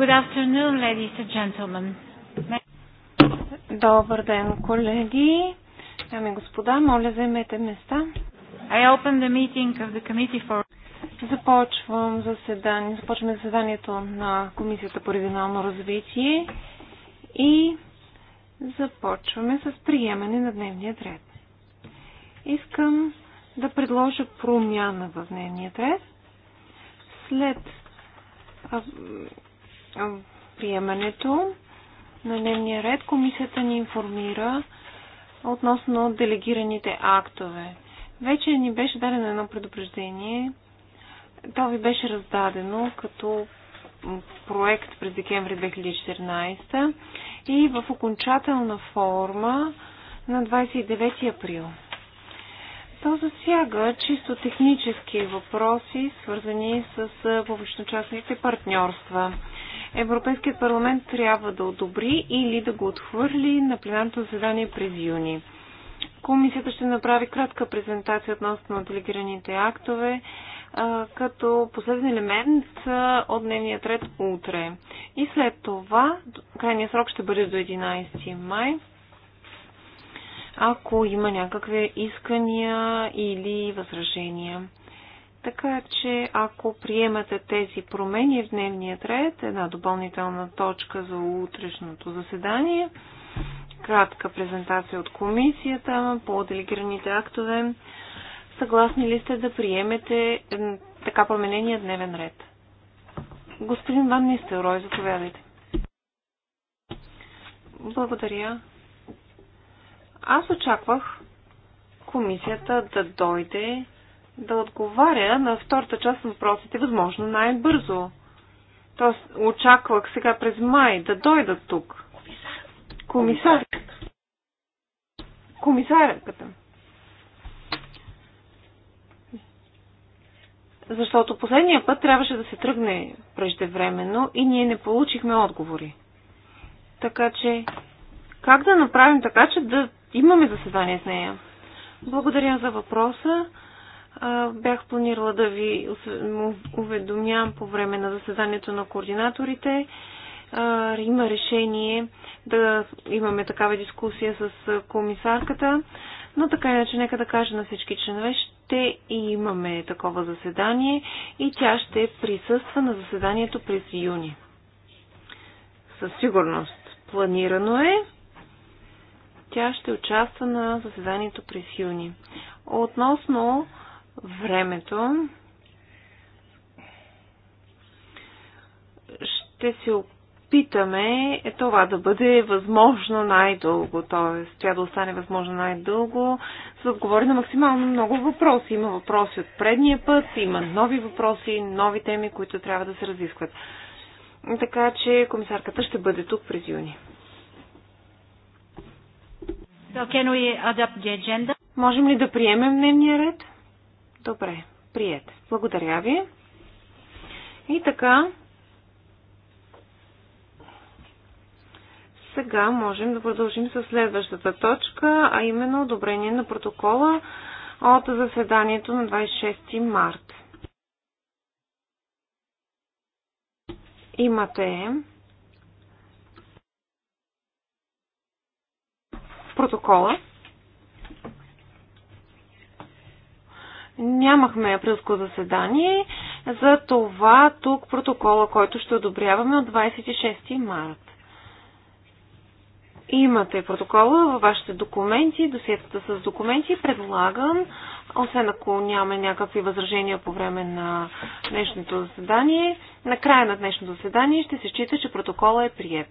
Good afternoon, ladies and gentlemen. Добър ден, колеги. Дами и господа, моля заемете места. I open the meeting of the committee for... Започвам заседание, започваме заседанието на Комисията по регионално развитие и започваме с приемане на дневния ред. Искам да предложа промяна в дневния ред. След приемането на дневния ред, комисията ни информира относно делегираните актове. Вече ни беше дадено едно предупреждение. То ви беше раздадено като проект през декември 2014 и в окончателна форма на 29 април. То засяга чисто технически въпроси, свързани с публично-частните партньорства. Европейският парламент трябва да одобри или да го отхвърли на пленарното заседание през юни. Комисията ще направи кратка презентация относно на делегираните актове, като последен елемент от дневния ред утре. И след това, крайният срок ще бъде до 11 май. Ако има някакви искания или възражения. Така че, ако приемате тези промени в дневния ред, една допълнителна точка за утрешното заседание, кратка презентация от комисията по делегираните актове, съгласни ли сте да приемете така променения дневен ред? Господин Ван Нистелрой, заповядайте. Благодаря. Аз очаквах комисията да дойде да отговаря на втората част на въпросите възможно най-бързо. Тоест, очаквах сега през май да дойдат тук. Комисар. Комисарката. Защото последния път трябваше да се тръгне преждевременно и ние не получихме отговори. Така че, как да направим така, че да имаме заседание с нея? Благодаря за въпроса бях планирала да ви уведомявам по време на заседанието на координаторите. Има решение да имаме такава дискусия с комисарката, но така иначе нека да кажа на всички членове, ще имаме такова заседание и тя ще присъства на заседанието през юни. Със сигурност планирано е. Тя ще участва на заседанието през юни. Относно времето. Ще се опитаме е това да бъде възможно най-дълго, т.е. тя да остане възможно най-дълго, за да отговори на максимално много въпроси. Има въпроси от предния път, има нови въпроси, нови теми, които трябва да се разискват. Така че комисарката ще бъде тук през юни. So Можем ли да приемем дневния ред? Добре, прият. Благодаря ви. И така, сега можем да продължим с следващата точка, а именно одобрение на протокола от заседанието на 26 март. Имате протокола. Нямахме априлско заседание, за това тук протокола, който ще одобряваме от 26 март. Имате протокола във вашите документи, досиетата с документи. Предлагам, освен ако нямаме някакви възражения по време на днешното заседание, на края на днешното заседание ще се счита, че протокола е прият.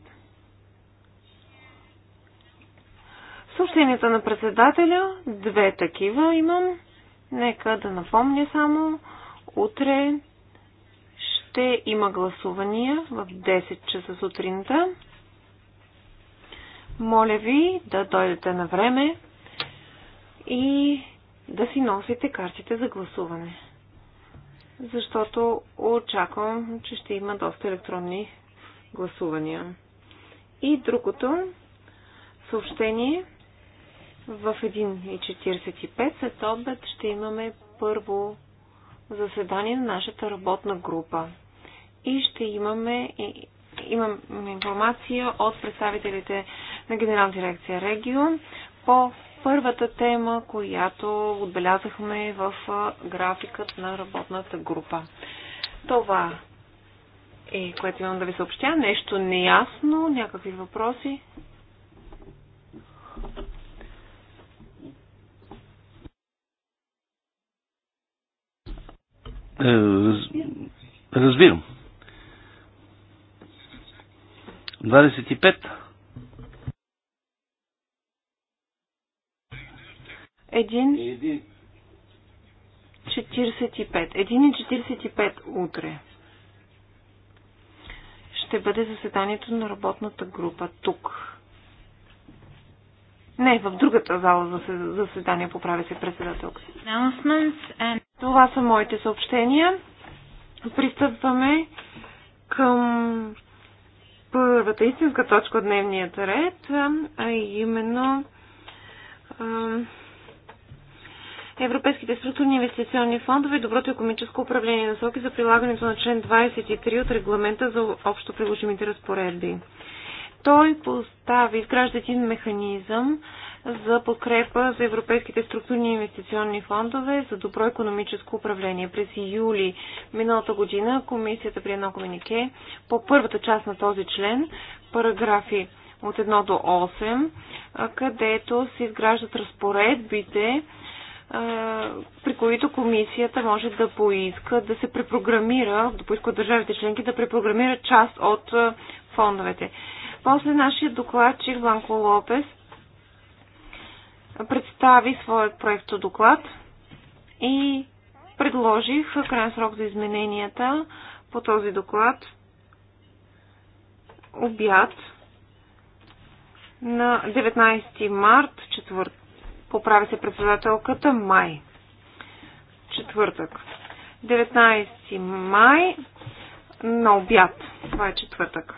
Съобщенията на председателя, две такива имам. Нека да напомня само, утре ще има гласувания в 10 часа сутринта. Моля ви да дойдете на време и да си носите картите за гласуване. Защото очаквам, че ще има доста електронни гласувания. И другото съобщение – в 1.45 след обед ще имаме първо заседание на нашата работна група. И ще имаме, имаме информация от представителите на Генерална дирекция Регио по първата тема, която отбелязахме в графикът на работната група. Това е, което имам да ви съобщя. Нещо неясно, някакви въпроси. Е, разбирам. 25. Един. 45. Един и 45 утре. Ще бъде заседанието на работната група тук. Не, в другата зала за заседание поправя се председателка. And... Това са моите съобщения. Пристъпваме към първата истинска точка от дневният ред, а именно Европейските структурни инвестиционни фондове и доброто економическо управление насоки за прилагането на член 23 от регламента за общо приложимите разпоредби. Той постави, изгражда един механизъм за подкрепа за европейските структурни инвестиционни фондове за добро економическо управление. През юли миналата година комисията при едно комунике по първата част на този член, параграфи от 1 до 8, където се изграждат разпоредбите, при които комисията може да поиска да се препрограмира, да поиска от държавите членки да препрограмира част от фондовете. После нашия докладчик Бланко Лопес представи своят проекто доклад и предложих крайен срок за измененията по този доклад обяд на 19 март, четвърт. Поправи се председателката май. Четвъртък. 19 май на обяд. Това е четвъртък.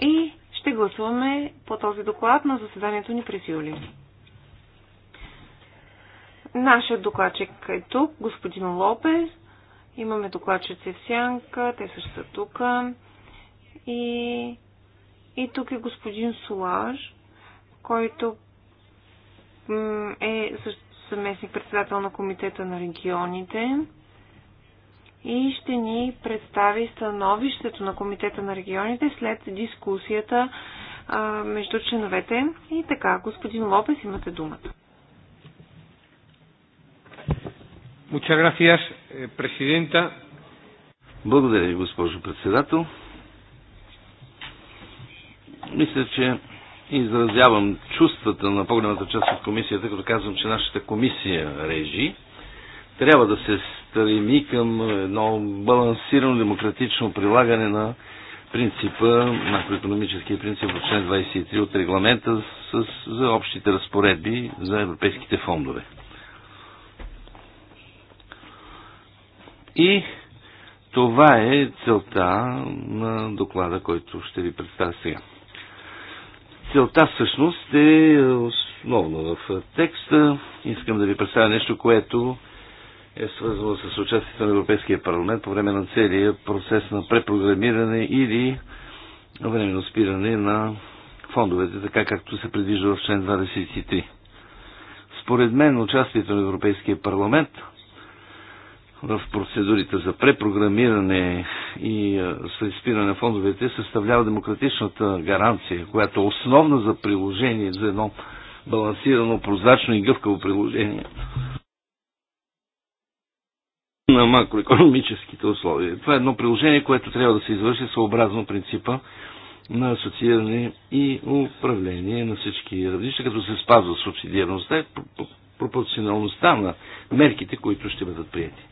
И ще гласуваме по този доклад на заседанието ни през юли. Нашият докладчик е тук, господин Лопес. Имаме докладчици в сянка, те също са тук. И, и тук е господин Солаж, който е също съместник председател на комитета на регионите и ще ни представи становището на Комитета на регионите след дискусията а, между членовете. И така, господин Лопес, имате думата. Muchas gracias, eh, Благодаря ви, госпожо председател. Мисля, че изразявам чувствата на по-голямата част от комисията, като казвам, че нашата комисия режи трябва да се стреми към едно балансирано демократично прилагане на принципа, макроекономическия принцип от член 23 от регламента с, за общите разпоредби за европейските фондове. И това е целта на доклада, който ще ви представя сега. Целта всъщност е основно в текста. Искам да ви представя нещо, което е свързано с участието на Европейския парламент по време на целия процес на препрограмиране или временно спиране на фондовете, така както се предвижда в член 23. Според мен участието на Европейския парламент в процедурите за препрограмиране и спиране на фондовете съставлява демократичната гаранция, която е основна за приложение, за едно балансирано, прозрачно и гъвкаво приложение на макроекономическите условия. Това е едно приложение, което трябва да се извърши съобразно принципа на асоцииране и управление на всички различни, като се спазва субсидиарността и пропорционалността на мерките, които ще бъдат прияти.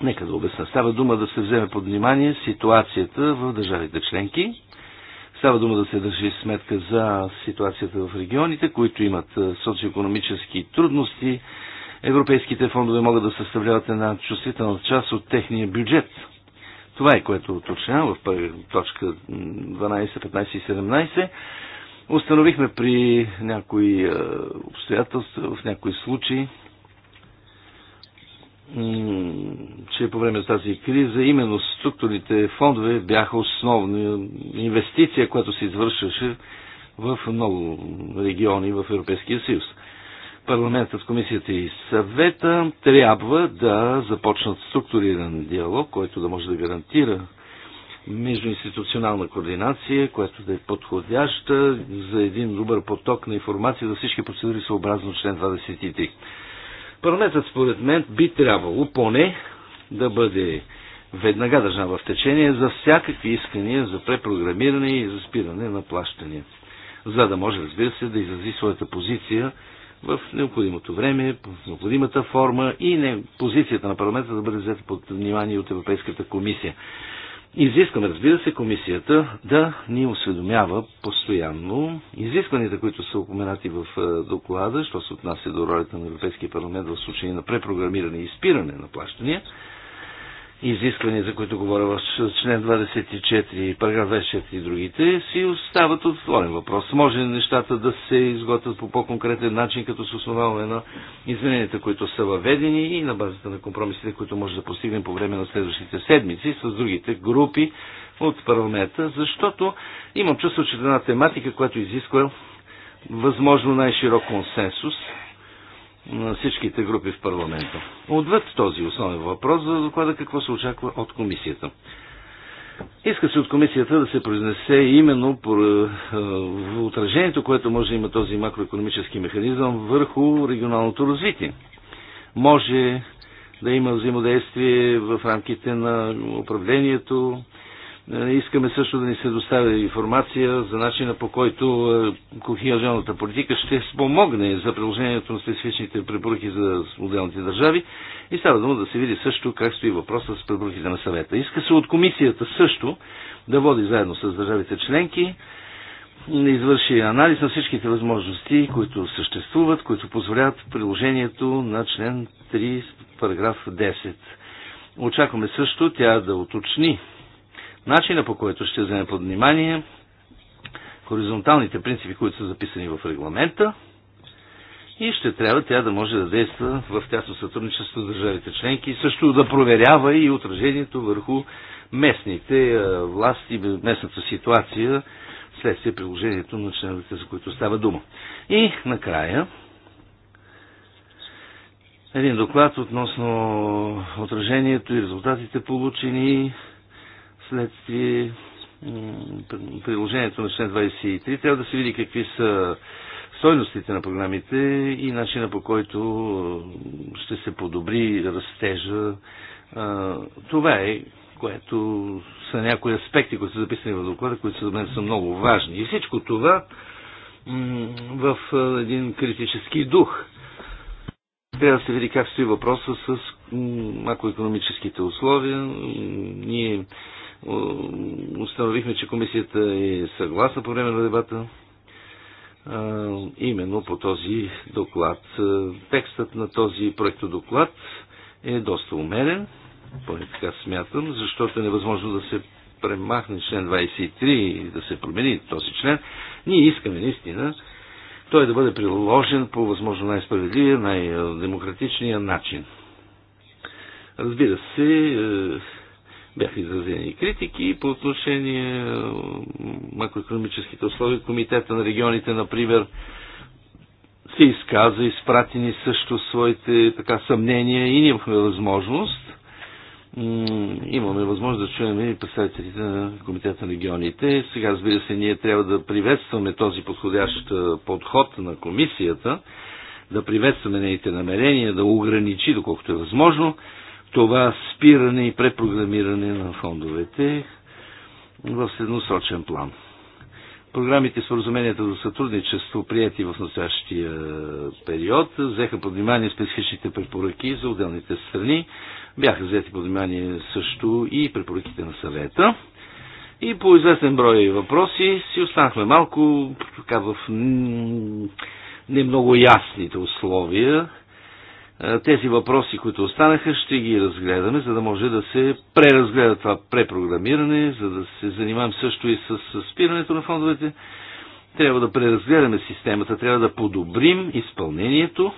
Нека да обясна. Става дума да се вземе под внимание ситуацията в държавите членки. Става дума да се държи сметка за ситуацията в регионите, които имат социоекономически трудности, Европейските фондове могат да съставляват една чувствителна част от техния бюджет. Това е което уточнявам в точка 12, 15 и 17. Установихме при някои е, обстоятелства, в някои случаи, че по време на тази криза именно структурните фондове бяха основна инвестиция, която се извършваше в много региони в Европейския съюз парламента с комисията и съвета трябва да започнат структуриран диалог, който да може да гарантира междуинституционална координация, която да е подходяща за един добър поток на информация за всички процедури съобразно член 23. Парламентът според мен би трябвало поне да бъде веднага държан в течение за всякакви искания за препрограмиране и за спиране на плащания, за да може, разбира се, да изрази своята позиция в необходимото време, в необходимата форма и не, позицията на парламента да бъде взета под внимание от Европейската комисия. Изискваме, разбира се, комисията да ни осведомява постоянно изискванията, които са упоменати в е, доклада, що се отнася до ролята на Европейския парламент в случай на препрограмиране и спиране на плащания, изисквания, за които говоря в член 24, параграф 24 и другите, си остават отворен въпрос. Може нещата да се изготвят по по-конкретен начин, като се основаваме на измененията, които са въведени и на базата на компромисите, които може да постигнем по време на следващите седмици с другите групи от парламента, защото имам чувство, че една тематика, която изисква възможно най-широк консенсус, на всичките групи в парламента. Отвъд този основен въпрос за доклада какво се очаква от комисията. Иска се от комисията да се произнесе именно по е, отражението, което може да има този макроекономически механизъм върху регионалното развитие. Може да има взаимодействие в рамките на управлението, е, искаме също да ни се доставя информация за начина по който е, кохиажалната политика ще спомогне за приложението на специфичните препоръки за отделните държави и става дума да се види също как стои въпроса с препоръките на съвета. Иска се от комисията също да води заедно с държавите членки да извърши анализ на всичките възможности, които съществуват, които позволяват приложението на член 3, параграф 10. Очакваме също тя да уточни начина по който ще вземе под внимание хоризонталните принципи, които са записани в регламента и ще трябва тя да може да действа в тясно сътрудничество с държавите членки и също да проверява и отражението върху местните власти, местната ситуация следствие приложението на членовете, за които става дума. И накрая един доклад относно отражението и резултатите получени следствие приложението на член 23 трябва да се види какви са стойностите на програмите и начина по който ще се подобри растежа. Това е, което са някои аспекти, които са записани в доклада, които за мен са много важни. И всичко това в един критически дух. Трябва да се види как стои въпроса с макроекономическите условия. Ние установихме, че комисията е съгласна по време на дебата именно по този доклад. Текстът на този проектодоклад е доста умерен, поне така смятам, защото е невъзможно да се премахне член 23 и да се промени този член. Ние искаме наистина той да бъде приложен по възможно най-справедливия, най-демократичния начин. Разбира се, е, бяха изразени критики по отношение макроекономическите условия. Комитета на регионите, например, се изказа, изпратени също своите така съмнения и ние имахме възможност имаме възможност да чуем и представителите на Комитета на регионите. Сега, разбира се, ние трябва да приветстваме този подходящ подход на комисията, да приветстваме нейните намерения, да ограничи, доколкото е възможно, това спиране и препрограмиране на фондовете в средносрочен план. Програмите споразуменията за сътрудничество, прияти в настоящия период, взеха под внимание специфичните препоръки за отделните страни, бяха взети под внимание също и препоръките на съвета. И по известен брой въпроси си останахме малко така в не много ясните условия, е, тези въпроси, които останаха, ще ги разгледаме, за да може да се преразгледа това препрограмиране, за да се занимавам също и с спирането на фондовете. Трябва да преразгледаме системата, трябва да подобрим изпълнението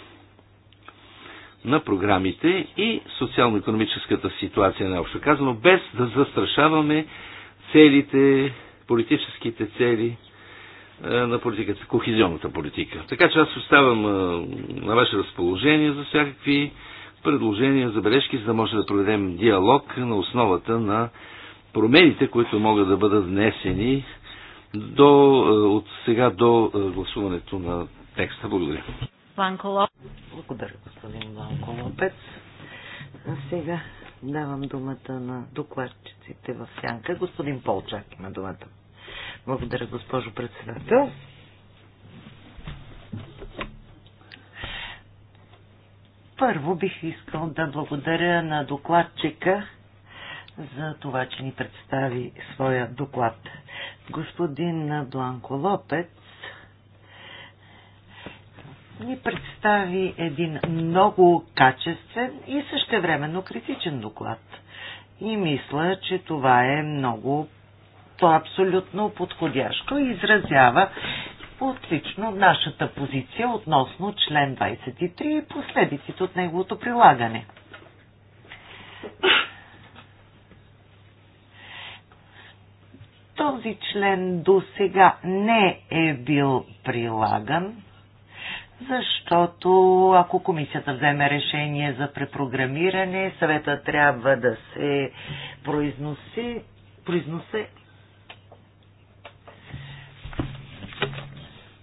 на програмите и социално-економическата ситуация, най-общо казано, без да застрашаваме целите, политическите цели е, на политиката, кохезионната политика. Така че аз оставам е, на ваше разположение за всякакви предложения, забележки, за да може да проведем диалог на основата на промените, които могат да бъдат внесени до, е, от сега до гласуването на текста. Благодаря. Банколо. Благодаря, господин Банко Лопец. Сега давам думата на докладчиците в сянка. Господин Полчак има думата. Благодаря, госпожо председател. Първо бих искал да благодаря на докладчика за това, че ни представи своя доклад. Господин Бланко Лопец ни представи един много качествен и същевременно критичен доклад. И мисля, че това е много нещо абсолютно подходящо и изразява отлично нашата позиция относно член 23 и последиците от неговото прилагане. Този член до сега не е бил прилаган, защото ако комисията вземе решение за препрограмиране, съвета трябва да се произноси, произносе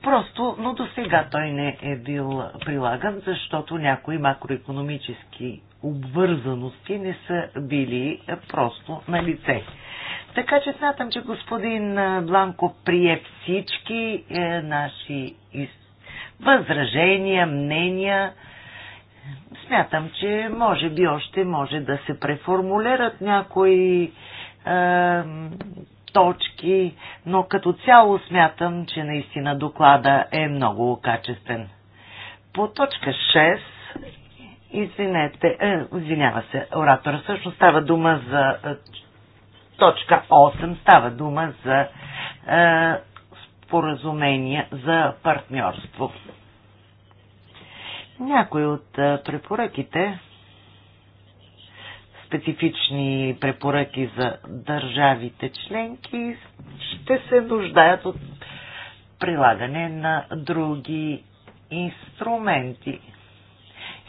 Просто, но до сега той не е бил прилаган, защото някои макроекономически обвързаности не са били просто на лице. Така че смятам, че господин Бланко прие всички е, наши из... възражения, мнения. Смятам, че може би още може да се преформулират някои е, точки, но като цяло смятам, че наистина доклада е много качествен. По точка 6, извинете, е, извинява се, оратора, всъщност става дума за е, точка 8, става дума за е, споразумение за партньорство. Някои от е, препоръките специфични препоръки за държавите членки, ще се нуждаят от прилагане на други инструменти.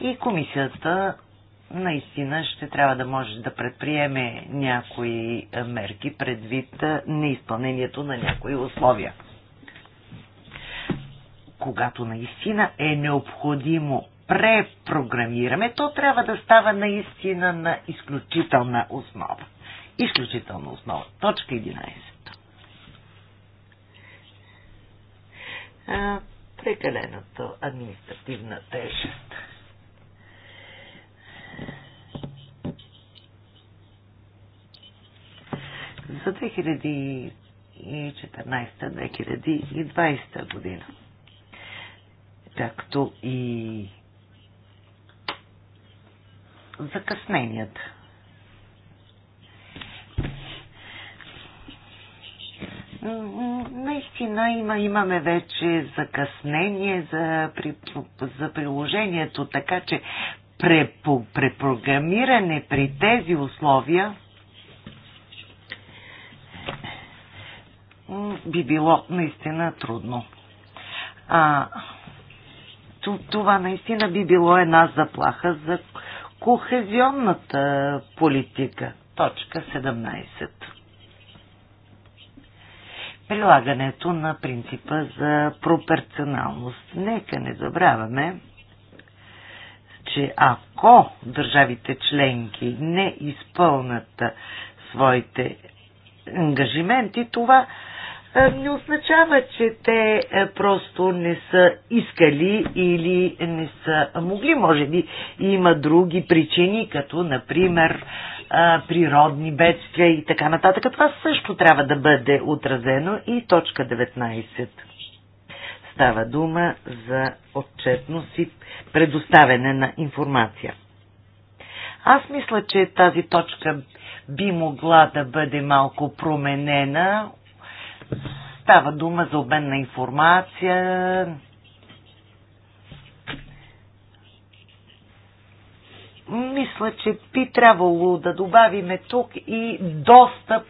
И комисията наистина ще трябва да може да предприеме някои мерки предвид неизпълнението на някои условия. Когато наистина е необходимо препрограмираме, то трябва да става наистина на изключителна основа. Изключителна основа. Точка 11. А, прекаленото административна тежест. За 2014-2020 година както и закъсненията. Наистина има, имаме вече закъснение за, при, за приложението, така че препрограмиране при тези условия би било наистина трудно. А, това наистина би било една заплаха за кохезионната политика. Точка 17. Прилагането на принципа за пропорционалност. Нека не забравяме, че ако държавите членки не изпълнат своите ангажименти, това е, не означава, че те е, просто не са искали или не са могли. Може би има други причини, като, например, е, природни бедствия и така нататък. Това също трябва да бъде отразено и точка 19. Става дума за отчетност и предоставяне на информация. Аз мисля, че тази точка би могла да бъде малко променена Става дума за обмен на информация. Мисля, че би трябвало да добавиме тук и достъп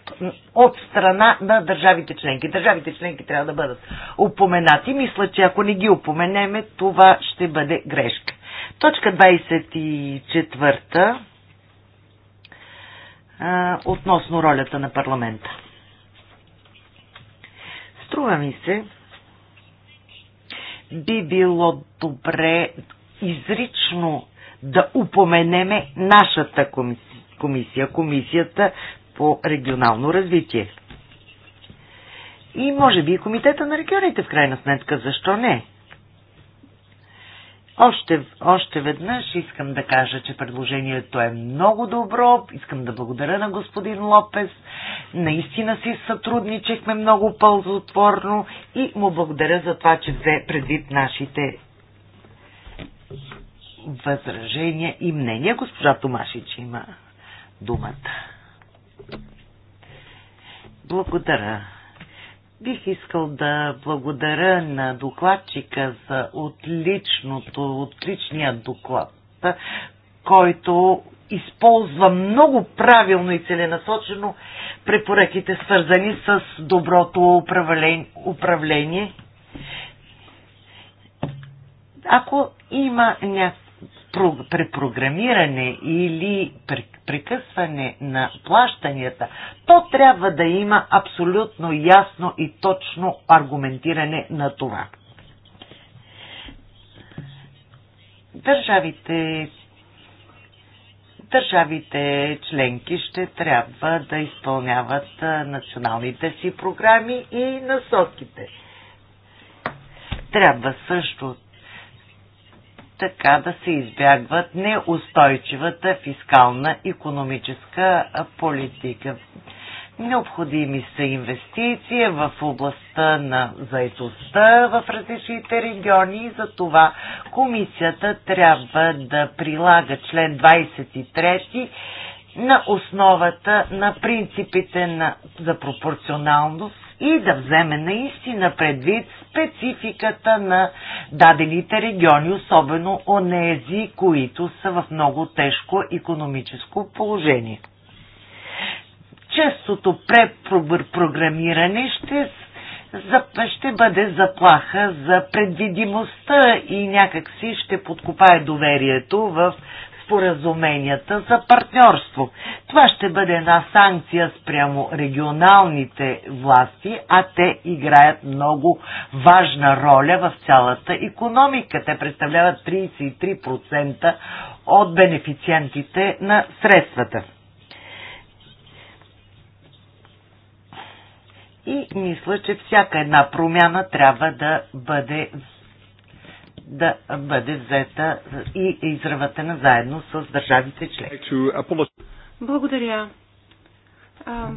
от страна на държавите членки. Държавите членки трябва да бъдат упоменати. Мисля, че ако не ги упоменеме, това ще бъде грешка. Точка 24 относно ролята на парламента. Струва ми се, би било добре изрично да упоменеме нашата комисия, комисията по регионално развитие. И може би и комитета на регионите, в крайна сметка, защо не? Още, още веднъж искам да кажа, че предложението е много добро. Искам да благодаря на господин Лопес. Наистина си сътрудничихме много пълзотворно и му благодаря за това, че взе предвид нашите възражения и мнения. Госпожа Томашич има думата. Благодаря. Бих искал да благодаря на докладчика за отличното, отличния доклад, който използва много правилно и целенасочено препоръките, свързани с доброто управление. Ако има някакво препрограмиране или прекъсване на плащанията, то трябва да има абсолютно ясно и точно аргументиране на това. Държавите държавите членки ще трябва да изпълняват националните си програми и насоките. Трябва също така да се избягват неустойчивата фискална економическа политика. Необходими са инвестиции в областта на заедостта в различните региони и за това комисията трябва да прилага член 23 на основата на принципите на, за пропорционалност и да вземе наистина предвид спецификата на дадените региони, особено онези, които са в много тежко економическо положение. Честото препрограмиране ще ще бъде заплаха за предвидимостта и някакси ще подкопае доверието в споразуменията за партньорство. Това ще бъде една санкция спрямо регионалните власти, а те играят много важна роля в цялата економика. Те представляват 33% от бенефициентите на средствата. И мисля, че всяка една промяна трябва да бъде да бъде взета и изработена заедно с държавите членки. Благодаря. А,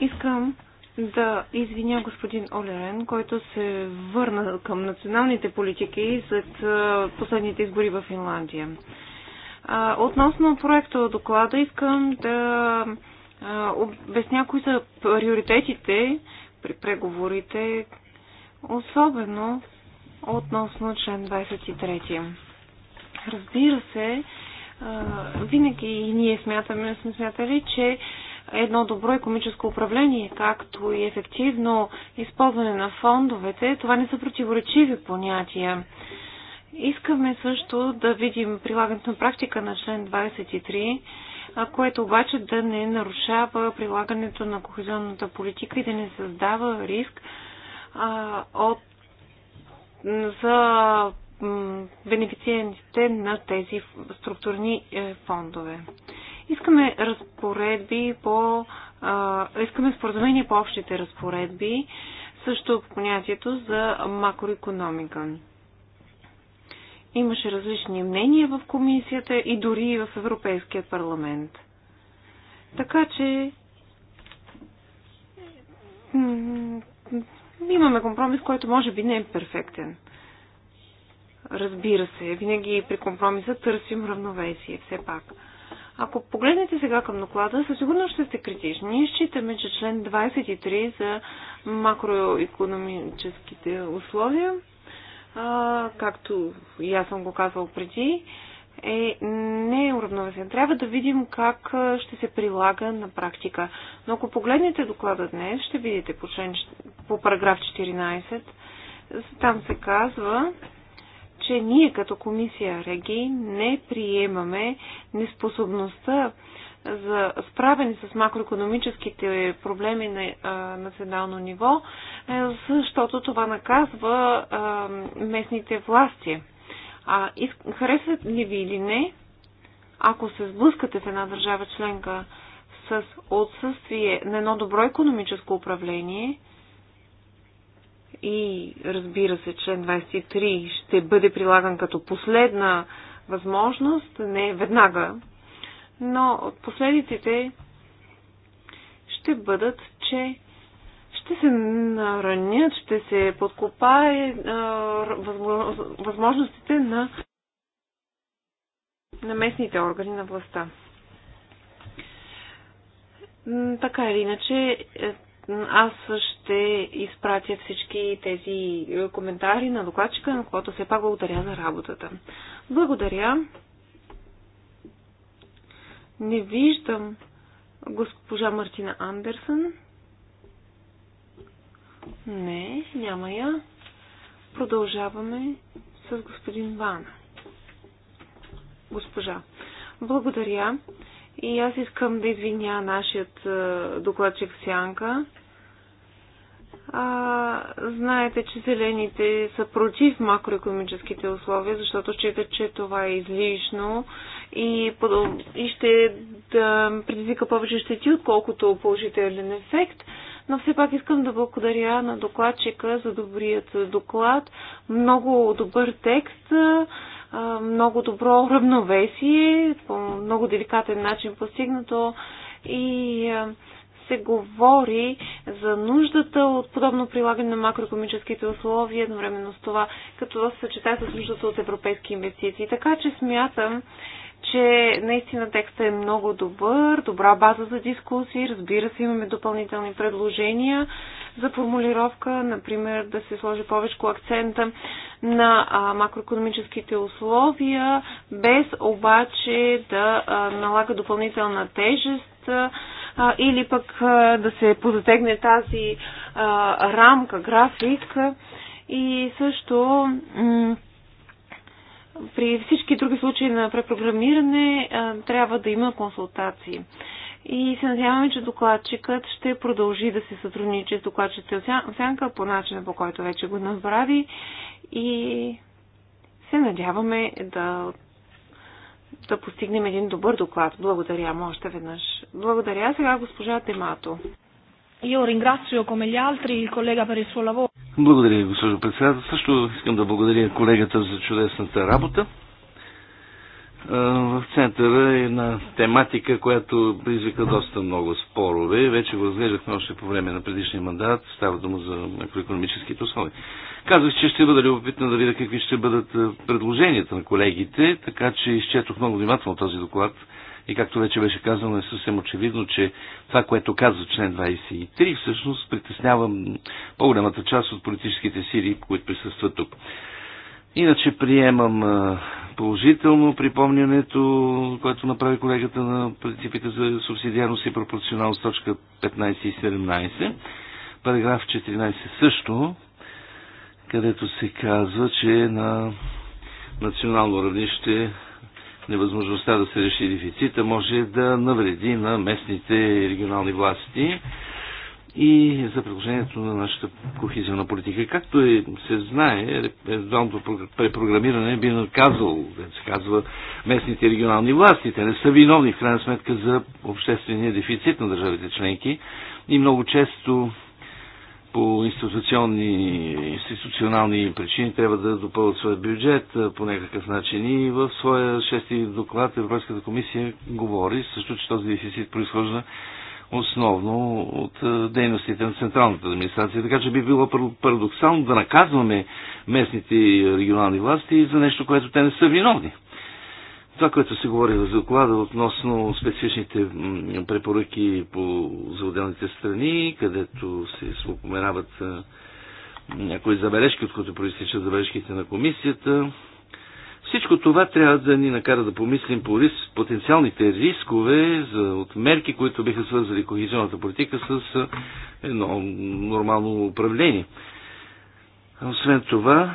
искам да извиня господин Олерен, който се върна към националните политики след последните избори в Финландия. А, относно проекта доклада искам да а, обясня кои са приоритетите при преговорите, особено относно член 23. Разбира се, винаги и ние смятаме, сме смятали, че едно добро економическо управление, както и ефективно използване на фондовете, това не са противоречиви понятия. Искаме също да видим прилагането на практика на член 23, което обаче да не нарушава прилагането на кохезионната политика и да не създава риск от за бенефициентите на тези структурни е, фондове. Искаме разпоредби по. Искаме споразумение по общите разпоредби, също по понятието за макроекономика. Имаше различни мнения в комисията и дори и в Европейския парламент. Така че имаме компромис, който може би не е перфектен. Разбира се, винаги при компромиса търсим равновесие, все пак. Ако погледнете сега към доклада, със сигурност ще сте критични. Ние считаме, че член 23 за макроекономическите условия, а, както и аз съм го казвал преди, е неуравновесен. Е Трябва да видим как ще се прилага на практика. Но ако погледнете доклада днес, ще видите по, член, по параграф 14, там се казва, че ние като комисия Реги не приемаме неспособността за справяне с макроекономическите проблеми на а, национално ниво, е, защото това наказва а, местните власти. А харесват ли ви или не, ако се сблъскате в една държава членка с отсъствие на едно добро економическо управление и разбира се, член 23 ще бъде прилаган като последна възможност, не веднага, но последиците ще бъдат, че ще се наранят, ще се подкопае възможностите на, на местните органи на властта. Така или иначе, е, аз ще изпратя всички тези коментари на докладчика, на който все пак благодаря за работата. Благодаря. Не виждам госпожа Мартина Андерсън. Не, няма я. Продължаваме с господин Вана. Госпожа, благодаря. И аз искам да извиня нашият докладчик Сянка. А, знаете, че зелените са против макроекономическите условия, защото считат, че това е излишно и, и ще да предизвика повече щети, отколкото положителен ефект но все пак искам да благодаря на докладчика за добрият доклад. Много добър текст, много добро равновесие, по много деликатен начин постигнато и се говори за нуждата от подобно прилагане на макроекономическите условия, едновременно с това, като се съчетая с нуждата от европейски инвестиции. Така че смятам, че наистина текстът е много добър, добра база за дискусии. Разбира се, имаме допълнителни предложения за формулировка, например да се сложи повече акцента на макроекономическите условия, без обаче да налага допълнителна тежест или пък да се позатегне тази рамка, график и също при всички други случаи на препрограмиране трябва да има консултации. И се надяваме, че докладчикът ще продължи да се сътрудничи с докладчица Осянка по начина, по който вече го направи. И се надяваме да, да постигнем един добър доклад. Благодаря още веднъж. Благодаря сега госпожа Темато. Io ringrazio come gli altri il collega per il suo lavoro. Благодаря ви, госпожо председател. Също искам да благодаря колегата за чудесната работа. В центъра е една тематика, която призвика доста много спорове. Вече го разглеждахме още по време на предишния мандат. Става дума за макроекономическите условия. Казах, че ще бъда любопитна да видя какви ще бъдат предложенията на колегите, така че изчетох много внимателно този доклад – и както вече беше казано, е съвсем очевидно, че това, което казва член 23, всъщност притеснява по-голямата част от политическите сили, които присъстват тук. Иначе приемам положително припомнянето, което направи колегата на принципите за субсидиарност и пропорционалност, точка 15 и 17. Параграф 14 също, където се казва, че на национално равнище невъзможността да се реши дефицита може да навреди на местните регионални власти и за приложението на нашата кохизионна политика. Както и е, се знае, евентуалното препрограмиране би наказал, да се казва, местните регионални власти. Те не са виновни, в крайна сметка, за обществения дефицит на държавите членки и много често по институционни, институционални причини трябва да допълват своя бюджет по някакъв начин. И в своя шести доклад Европейската комисия говори също, че този дефицит произхожда основно от дейностите на централната администрация. Така че би било парадоксално да наказваме местните регионални власти за нещо, което те не са виновни. Това, което се говори в доклада относно специфичните препоръки по, за отделните страни, където се споменават някои забележки, от които проистичат забележките на комисията, всичко това трябва да ни накара да помислим по рис, потенциалните рискове за, от мерки, които биха свързали кохезионната политика с едно нормално управление. Освен това,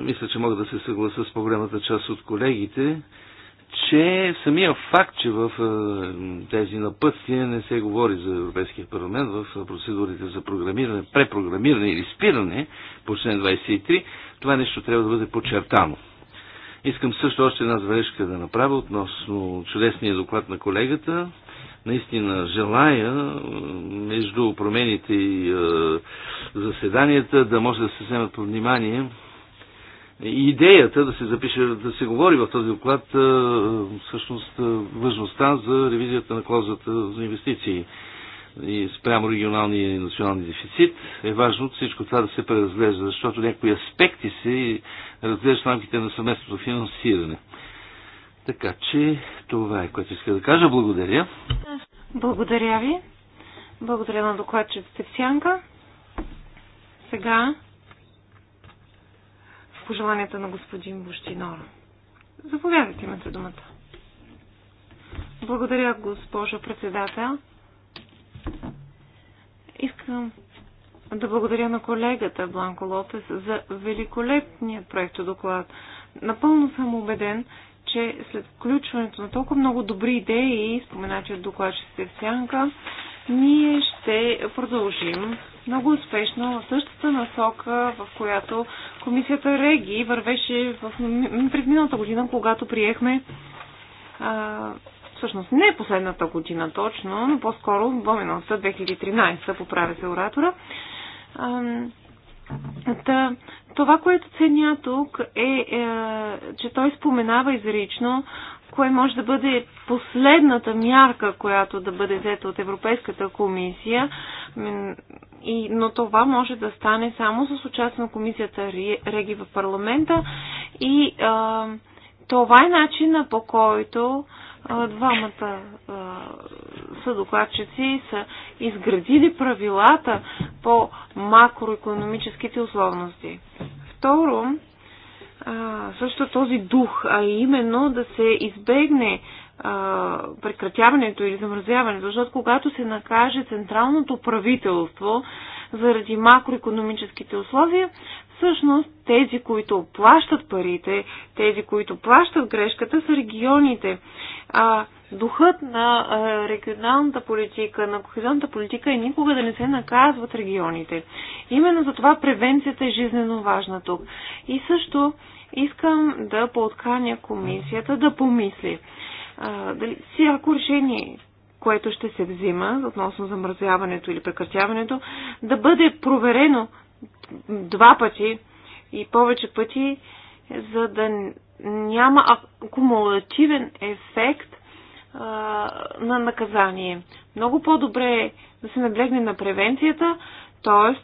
мисля, че мога да се съгласа с по-голямата част от колегите, че самия факт, че в е, тези напътствия не се говори за Европейския парламент, в е, процедурите за програмиране, препрограмиране или спиране по член 23, това нещо трябва да бъде подчертано. Искам също още една забележка да направя относно чудесния доклад на колегата наистина желая между промените и заседанията да може да се вземат под внимание и идеята да се запише, да се говори в този доклад всъщност важността за ревизията на клаузата за инвестиции и спрямо регионалния и националния дефицит, е важно всичко това да се преразглежда, защото някои аспекти се разглеждат в рамките на съвместното финансиране. Така че това е което иска да кажа. Благодаря. Благодаря ви. Благодаря на докладчик Стефсянка. Сянка. Сега в пожеланията на господин Бущинор. Заповядайте, имате думата. Благодаря, госпожо председател. Искам да благодаря на колегата Бланко Лопес за великолепният проект доклад. Напълно съм убеден, че след включването на толкова много добри идеи, споменати от докладчица в сянка, ние ще продължим много успешно в същата насока, в която комисията Реги вървеше в, през миналата година, когато приехме а, всъщност не последната година точно, но по-скоро, бомеността 2013, поправя се оратора, а, Та, това, което ценя тук е, е, че той споменава изрично кое може да бъде последната мярка, която да бъде взета от Европейската комисия, и, но това може да стане само с участие на комисията Реги в парламента и е, това е начина по който е, двамата съдокладчици са изградили правилата по макроекономическите условности. Второ, също този дух, а именно да се избегне прекратяването или замразяването, защото когато се накаже централното правителство заради макроекономическите условия, всъщност тези, които плащат парите, тези, които плащат грешката, са регионите. А духът на регионалната политика, на кохезионната политика е никога да не се наказват регионите. Именно за това превенцията е жизненно важна тук. И също искам да подканя комисията да помисли. А, дали всяко решение, което ще се взима относно замразяването или прекратяването, да бъде проверено два пъти и повече пъти, за да няма акумулативен ефект а, на наказание. Много по-добре е да се наблегне на превенцията, т.е.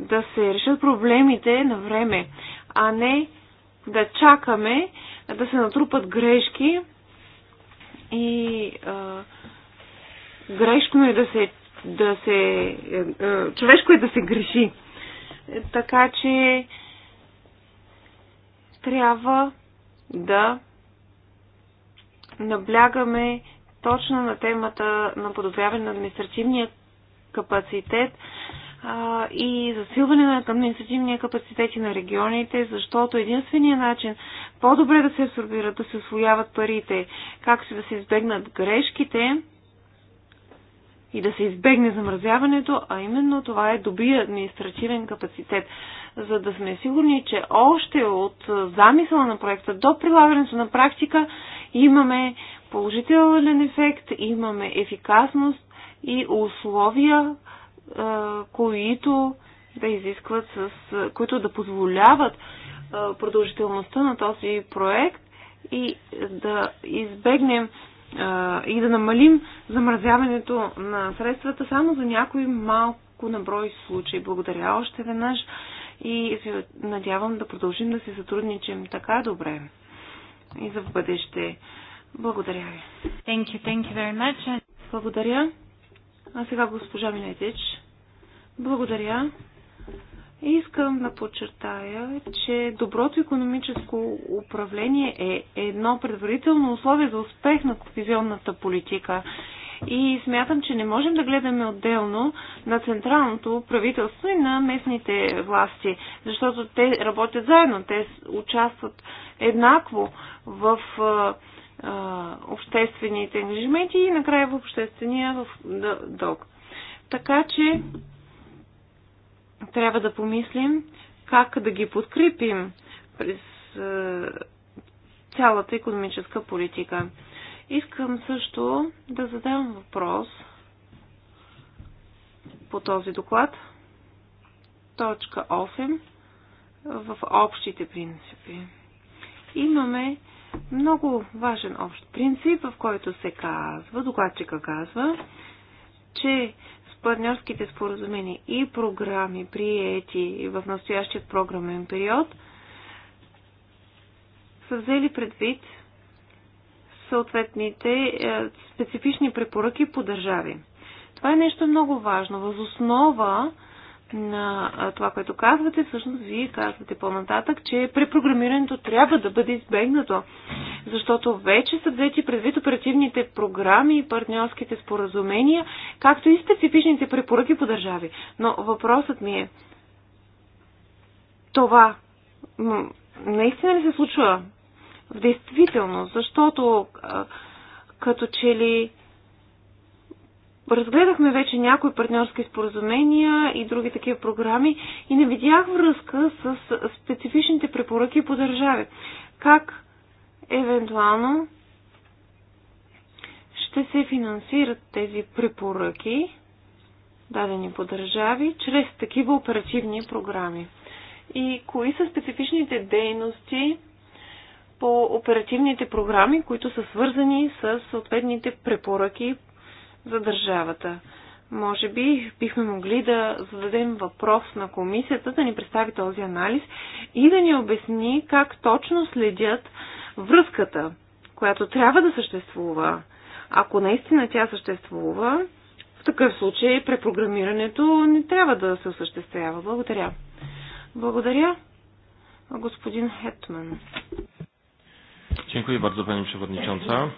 да се решат проблемите на време, а не да чакаме да се натрупат грешки и а, грешно е да се, да се а, човешко е да се греши. Така че трябва да наблягаме точно на темата на подобряване на административния капацитет а, и засилване на административния капацитет и на регионите, защото единствения начин по-добре да се абсорбират, да се освояват парите, както и да се избегнат грешките, и да се избегне замразяването, а именно това е добрия административен капацитет, за да сме сигурни, че още от замисъла на проекта до прилагането на практика имаме положителен ефект, имаме ефикасност и условия, които да изискват с, които да позволяват продължителността на този проект и да избегнем и да намалим замразяването на средствата само за някои малко наброй случаи. Благодаря още веднъж и се надявам да продължим да се сътрудничим така добре и за в бъдеще. Благодаря ви. Thank you, thank you very much. Благодаря. А сега госпожа Минетич. Благодаря. Искам да подчертая, че доброто економическо управление е едно предварително условие за успех на кохезионната политика. И смятам, че не можем да гледаме отделно на централното правителство и на местните власти, защото те работят заедно, те участват еднакво в обществените ангажименти и накрая в обществения в дълг. Така че трябва да помислим как да ги подкрепим през е, цялата економическа политика. Искам също да задам въпрос по този доклад. Точка 8 в общите принципи. Имаме много важен общ принцип, в който се казва, докладчика казва, че партньорските споразумения и програми, приети в настоящия програмен период, са взели предвид съответните е, специфични препоръки по държави. Това е нещо много важно. Възоснова основа на това, което казвате, всъщност вие казвате по-нататък, че препрограмирането трябва да бъде избегнато, защото вече са взети предвид оперативните програми и партньорските споразумения, както и специфичните препоръки по държави. Но въпросът ми е, това наистина ли се случва в действителност, защото като че ли Разгледахме вече някои партньорски споразумения и други такива програми и не видях връзка с специфичните препоръки по държави. Как евентуално ще се финансират тези препоръки, дадени по държави, чрез такива оперативни програми? И кои са специфичните дейности, по оперативните програми, които са свързани с съответните препоръки за държавата. Може би бихме могли да зададем въпрос на комисията, да ни представи този анализ и да ни обясни как точно следят връзката, която трябва да съществува. Ако наистина тя съществува, в такъв случай препрограмирането не трябва да се осъществява. Благодаря. Благодаря, господин Хетман. Dziękuję bardzo Pani Przewodnicząca.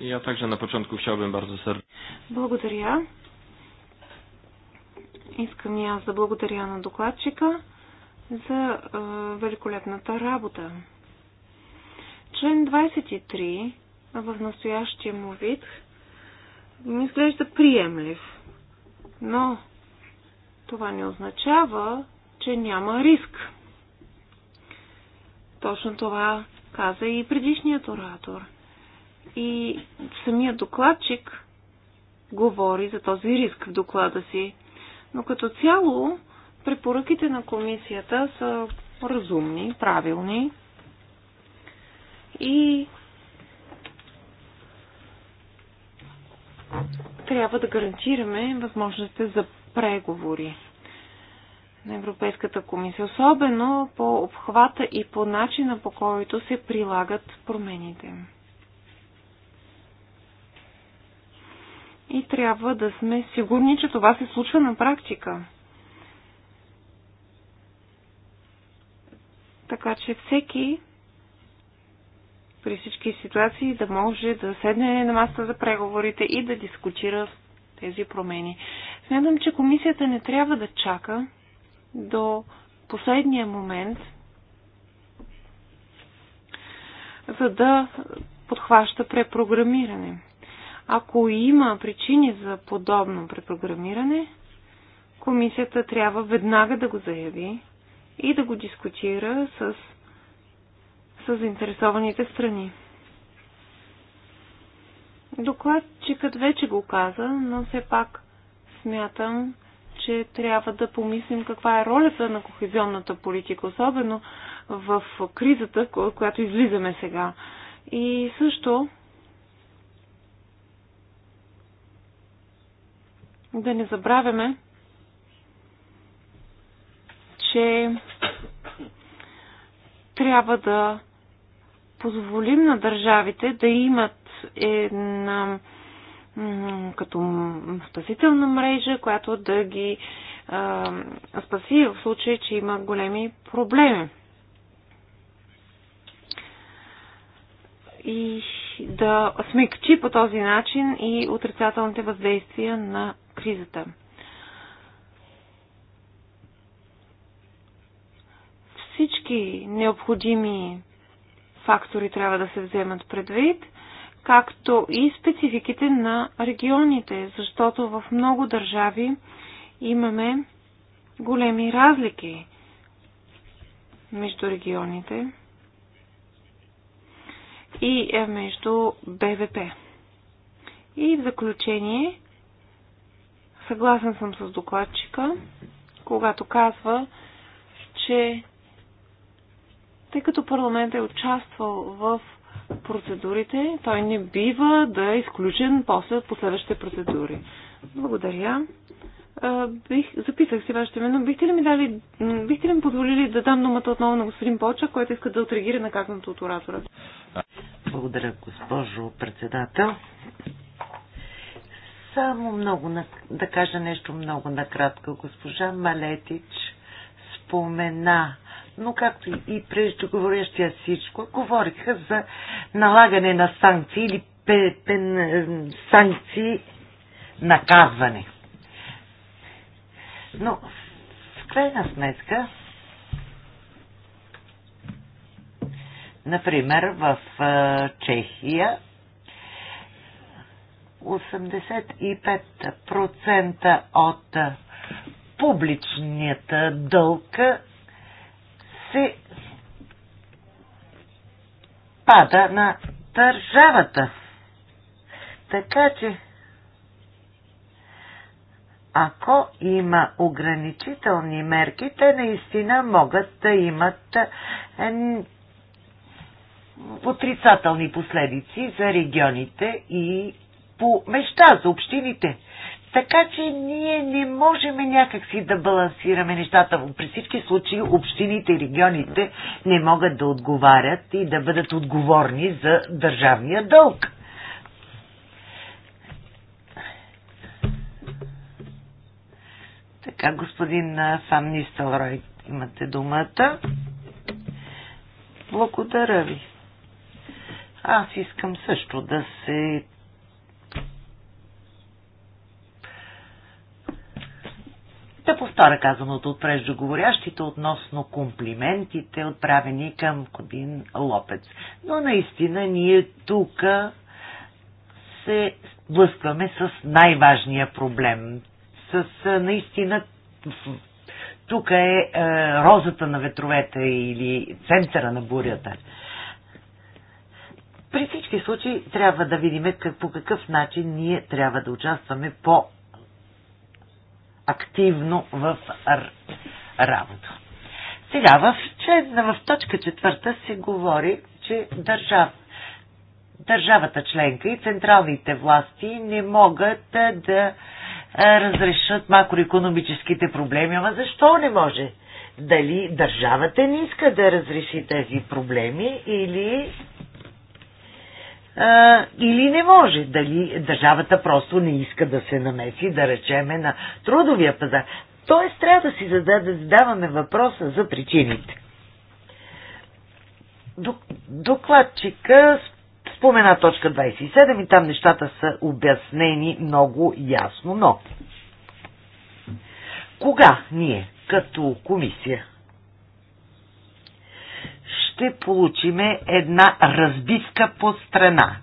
Ja także na początku chciałbym bardzo serdecznie. Благодаря. Искам и аз да благодаря на докладчика за е, великолепната работа. Член 23 в настоящия му вид ми изглежда приемлив, но това не означава, че няма риск. Точно това каза и предишният оратор – и самия докладчик говори за този риск в доклада си. Но като цяло, препоръките на комисията са разумни, правилни и трябва да гарантираме възможностите за преговори на Европейската комисия, особено по обхвата и по начина по който се прилагат промените. и трябва да сме сигурни, че това се случва на практика. Така че всеки при всички ситуации да може да седне на масата за преговорите и да дискутира тези промени. Смятам, че комисията не трябва да чака до последния момент, за да подхваща препрограмиране. Ако има причини за подобно препрограмиране, комисията трябва веднага да го заяви и да го дискутира с, с заинтересованите страни. Докладчикът вече го каза, но все пак смятам, че трябва да помислим каква е ролята на кохезионната политика, особено в кризата, която излизаме сега. И също да не забравяме, че трябва да позволим на държавите да имат една като спасителна мрежа, която да ги а, спаси в случай, че има големи проблеми. И да смекчи по този начин и отрицателните въздействия на кризата. Всички необходими фактори трябва да се вземат предвид, както и спецификите на регионите, защото в много държави имаме големи разлики между регионите и е, между БВП. И в заключение Съгласен съм с докладчика, когато казва, че тъй като парламент е участвал в процедурите, той не бива да е изключен после от последващите процедури. Благодаря. Бих, записах си вашето име, но бихте ли ми, дали, бихте ли ми позволили да дам думата отново на господин Боча, който иска да отреагира на казаното от оратора? Благодаря, госпожо председател. Само много, да кажа нещо много накратко. Госпожа Малетич спомена, но както и преждеговорящия всичко, говориха за налагане на санкции или пепен, пен, санкции наказване. Но в крайна сметка, например, в Чехия 85% от публичният дълг се пада на държавата. Така че, ако има ограничителни мерки, те наистина могат да имат отрицателни последици за регионите и по места за общините. Така че ние не можем някакси да балансираме нещата. При всички случаи общините и регионите не могат да отговарят и да бъдат отговорни за държавния дълг. Така, господин Фан Нистелрой, имате думата. Благодаря ви. Аз искам също да се Да повторя казаното от преждоговорящите относно комплиментите, отправени към Кодин Лопец. Но наистина ние тук се блъскваме с най-важния проблем. С наистина тук е, е розата на ветровете или центъра на бурята. При всички случаи трябва да видим как, по какъв начин ние трябва да участваме по активно в работа. Сега, в, че, в точка четвърта се говори, че държав, държавата членка и централните власти не могат да разрешат макроекономическите проблеми. Ама защо не може? Дали държавата не иска да разреши тези проблеми или а, или не може. Дали държавата просто не иска да се намеси, да речеме, на трудовия пазар. Тоест трябва да си задаваме въпроса за причините. Докладчика спомена точка 27 и там нещата са обяснени много ясно, но кога ние като комисия ще получиме една разбивка по страна.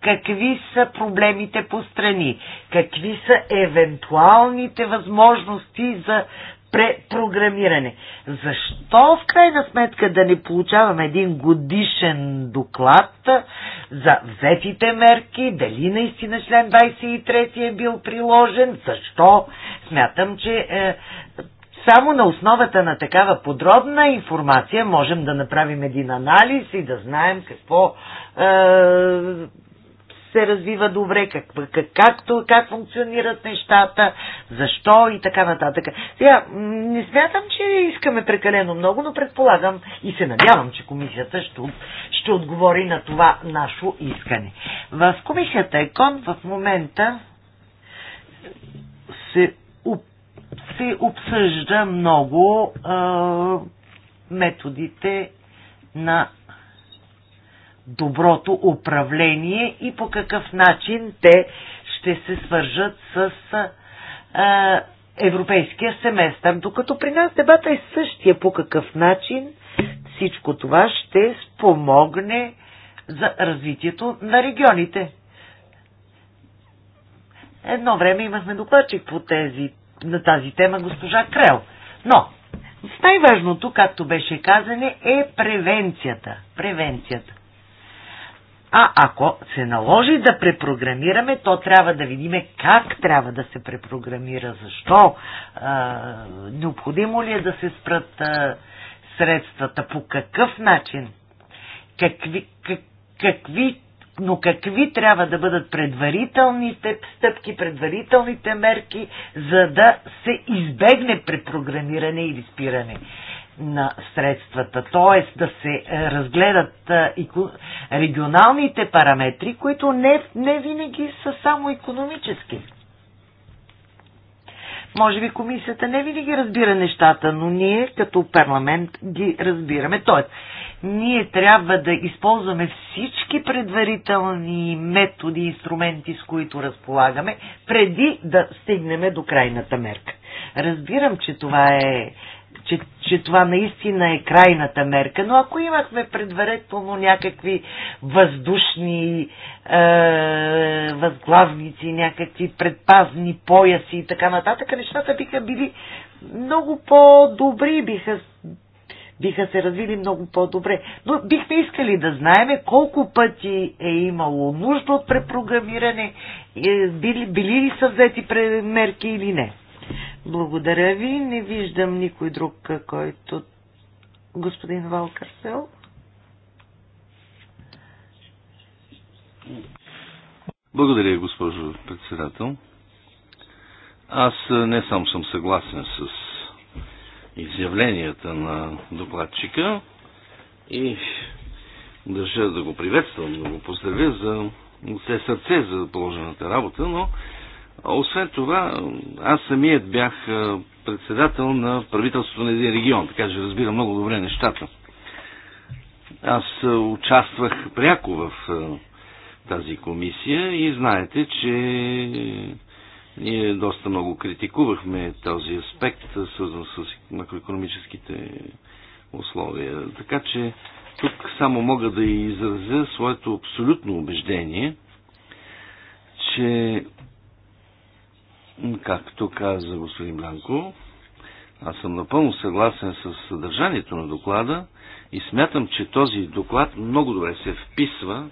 Какви са проблемите по страни? Какви са евентуалните възможности за препрограмиране? Защо в крайна сметка да не получаваме един годишен доклад за взетите мерки, дали наистина член 23 е бил приложен, защо? Смятам, че е, само на основата на такава подробна информация можем да направим един анализ и да знаем какво е, се развива добре, как, как, както, как функционират нещата, защо и така нататък. Сега, не смятам, че искаме прекалено много, но предполагам и се надявам, че комисията ще, ще отговори на това наше искане. В комисията ЕКОН в момента се се обсъжда много методите на доброто управление и по какъв начин те ще се свържат с а, европейския семестър. Докато при нас дебата е същия по какъв начин всичко това ще спомогне за развитието на регионите. Едно време имахме докладчик по тези на тази тема госпожа Крел. Но най-важното, както беше казане, е превенцията. Превенцията. А ако се наложи да препрограмираме, то трябва да видим как трябва да се препрограмира, защо, а, необходимо ли е да се спрат а, средствата, по какъв начин, какви, как, какви но какви трябва да бъдат предварителните стъпки, предварителните мерки, за да се избегне препрограмиране или спиране на средствата. Т.е. да се е, разгледат е, регионалните параметри, които не, не винаги са само економически. Може би комисията не винаги разбира нещата, но ние като парламент ги разбираме. Тоест, ние трябва да използваме всички предварителни методи и инструменти, с които разполагаме, преди да стигнем до крайната мерка. Разбирам, че това е че, че това наистина е крайната мерка, но ако имахме предварително някакви въздушни е, възглавници, някакви предпазни пояси и така нататък, нещата биха били много по-добри, биха биха се развили много по-добре. Но бихме искали да знаеме колко пъти е имало нужда от препрограмиране, е, били, били ли са взети мерки или не. Благодаря ви. Не виждам никой друг, който... Господин Валкарсел. Благодаря, госпожо председател. Аз не само съм съгласен с изявленията на докладчика и държа да го приветствам, да го поздравя за все сърце за положената работа, но освен това, аз самият бях председател на правителството на един регион, така че разбира много добре нещата. Аз участвах пряко в тази комисия и знаете, че ние доста много критикувахме този аспект, свързан с макроекономическите условия. Така че тук само мога да изразя своето абсолютно убеждение, че Както каза господин Блянко, аз съм напълно съгласен с съдържанието на доклада и смятам, че този доклад много добре се вписва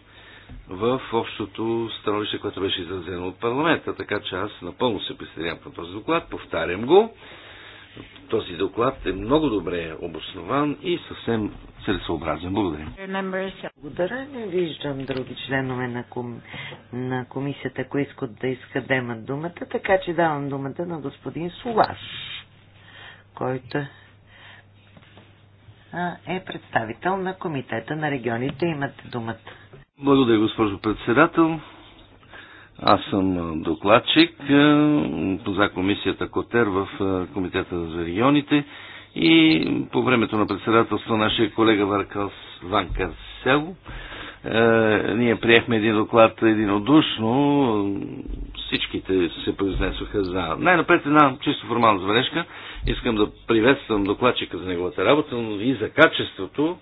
в общото становище, което беше изразено от парламента. Така че аз напълно се присъединявам към този доклад, повтарям го. Този доклад е много добре обоснован и съвсем целесообразен. Благодаря. Благодаря. Не виждам други членове на, ком... на комисията, които искат да изхадемат думата, така че давам думата на господин Солаш, който е представител на Комитета на регионите. Имате думата. Благодаря, госпожо председател. Аз съм докладчик за комисията Котер в Комитета за регионите и по времето на председателство нашия колега Варкас Ванкар Сяго е, ние приехме един доклад единодушно, всичките се произнесоха за... Най-напред една чисто формална забележка. Искам да приветствам докладчика за неговата работа, но и за качеството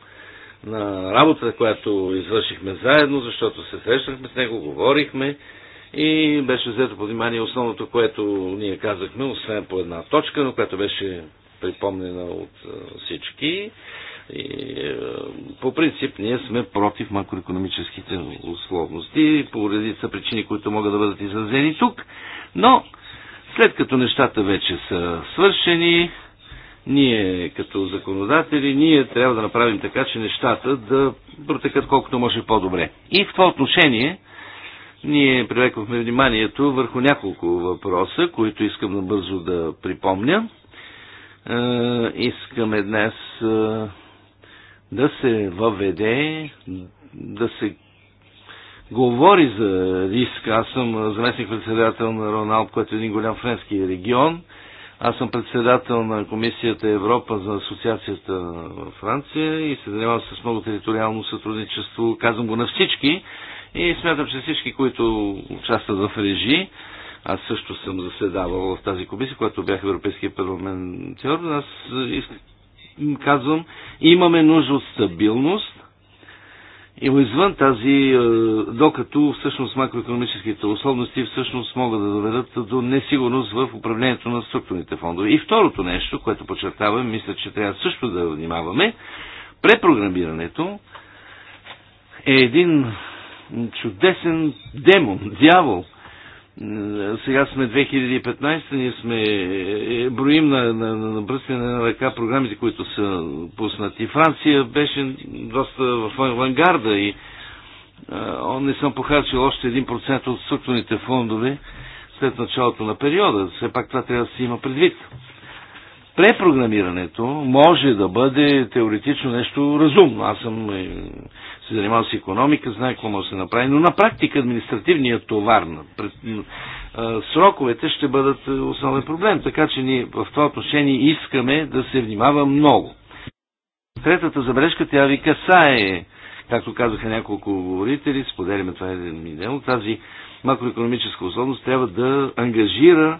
на работата, която извършихме заедно, защото се срещнахме с него, говорихме и беше взето под внимание основното, което ние казахме, освен по една точка, но която беше припомнена от всички. И, по принцип ние сме против макроекономическите условности по редица причини, които могат да бъдат изразени тук. Но след като нещата вече са свършени, ние като законодатели, ние трябва да направим така, че нещата да протекат колкото може по-добре. И в това отношение ние привлекохме вниманието върху няколко въпроса, които искам набързо да припомня. Е, искаме днес е, да се въведе, да се говори за риск. Аз съм заместник председател на Роналд, който е един голям френски регион. Аз съм председател на Комисията Европа за Асоциацията в Франция и се занимавам с много териториално сътрудничество. Казвам го на всички и смятам, че всички, които участват в режи, аз също съм заседавал в тази комисия, която бях европейския парламентар. Аз казвам, имаме нужда от стабилност, и извън тази, е, докато всъщност макроекономическите условности всъщност могат да доведат до несигурност в управлението на структурните фондове. И второто нещо, което подчертавам, мисля, че трябва също да внимаваме, препрограмирането е един чудесен демон, дявол, сега сме 2015, ние сме е, е, броим на, на, на, на бръсване на ръка програмите, които са пуснати. Франция беше доста в авангарда и а, не съм похарчил още 1% от структурните фондове след началото на периода. Все пак това трябва да се има предвид. Препрограмирането може да бъде теоретично нещо разумно. Аз съм е, се занимава с економика, знае какво може да се направи, но на практика административният товар на пред, сроковете ще бъдат основен проблем. Така че ние в това отношение искаме да се внимава много. Третата забележка, тя ви касае, както казаха няколко говорители, споделяме това един модел, тази макроекономическа условност трябва да ангажира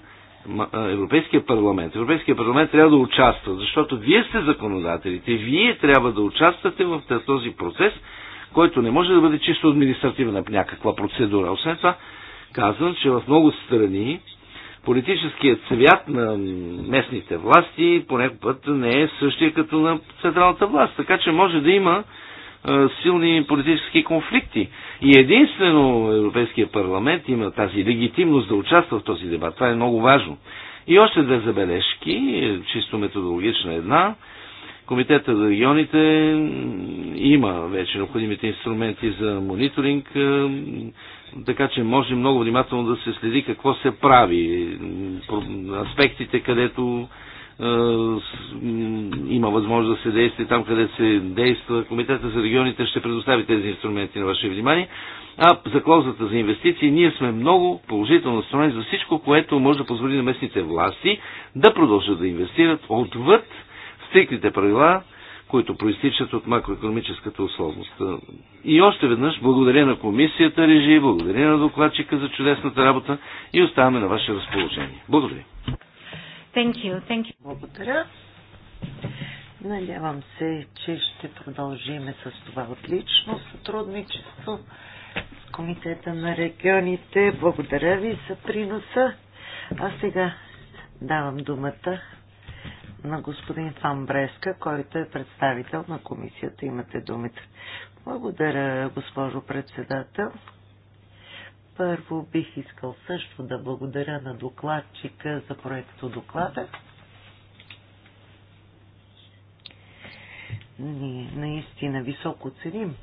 Европейския парламент. Европейския парламент трябва да участва, защото вие сте законодателите, вие трябва да участвате в този процес който не може да бъде чисто административна някаква процедура. Освен това, казвам, че в много страни политическият цвят на местните власти по път не е същия като на централната власт. Така че може да има силни политически конфликти. И единствено Европейския парламент има тази легитимност да участва в този дебат. Това е много важно. И още две забележки, чисто методологична една. Комитета за регионите има вече необходимите инструменти за мониторинг, е, така че може много внимателно да се следи какво се прави, аспектите, където е, има възможност да се действи там, къде се действа. Комитета за регионите ще предостави тези инструменти на ваше внимание. А за Клозата за инвестиции ние сме много положително настроени за всичко, което може да позволи на местните власти да продължат да инвестират отвъд стриктните правила, които проистичат от макроекономическата условност. И още веднъж благодаря на комисията режи, благодаря на докладчика за чудесната работа и оставаме на ваше разположение. Благодаря. Thank you. Thank you. Благодаря. Надявам се, че ще продължиме с това отлично сътрудничество с Комитета на регионите. Благодаря ви за приноса. А сега давам думата на господин Фан Бреска, който е представител на комисията. Имате думите. Благодаря, госпожо председател. Първо бих искал също да благодаря на докладчика за проекто доклада. Ние наистина високо ценим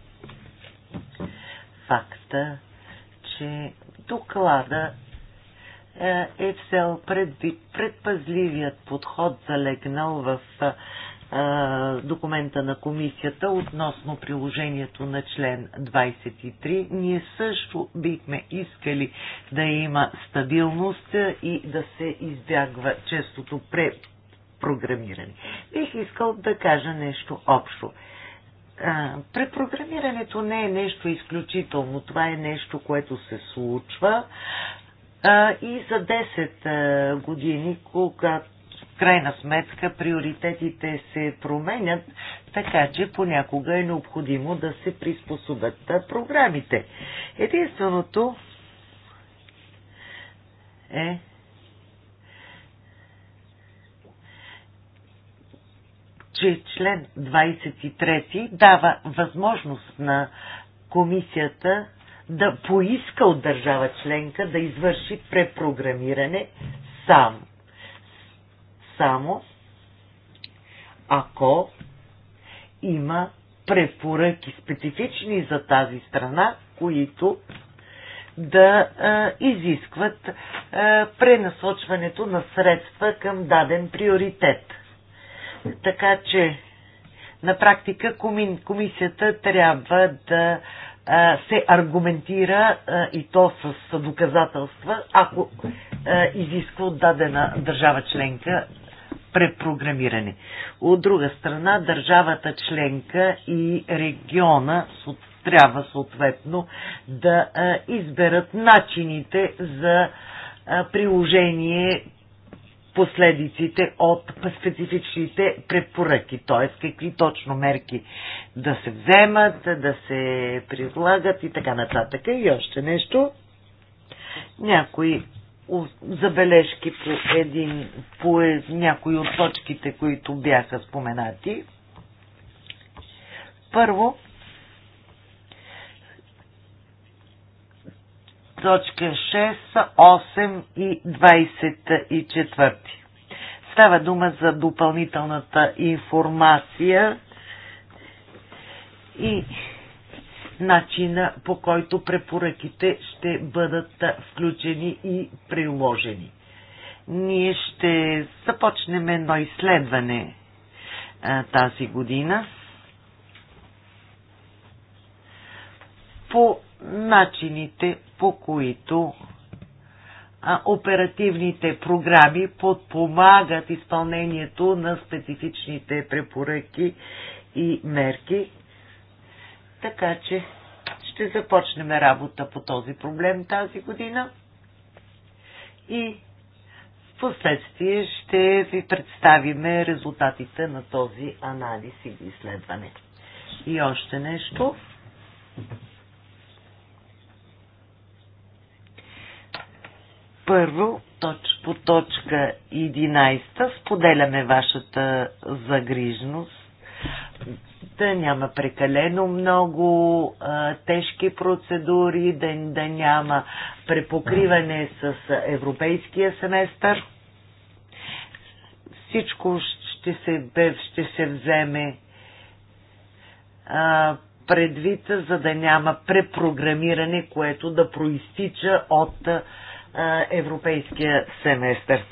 факта, че доклада е, е взел предвид предпазливият подход, залегнал в е, е, документа на комисията относно приложението на член 23. Ние също бихме искали да има стабилност и да се избягва честото препрограмиране. Бих искал да кажа нещо общо. Препрограмирането не е нещо изключително, това е нещо, което се случва а, и за 10 а, години, когато в крайна сметка приоритетите се променят, така че понякога е необходимо да се приспособят програмите. Единственото е че член 23 дава възможност на комисията да поиска от държава членка да извърши препрограмиране сам. Само ако има препоръки специфични за тази страна, които да а, изискват а, пренасочването на средства към даден приоритет. Така че на практика комисията трябва да се аргументира и то с доказателства, ако изисква от дадена държава членка препрограмиране. От друга страна, държавата членка и региона трябва съответно да изберат начините за приложение, последиците от специфичните препоръки, т.е. какви точно мерки да се вземат, да се прилагат и така нататък. И още нещо. Някои забележки по, един, по е- някои от точките, които бяха споменати. Първо, точка 6, 8 и 24. Става дума за допълнителната информация и начина по който препоръките ще бъдат включени и приложени. Ние ще започнем едно изследване а, тази година по начините по които а, оперативните програми подпомагат изпълнението на специфичните препоръки и мерки. Така че ще започнем работа по този проблем тази година и в последствие ще ви представиме резултатите на този анализ и изследване. И още нещо. Първо, точ, по точка 11 споделяме вашата загрижност да няма прекалено много а, тежки процедури, да, да няма препокриване с европейския семестър. Всичко ще се, ще се вземе а, предвид, за да няма препрограмиране, което да проистича от а, европейския семестър.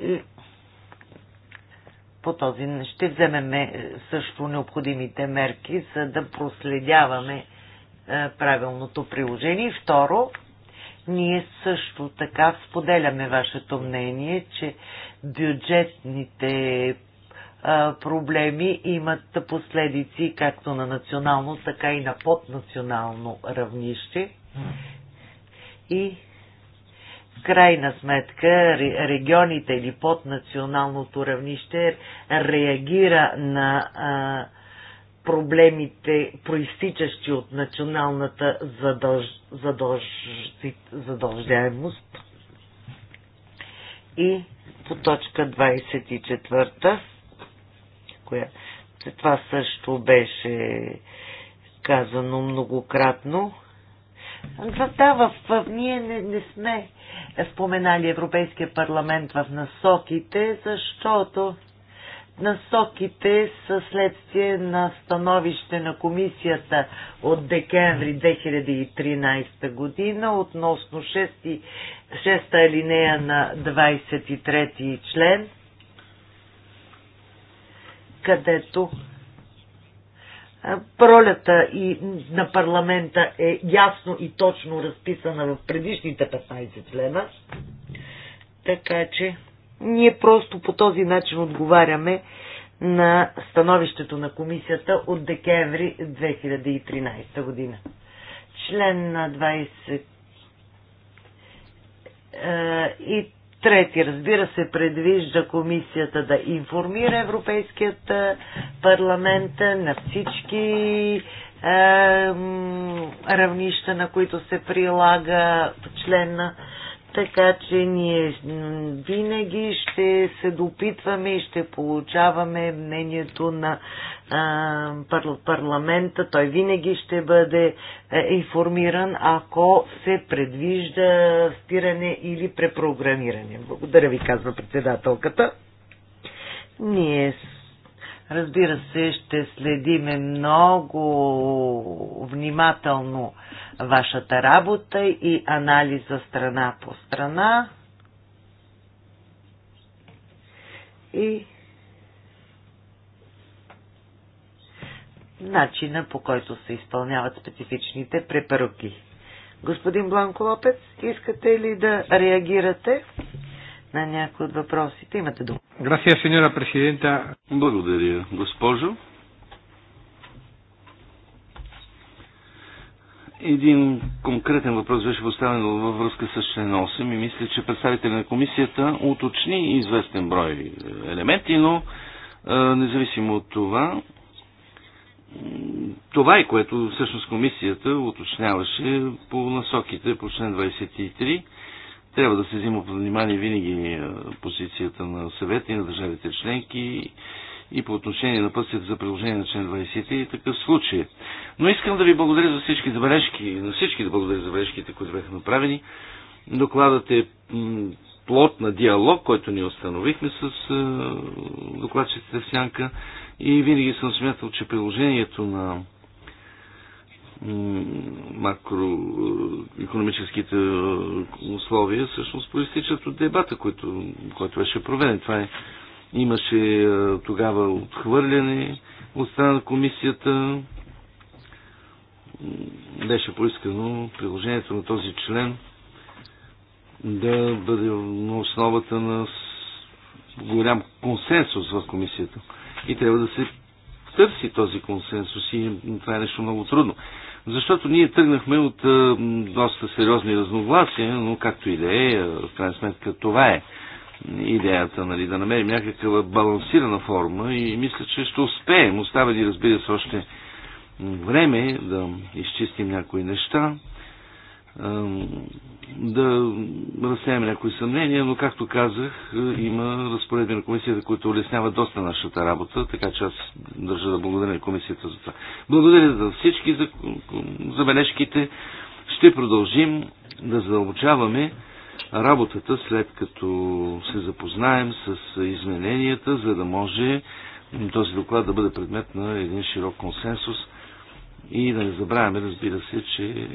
И по този ще вземем е, също необходимите мерки, за да проследяваме е, правилното приложение. второ, ние също така споделяме вашето мнение, че бюджетните проблеми имат последици както на национално, така и на поднационално равнище. И в крайна сметка регионите или поднационалното равнище реагира на а, проблемите, проистичащи от националната задълж, задълж, задължаемост. И по точка 24 коя... Това също беше казано многократно. Да, в, в, ние не, не сме споменали Европейския парламент в насоките, защото насоките са следствие на становище на комисията от декември 2013 година относно 6, 6 алинея на 23 член където пролята и на парламента е ясно и точно разписана в предишните 15 члена. Така че ние просто по този начин отговаряме на становището на комисията от декември 2013 година. Член на 20 е, и Трети, разбира се, предвижда комисията да информира Европейският е, парламент на всички е, равнища, на които се прилага член на така че ние винаги ще се допитваме и ще получаваме мнението на парламента. Той винаги ще бъде е, информиран, ако се предвижда спиране или препрограмиране. Благодаря ви, казва председателката. Ние Разбира се, ще следиме много внимателно вашата работа и анализа страна по страна. И начина по който се изпълняват специфичните препоръки. Господин Бланко Лопец, искате ли да реагирате? на някои от въпросите. Имате дума. Грация, сеньора президента. Благодаря, госпожо. Един конкретен въпрос беше поставен във връзка с член 8 и мисля, че представител на комисията уточни известен брой е, елементи, но е, независимо от това, това е което всъщност комисията уточняваше по насоките по член 23 трябва да се взима под внимание винаги е, позицията на съвета и на държавите членки и по отношение на пътствията за приложение на член 20 и е такъв случай. Но искам да ви благодаря за всички забележки, на всички да благодаря за забележките, които бяха направени. Докладът е плод на диалог, който ние установихме с е, докладчиците в Сянка и винаги съм смятал, че приложението на макроекономическите е, условия всъщност проистичат от дебата, който, който беше проведен. Това е, имаше е, тогава отхвърляне от страна на комисията. Беше поискано приложението на този член да бъде на основата на голям консенсус в комисията. И трябва да се търси този консенсус и това е нещо много трудно. Защото ние тръгнахме от а, доста сериозни разногласия, но както и да е, в крайна сметка това е идеята, нали, да намерим някаква балансирана форма и мисля, че ще успеем. Остава ни, разбира се, още време да изчистим някои неща да разсеем някои съмнения, но както казах, е, има разпоредби на комисията, които улесняват доста нашата работа, така че аз държа да благодаря на комисията за това. Благодаря за всички за забележките. Ще продължим да задълбочаваме работата след като се запознаем с измененията, за да може този доклад да бъде предмет на един широк консенсус и да не забравяме, разбира се, че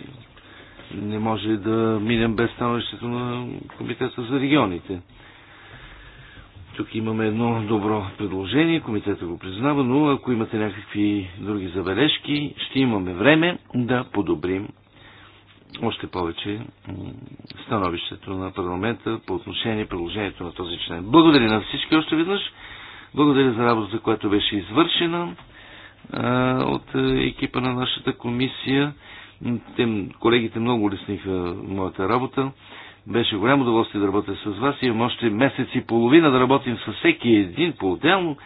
не може да минем без становището на Комитета за регионите. Тук имаме едно добро предложение, комитета го признава, но ако имате някакви други забележки, ще имаме време да подобрим още повече становището на парламента по отношение приложението на този член. Благодаря на всички още веднъж. Благодаря за работата, която беше извършена от е, екипа на нашата комисия. Тем, колегите много улесниха моята работа. Беше голямо удоволствие да работя с вас. Имам още месец и половина да работим с всеки един по-отделно,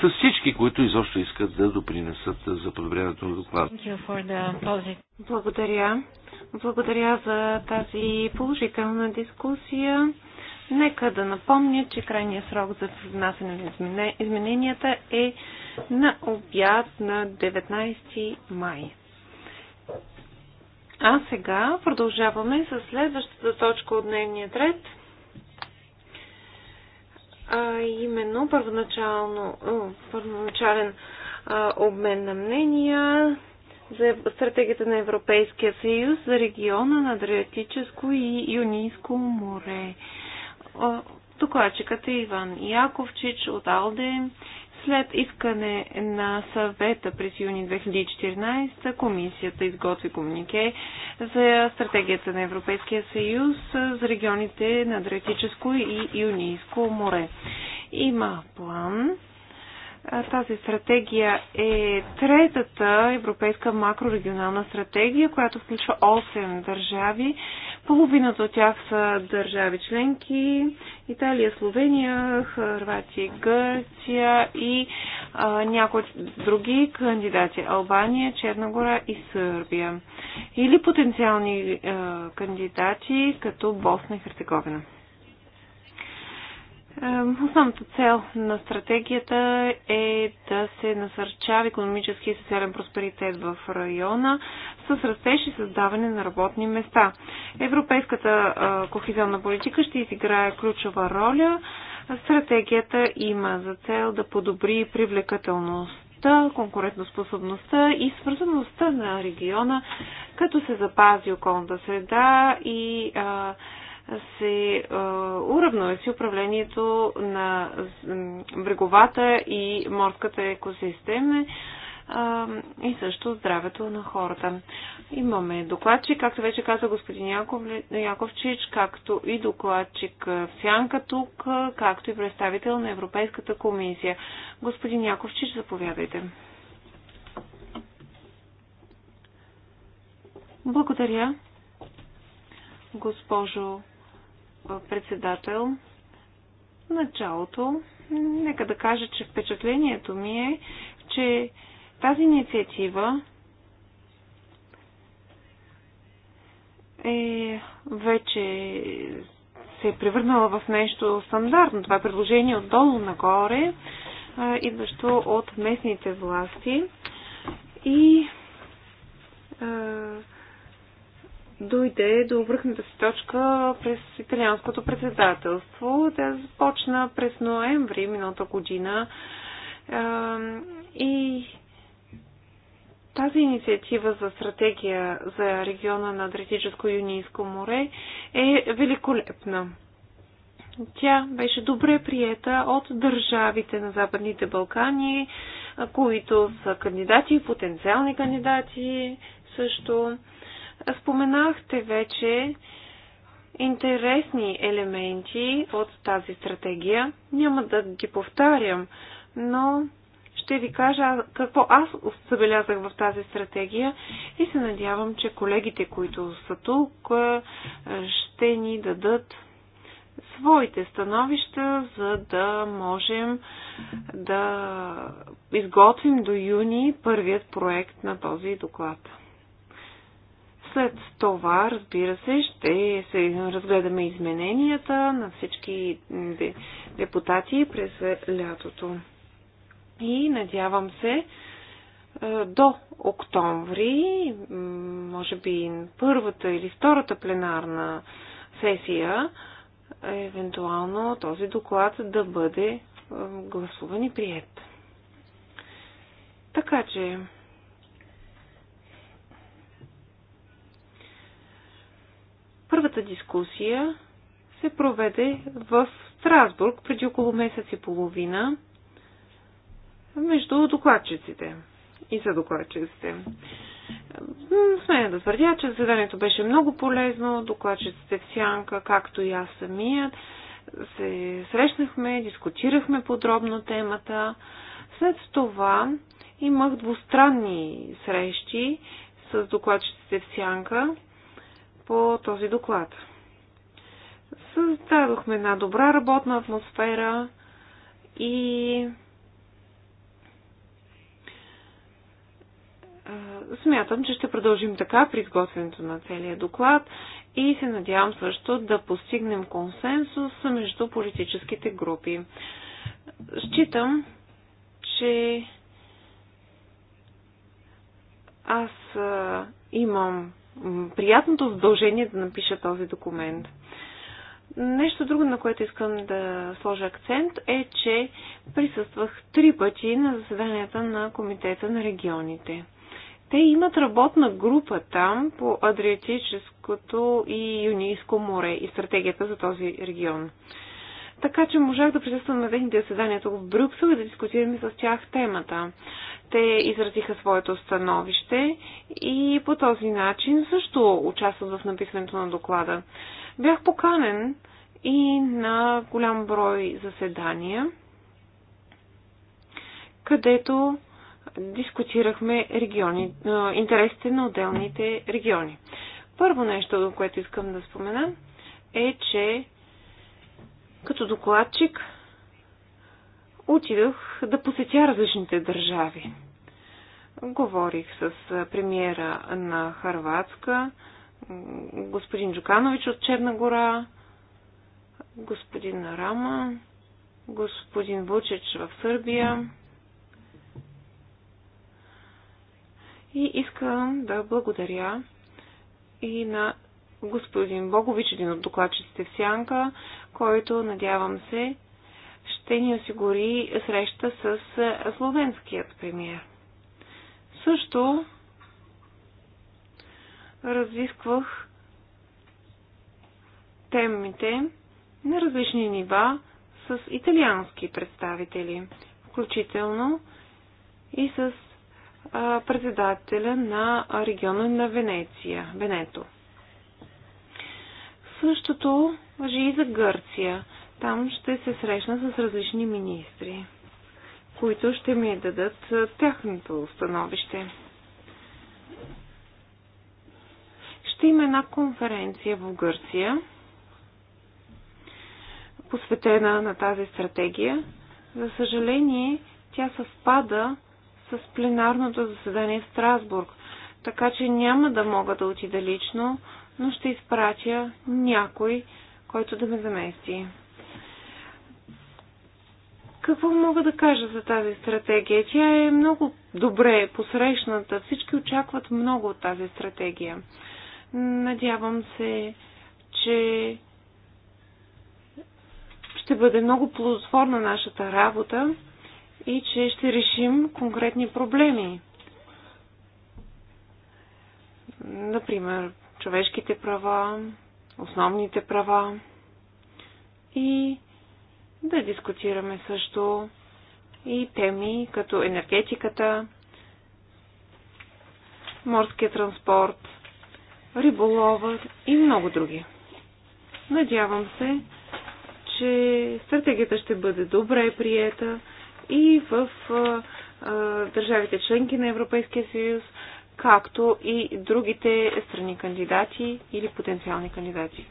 с всички, които изобщо искат да допринесат за подобряването на доклада. Благодаря. Благодаря за тази положителна дискусия. Нека да напомня, че крайният срок за внасяне на измененията е на обяд на 19 май. А сега продължаваме с следващата точка от дневния ред. А именно първоначално, първоначален а, обмен на мнения за стратегията на Европейския съюз за региона на Адриатическо и Юнийско море. Докладчикът е Иван Яковчич от Алде след искане на съвета през юни 2014 комисията изготви комунике за стратегията на Европейския съюз за регионите на Дратическо и Юнийско море. Има план тази стратегия е третата европейска макрорегионална стратегия, която включва 8 държави. Половината от тях са държави членки Италия, Словения, Хърватия, Гърция и а, някои други кандидати Албания, Черна гора и Сърбия. Или потенциални а, кандидати като Босна и Херцеговина. Е, основната цел на стратегията е да се насърчава економически и социален просперитет в района с растеж и създаване на работни места. Европейската е, кохизионна политика ще изиграе ключова роля. Стратегията има за цел да подобри привлекателността, конкурентоспособността и свързаността на региона, като се запази околната среда и а, е, се уравновеси управлението на бреговата и морската екосистема и също здравето на хората. Имаме докладчик, както вече каза господин Яков, Яковчич, както и докладчик Сянка тук, както и представител на Европейската комисия. Господин Яковчич, заповядайте. Благодаря, госпожо председател. началото, нека да кажа, че впечатлението ми е, че тази инициатива е вече се е превърнала в нещо стандартно. Това е предложение отдолу нагоре, идващо от местните власти. И дойде до връхната си точка през италианското председателство. Тя започна през ноември миналата година и тази инициатива за стратегия за региона на Адриатическо и Юнийско море е великолепна. Тя беше добре приета от държавите на Западните Балкани, които са кандидати, потенциални кандидати също. Споменахте вече интересни елементи от тази стратегия. Няма да ги повтарям, но ще ви кажа какво аз забелязах в тази стратегия и се надявам, че колегите, които са тук, ще ни дадат своите становища, за да можем да изготвим до юни първият проект на този доклад. След това, разбира се, ще се разгледаме измененията на всички депутати през лятото. И надявам се е, до октомври, може би първата или втората пленарна сесия, евентуално този доклад да бъде гласуван и прият. Така че, Първата дискусия се проведе в Страсбург преди около месец и половина между докладчиците и за докладчиците. Смея да твърдя, че заседанието беше много полезно. Докладчиците в сянка, както и аз самият, се срещнахме, дискутирахме подробно темата. След това имах двустранни срещи с докладчиците в сянка по този доклад. Създадохме една добра работна атмосфера и смятам, че ще продължим така при изготвянето на целия доклад и се надявам също да постигнем консенсус между политическите групи. Считам, че аз имам приятното задължение да напиша този документ. Нещо друго, на което искам да сложа акцент е, че присъствах три пъти на заседанията на Комитета на регионите. Те имат работна група там по Адриатическото и Юнийско море и стратегията за този регион. Така че можах да присъствам на техните заседания тук в Брюксел и да дискутираме с тях темата. Те изразиха своето становище и по този начин също участват в написането на доклада. Бях поканен и на голям брой заседания, където дискутирахме региони, интересите на отделните региони. Първо нещо, което искам да спомена, е, че като докладчик отидох да посетя различните държави. Говорих с премиера на Харватска, господин Джуканович от Черна гора, господин Рама, господин Вучич в Сърбия. И искам да благодаря и на господин Богович, един от докладчиците в Сянка, който, надявам се, ще ни осигури среща с словенският премиер. Също разисквах темите на различни нива с италиански представители, включително и с председателя на региона на Венеция, Венето. Същото въжи и за Гърция. Там ще се срещна с различни министри, които ще ми дадат тяхното установище. Ще има една конференция в Гърция, посветена на тази стратегия. За съжаление, тя съвпада с пленарното заседание в Страсбург, така че няма да мога да отида лично, но ще изпратя някой, който да ме замести. Какво мога да кажа за тази стратегия? Тя е много добре посрещната. Всички очакват много от тази стратегия. Надявам се, че ще бъде много плодотворна нашата работа и че ще решим конкретни проблеми. Например, човешките права, основните права и да дискутираме също и теми като енергетиката, морския транспорт, риболова и много други. Надявам се, че стратегията ще бъде добре приета и в а, а, държавите членки на Европейския съюз, както и другите страни кандидати или потенциални кандидати.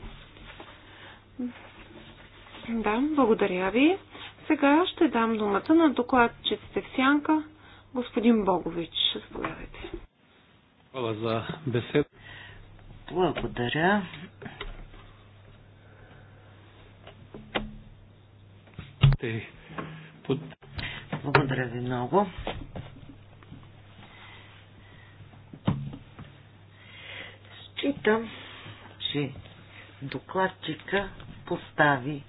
Да, благодаря ви. Сега ще дам думата на докладчиците в сянка, господин Богович. Заповядайте. Хвала за бесед. Благодаря. Благодаря ви много. Читам, че докладчика постави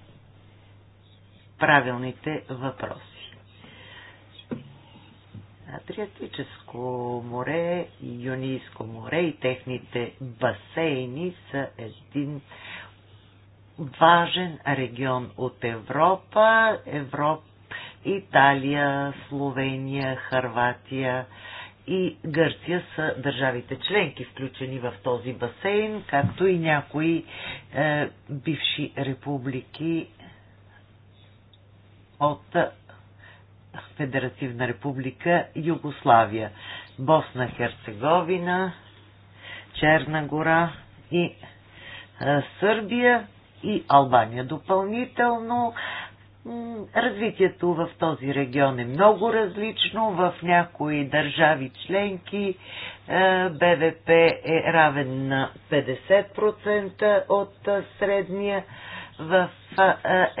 правилните въпроси. Адриатическо море и Юнийско море и техните басейни са един важен регион от Европа, Европа, Италия, Словения, Харватия, и Гърция са държавите членки, включени в този басейн, както и някои е, бивши републики от Федеративна република Югославия, Босна Херцеговина, Черна гора и е, Сърбия и Албания. Допълнително е, развитието в този регион е много различно. В някои държави членки е, БВП е равен на 50% от е, средния в е,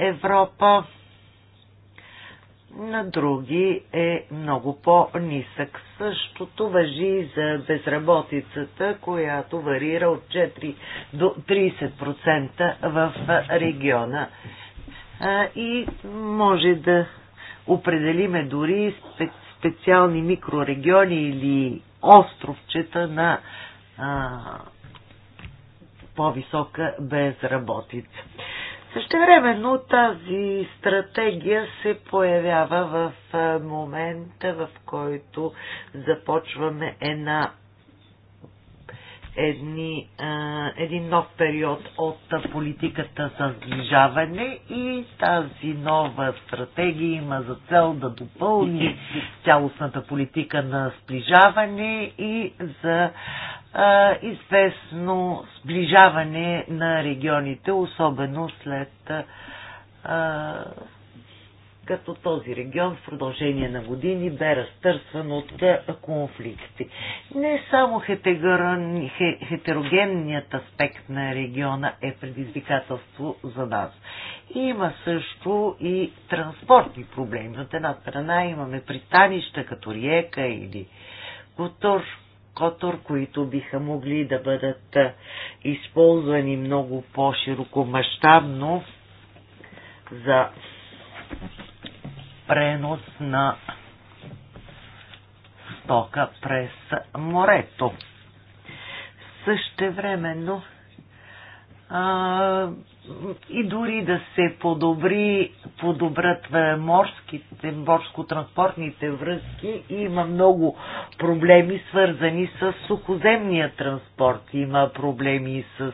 Европа. На други е много по-нисък. Същото въжи и за безработицата, която варира от 4 до 30% в региона и може да определиме дори специални микрорегиони или островчета на по-висока безработица. Същевременно тази стратегия се появява в момента, в който започваме една едни, а, един нов период от политиката за сближаване и тази нова стратегия има за цел да допълни цялостната политика на сближаване и за а, известно сближаване на регионите, особено след а, като този регион в продължение на години бе разтърсван от е, конфликти. Не само хетерогенният аспект на региона е предизвикателство за нас. Има също и транспортни проблеми. От една страна имаме пристанища като Риека или Котор, Котор, които биха могли да бъдат е, използвани много по-широкомащабно за пренос на стока през морето. Същевременно а, и дори да се подобри, подобрат морските, морско-транспортните връзки, има много проблеми свързани с сухоземния транспорт, има проблеми с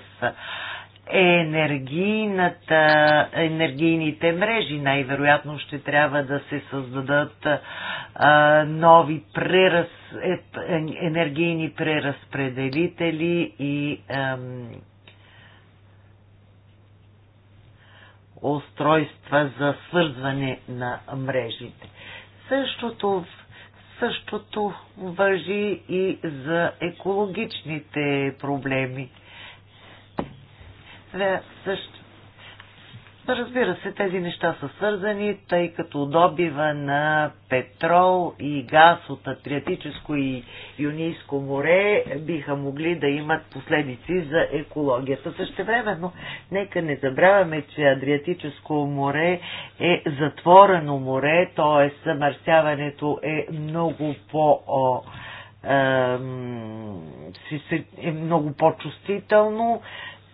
енергийната, енергийните мрежи. Най-вероятно ще трябва да се създадат а, нови прераз, е, е енергийни преразпределители и устройства за свързване на мрежите. Същото, същото въжи и за екологичните проблеми свя... Е, също. Разбира се, тези неща са свързани, тъй като добива на петрол и газ от Атриатическо и Юнийско море биха могли да имат последици за екологията. но нека не забравяме, че Адриатическо море е затворено море, т.е. замърсяването е много по- е много по-чувствително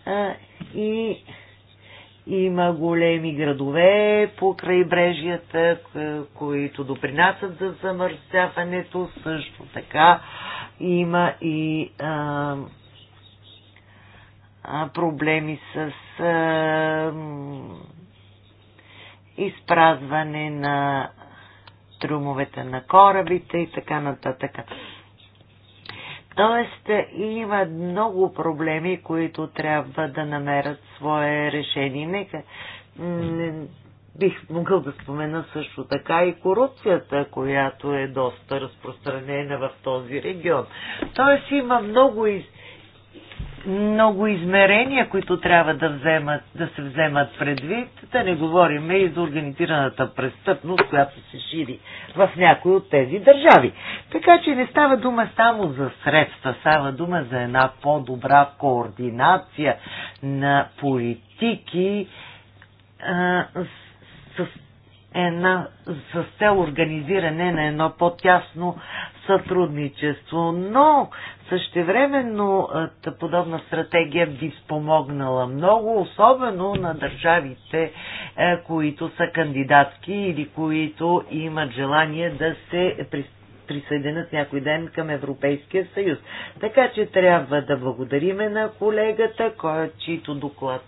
а, и има големи градове по крайбрежията, които допринасят за замърсяването. Също така има и а, а, проблеми с а, изпразване на трумовете на корабите и така нататък. Тоест е, има много проблеми, които трябва да намерят свое решение. Нека не, бих могъл да спомена също така и корупцията, която е доста разпространена в този регион. Тоест има много из, много измерения, които трябва да, вземат, да се вземат предвид, да не говорим и за организираната престъпност, която се шири в някои от тези държави. Така че не става дума само за средства, става дума за една по-добра координация на политики а, с, с една, с цел организиране на едно по-тясно сътрудничество. Но същевременно подобна стратегия би спомогнала много, особено на държавите, е, които са кандидатски или които имат желание да се пристигнат присъединят някой ден към Европейския съюз. Така че трябва да благодариме на колегата, кой, чийто доклад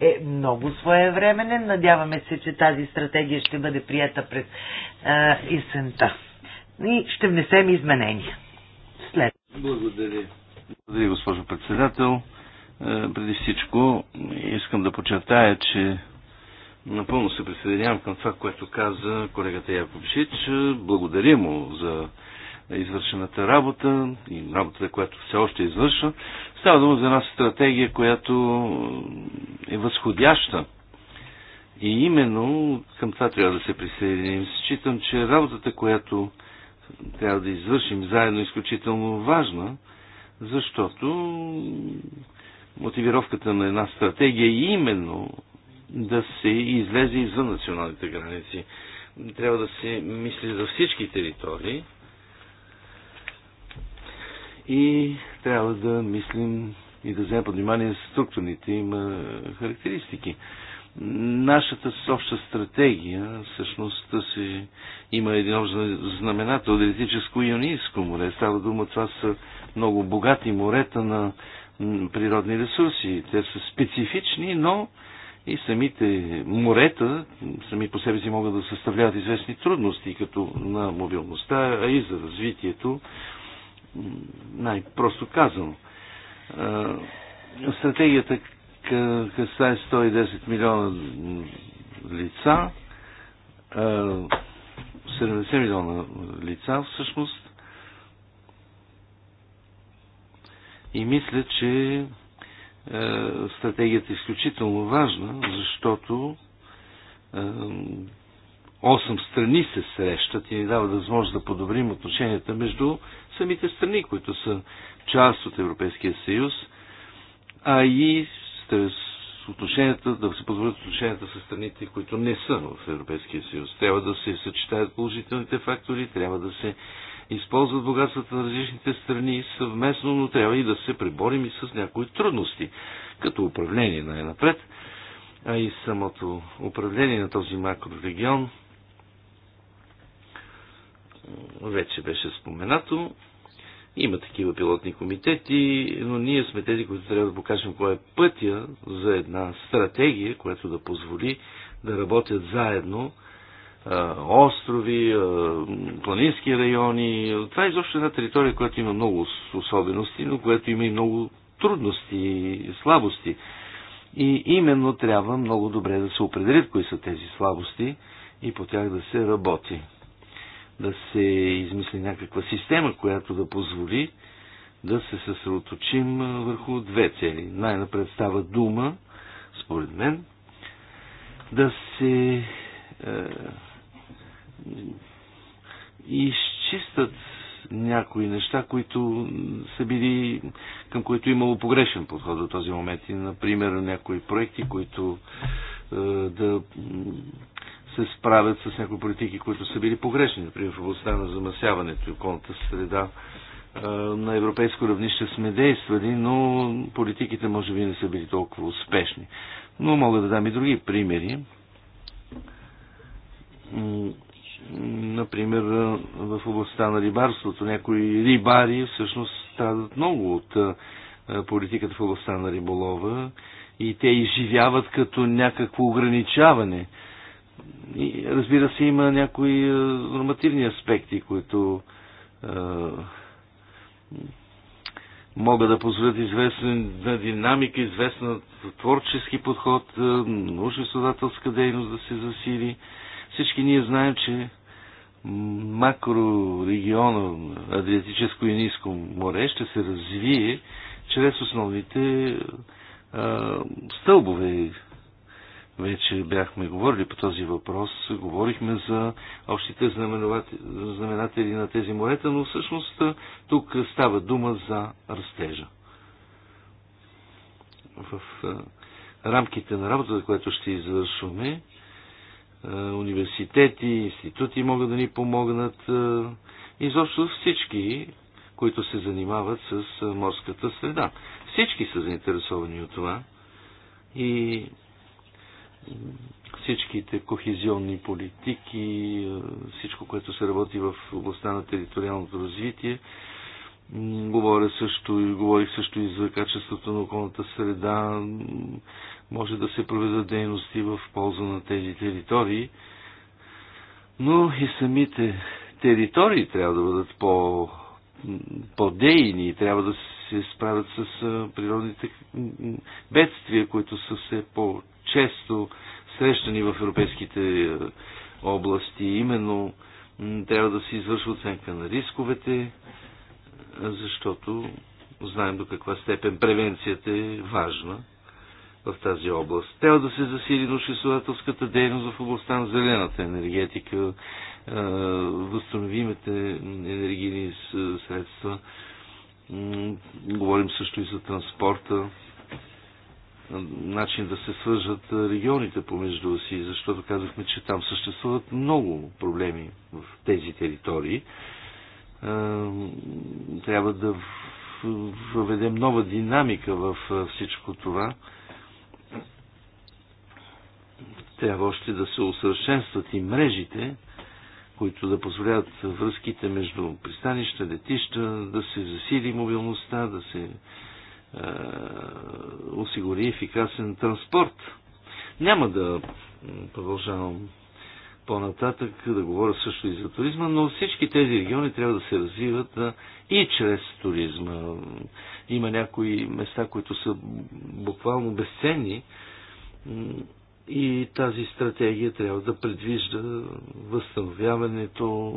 е много своевременен. Надяваме се, че тази стратегия ще бъде прията през а, есента. И ще внесем изменения. След. Благодаря. Благодаря, госпожо председател. Е, преди всичко искам да подчертая, че Напълно се присъединявам към това, което каза колегата Яковшич. Благодаря му за извършената работа и работата, която все още извършва. Става дума за една стратегия, която е възходяща. И именно към това трябва да се присъединим. Считам, че работата, която трябва да извършим заедно, е изключително важна, защото мотивировката на една стратегия е именно да се излезе извън националните граници. Трябва да се мисли за всички територии и трябва да мислим и да вземем под внимание структурните им характеристики. Нашата обща стратегия всъщност се, има един общ знаменател, Адриатическо и Юнийско море. Става дума, това са много богати морета на природни ресурси. Те са специфични, но и самите морета сами по себе си могат да съставляват известни трудности, като на мобилността, а и за развитието, най-просто казано. Стратегията касае 110 милиона лица, 70 милиона лица всъщност. И мисля, че е, стратегията е изключително важна, защото 8 е, страни се срещат и ни дават възможност да подобрим отношенията между самите страни, които са част от Европейския съюз, а и отношенията, да се позволят отношенията с страните, които не са в Европейския съюз. Трябва да се съчетаят положителните фактори, трябва да се използват богатствата на различните страни съвместно, но трябва и да се преборим и с някои трудности, като управление най-напред, а и самото управление на този макрорегион вече беше споменато. Има такива пилотни комитети, но ние сме тези, които трябва да покажем кой е пътя за една стратегия, която да позволи да работят заедно острови, планински райони. Това е изобщо една територия, която има много особености, но която има и много трудности и слабости. И именно трябва много добре да се определят кои са тези слабости и по тях да се работи. Да се измисли някаква система, която да позволи да се съсредоточим върху две цели. Най-напред става дума, според мен, да се е, изчистат някои неща, които са били, към които е имало погрешен подход до този момент. И, например, някои проекти, които е, да се справят с някои политики, които са били погрешни. Например, в областта на замасяването и околната среда е, на европейско равнище сме действали, но политиките може би не са били толкова успешни. Но мога да дам и други примери например, в областта на рибарството. Някои рибари всъщност страдат много от политиката в областта на риболова и те изживяват като някакво ограничаване. И, разбира се, има някои нормативни аспекти, които е, могат да позволят известна динамика, известна творчески подход, научно-съдателска дейност да се засили. Всички ние знаем, че макрорегиона Адриатическо и Ниско море ще се развие чрез основните а, стълбове. Вече бяхме говорили по този въпрос, говорихме за общите знаменатели на тези морета, но всъщност тук става дума за растежа. В а, рамките на работата, която ще извършваме, е, университети, институти могат да ни помогнат. Е, изобщо всички, които се занимават с е, морската среда. Всички са заинтересовани от това. И всичките кохезионни политики, всичко, което се работи в областта на териториалното развитие. Говоря също и говорих също и за качеството на околната среда, може да се проведат дейности в полза на тези територии, но и самите територии трябва да бъдат по, по-дейни и трябва да се справят с природните бедствия, които са все по-често срещани в европейските области. Именно трябва да се извършва оценка на рисковете, защото знаем до каква степен превенцията е важна в тази област. Трябва да се засили научно-изследователската дейност в областта на зелената енергетика, е, възстановимите енергийни средства. Говорим също и за транспорта, начин да се свържат е, регионите помежду си, защото казахме, че там съществуват много проблеми в тези територии. Е, трябва да въведем нова динамика в всичко това трябва още да се усъвършенстват и мрежите, които да позволяват връзките между пристанища, летища, да се засили мобилността, да се е, осигури ефикасен транспорт. Няма да продължавам по-нататък да говоря също и за туризма, но всички тези региони трябва да се развиват а, и чрез туризма. Има някои места, които са буквално безценни и тази стратегия трябва да предвижда възстановяването,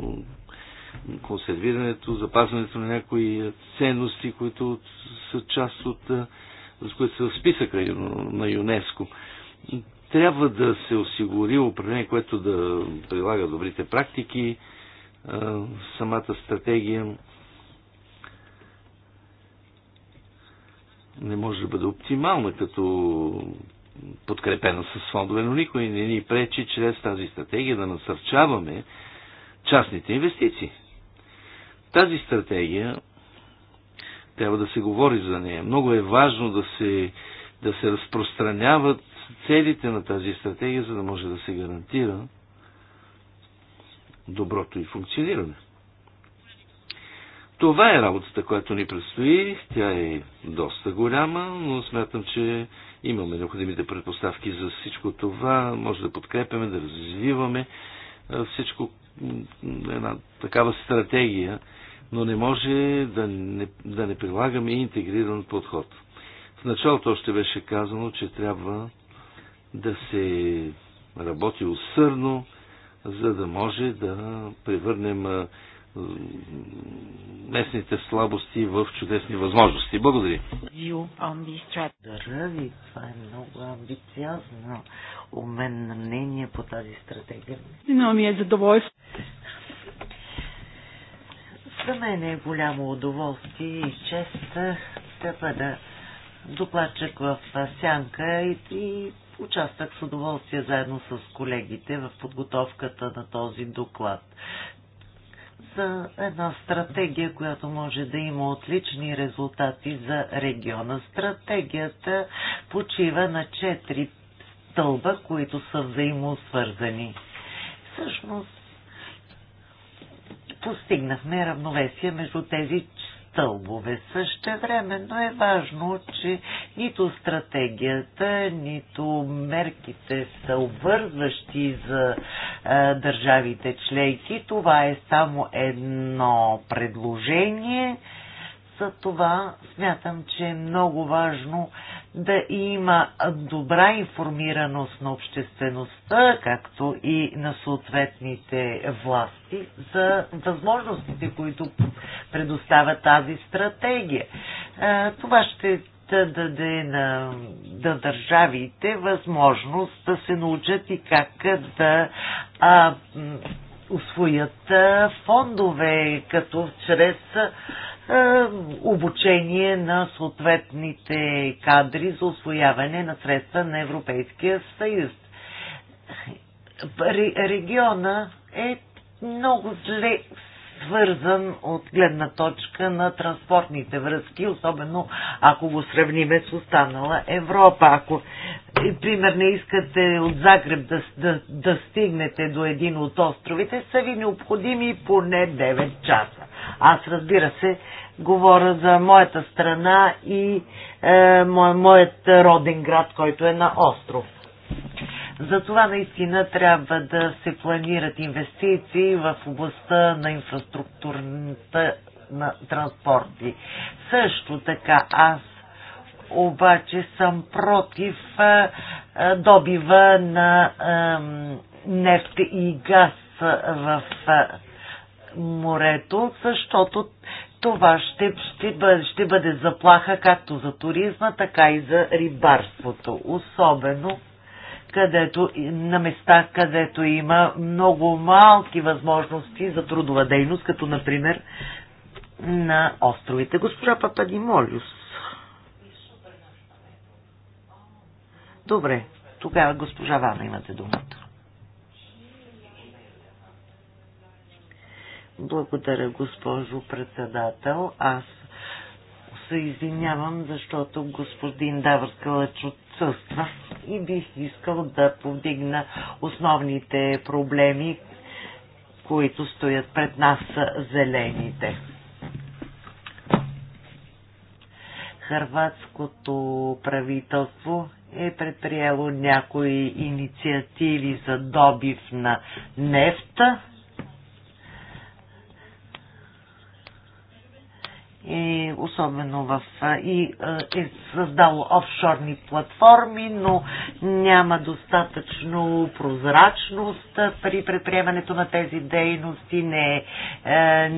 консервирането, запазването на някои ценности, които са част от с които са в списъка на ЮНЕСКо. Трябва да се осигури управление, което да прилага добрите практики, самата стратегия не може да бъде оптимална като Подкрепена с фондове, но никой не ни пречи чрез тази стратегия да насърчаваме частните инвестиции. Тази стратегия трябва да се говори за нея. Много е важно да се, да се разпространяват целите на тази стратегия, за да може да се гарантира доброто и функциониране. Това е работата, която ни предстои. Тя е доста голяма, но смятам, че имаме необходимите предпоставки за всичко това, може да подкрепяме, да развиваме е, всичко, една такава стратегия, но не може да не, да не прилагаме интегриран подход. В началото още беше казано, че трябва да се работи усърдно, за да може да превърнем е, местните слабости в чудесни възможности. Благодаря. Благодаря ви. Това е много амбициозно у мен на мнение по тази стратегия. Но ми е задоволство. За мен е голямо удоволствие и чест да бъда докладчик в сянка и, и участвах с удоволствие заедно с колегите в подготовката на този доклад за една стратегия, която може да има отлични резултати за региона. Стратегията почива на четири стълба, които са взаимосвързани. Всъщност, постигнахме равновесие между тези стълбове. Същевременно е важно, че нито стратегията, нито мерките са обвързващи за а, държавите членки. Това е само едно предложение за това смятам, че е много важно да има добра информираност на обществеността, както и на съответните власти за възможностите, които предоставя тази стратегия. Това ще да даде на да държавите възможност да се научат и как да а, освоят фондове, като чрез обучение на съответните кадри за освояване на средства на Европейския съюз. Региона е много зле свързан от гледна точка на транспортните връзки, особено ако го сравниме с останала Европа. Ако, пример, не искате от Загреб да, да, да стигнете до един от островите, са ви необходими поне 9 часа. Аз, разбира се, говоря за моята страна и е, моят роден град, който е на остров. За това наистина трябва да се планират инвестиции в областта на инфраструктурната на транспорти. Също така аз обаче съм против добива на нефт и газ в морето, защото това ще, ще, бъде, ще бъде заплаха както за туризма, така и за рибарството. Особено където, на места, където има много малки възможности за трудова дейност, като например на островите. Госпожа Молюс. Добре, тогава госпожа Вана имате думата. Благодаря, госпожо председател. Аз се извинявам, защото господин Давърскалач отсъства и бих искал да повдигна основните проблеми, които стоят пред нас зелените. Хрватското правителство е предприело някои инициативи за добив на нефта и особено в и, е създало офшорни платформи, но няма достатъчно прозрачност при предприемането на тези дейности, не е, е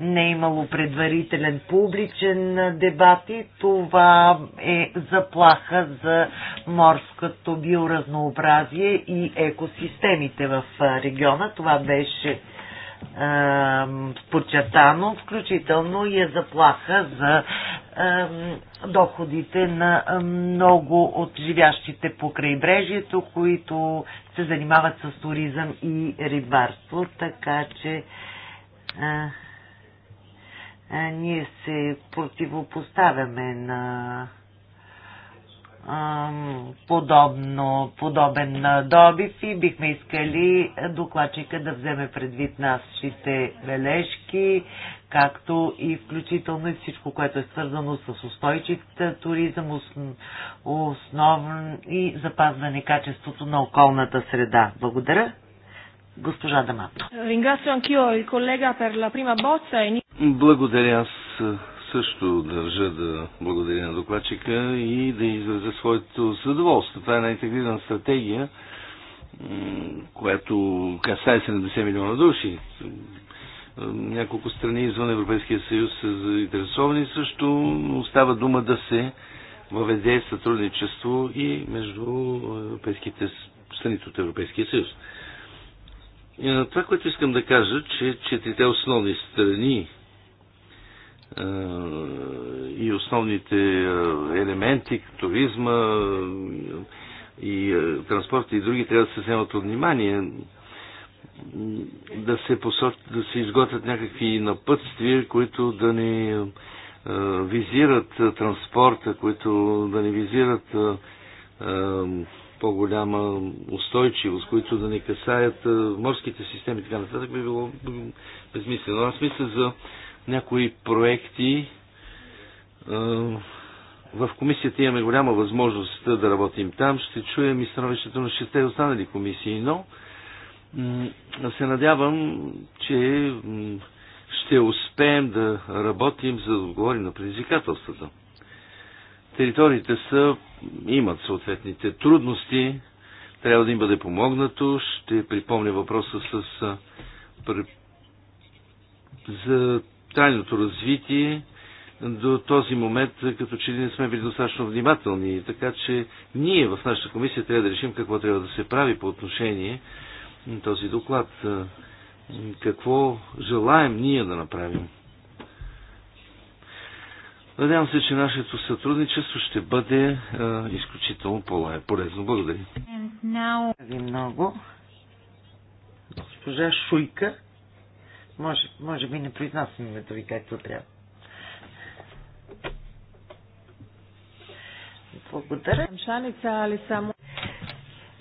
не е имало предварителен публичен дебат и това е заплаха за морското биоразнообразие и екосистемите в региона. Това беше подчертано, включително и е заплаха за доходите на много от живящите по крайбрежието, които се занимават с туризъм и рибарство, така че а, а, ние се противопоставяме на подобно, подобен добив и бихме искали докладчика да вземе предвид нашите бележки, както и включително и всичко, което е свързано с устойчив туризъм, основ, и запазване качеството на околната среда. Благодаря. Госпожа Дамато. E Благодаря аз също държа да благодаря на докладчика и да изразя своето задоволство. Това е една интегрирана стратегия, която касае 70 милиона души. Няколко страни извън Европейския съюз са заинтересовани също. Остава дума да се въведе сътрудничество и между европейските страни от Европейския съюз. Това, което искам да кажа, че четирите основни страни и основните е, елементи, туризма и е, транспорта и други трябва да се вземат от внимание да се, посоч... да се изготвят някакви напътствия, които да не е, визират транспорта, които да не визират по-голяма устойчивост, които да не касаят морските системи и така нататък, би било безмислено. Аз мисля за някои проекти. В комисията имаме голяма възможност да работим там. Ще чуем и становището на шесте останали комисии, но се надявам, че ще успеем да работим, за да отговорим на предизвикателствата. Териториите са, имат съответните трудности, трябва да им бъде помогнато. Ще припомня въпроса с, за трайното развитие до този момент, като че ли не сме били достатъчно внимателни. Така че ние в нашата комисия трябва да решим какво трябва да се прави по отношение на този доклад. Какво желаем ние да направим? Надявам се, че нашето сътрудничество ще бъде а, изключително полезно. Благодаря. Now... Много. Госпожа Шуйка. Може, може би не произнасям името ви както трябва. Благодаря. Шаница, али само...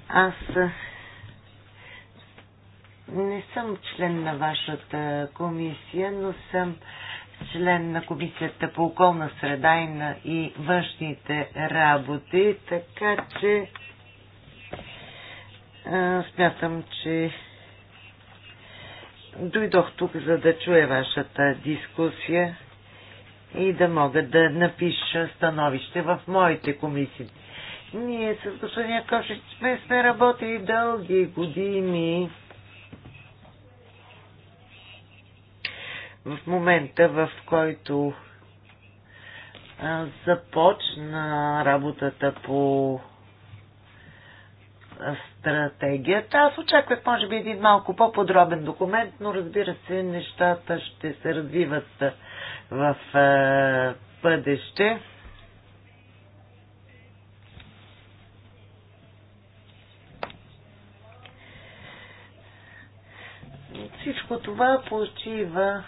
Аз не съм член на вашата комисия, но съм член на комисията по околна среда и, на, и външните работи, така че а, смятам, че дойдох тук, за да чуя вашата дискусия и да мога да напиша становище в моите комисии. Ние с господин Кошич сме, сме работили дълги години. В момента, в който а, започна работата по стратегията. Аз очаквах, може би, един малко по-подробен документ, но разбира се, нещата ще се развиват в е, бъдеще. Всичко това почива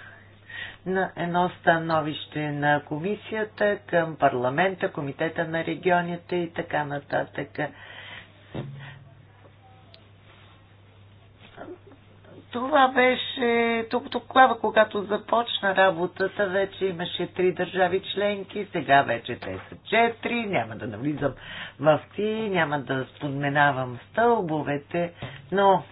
на едно становище на комисията към парламента, комитета на регионите и така нататък. Това беше тук тогава, когато започна работата, вече имаше три държави членки, сега вече те са четири, няма да навлизам в ти, няма да споменавам стълбовете, но...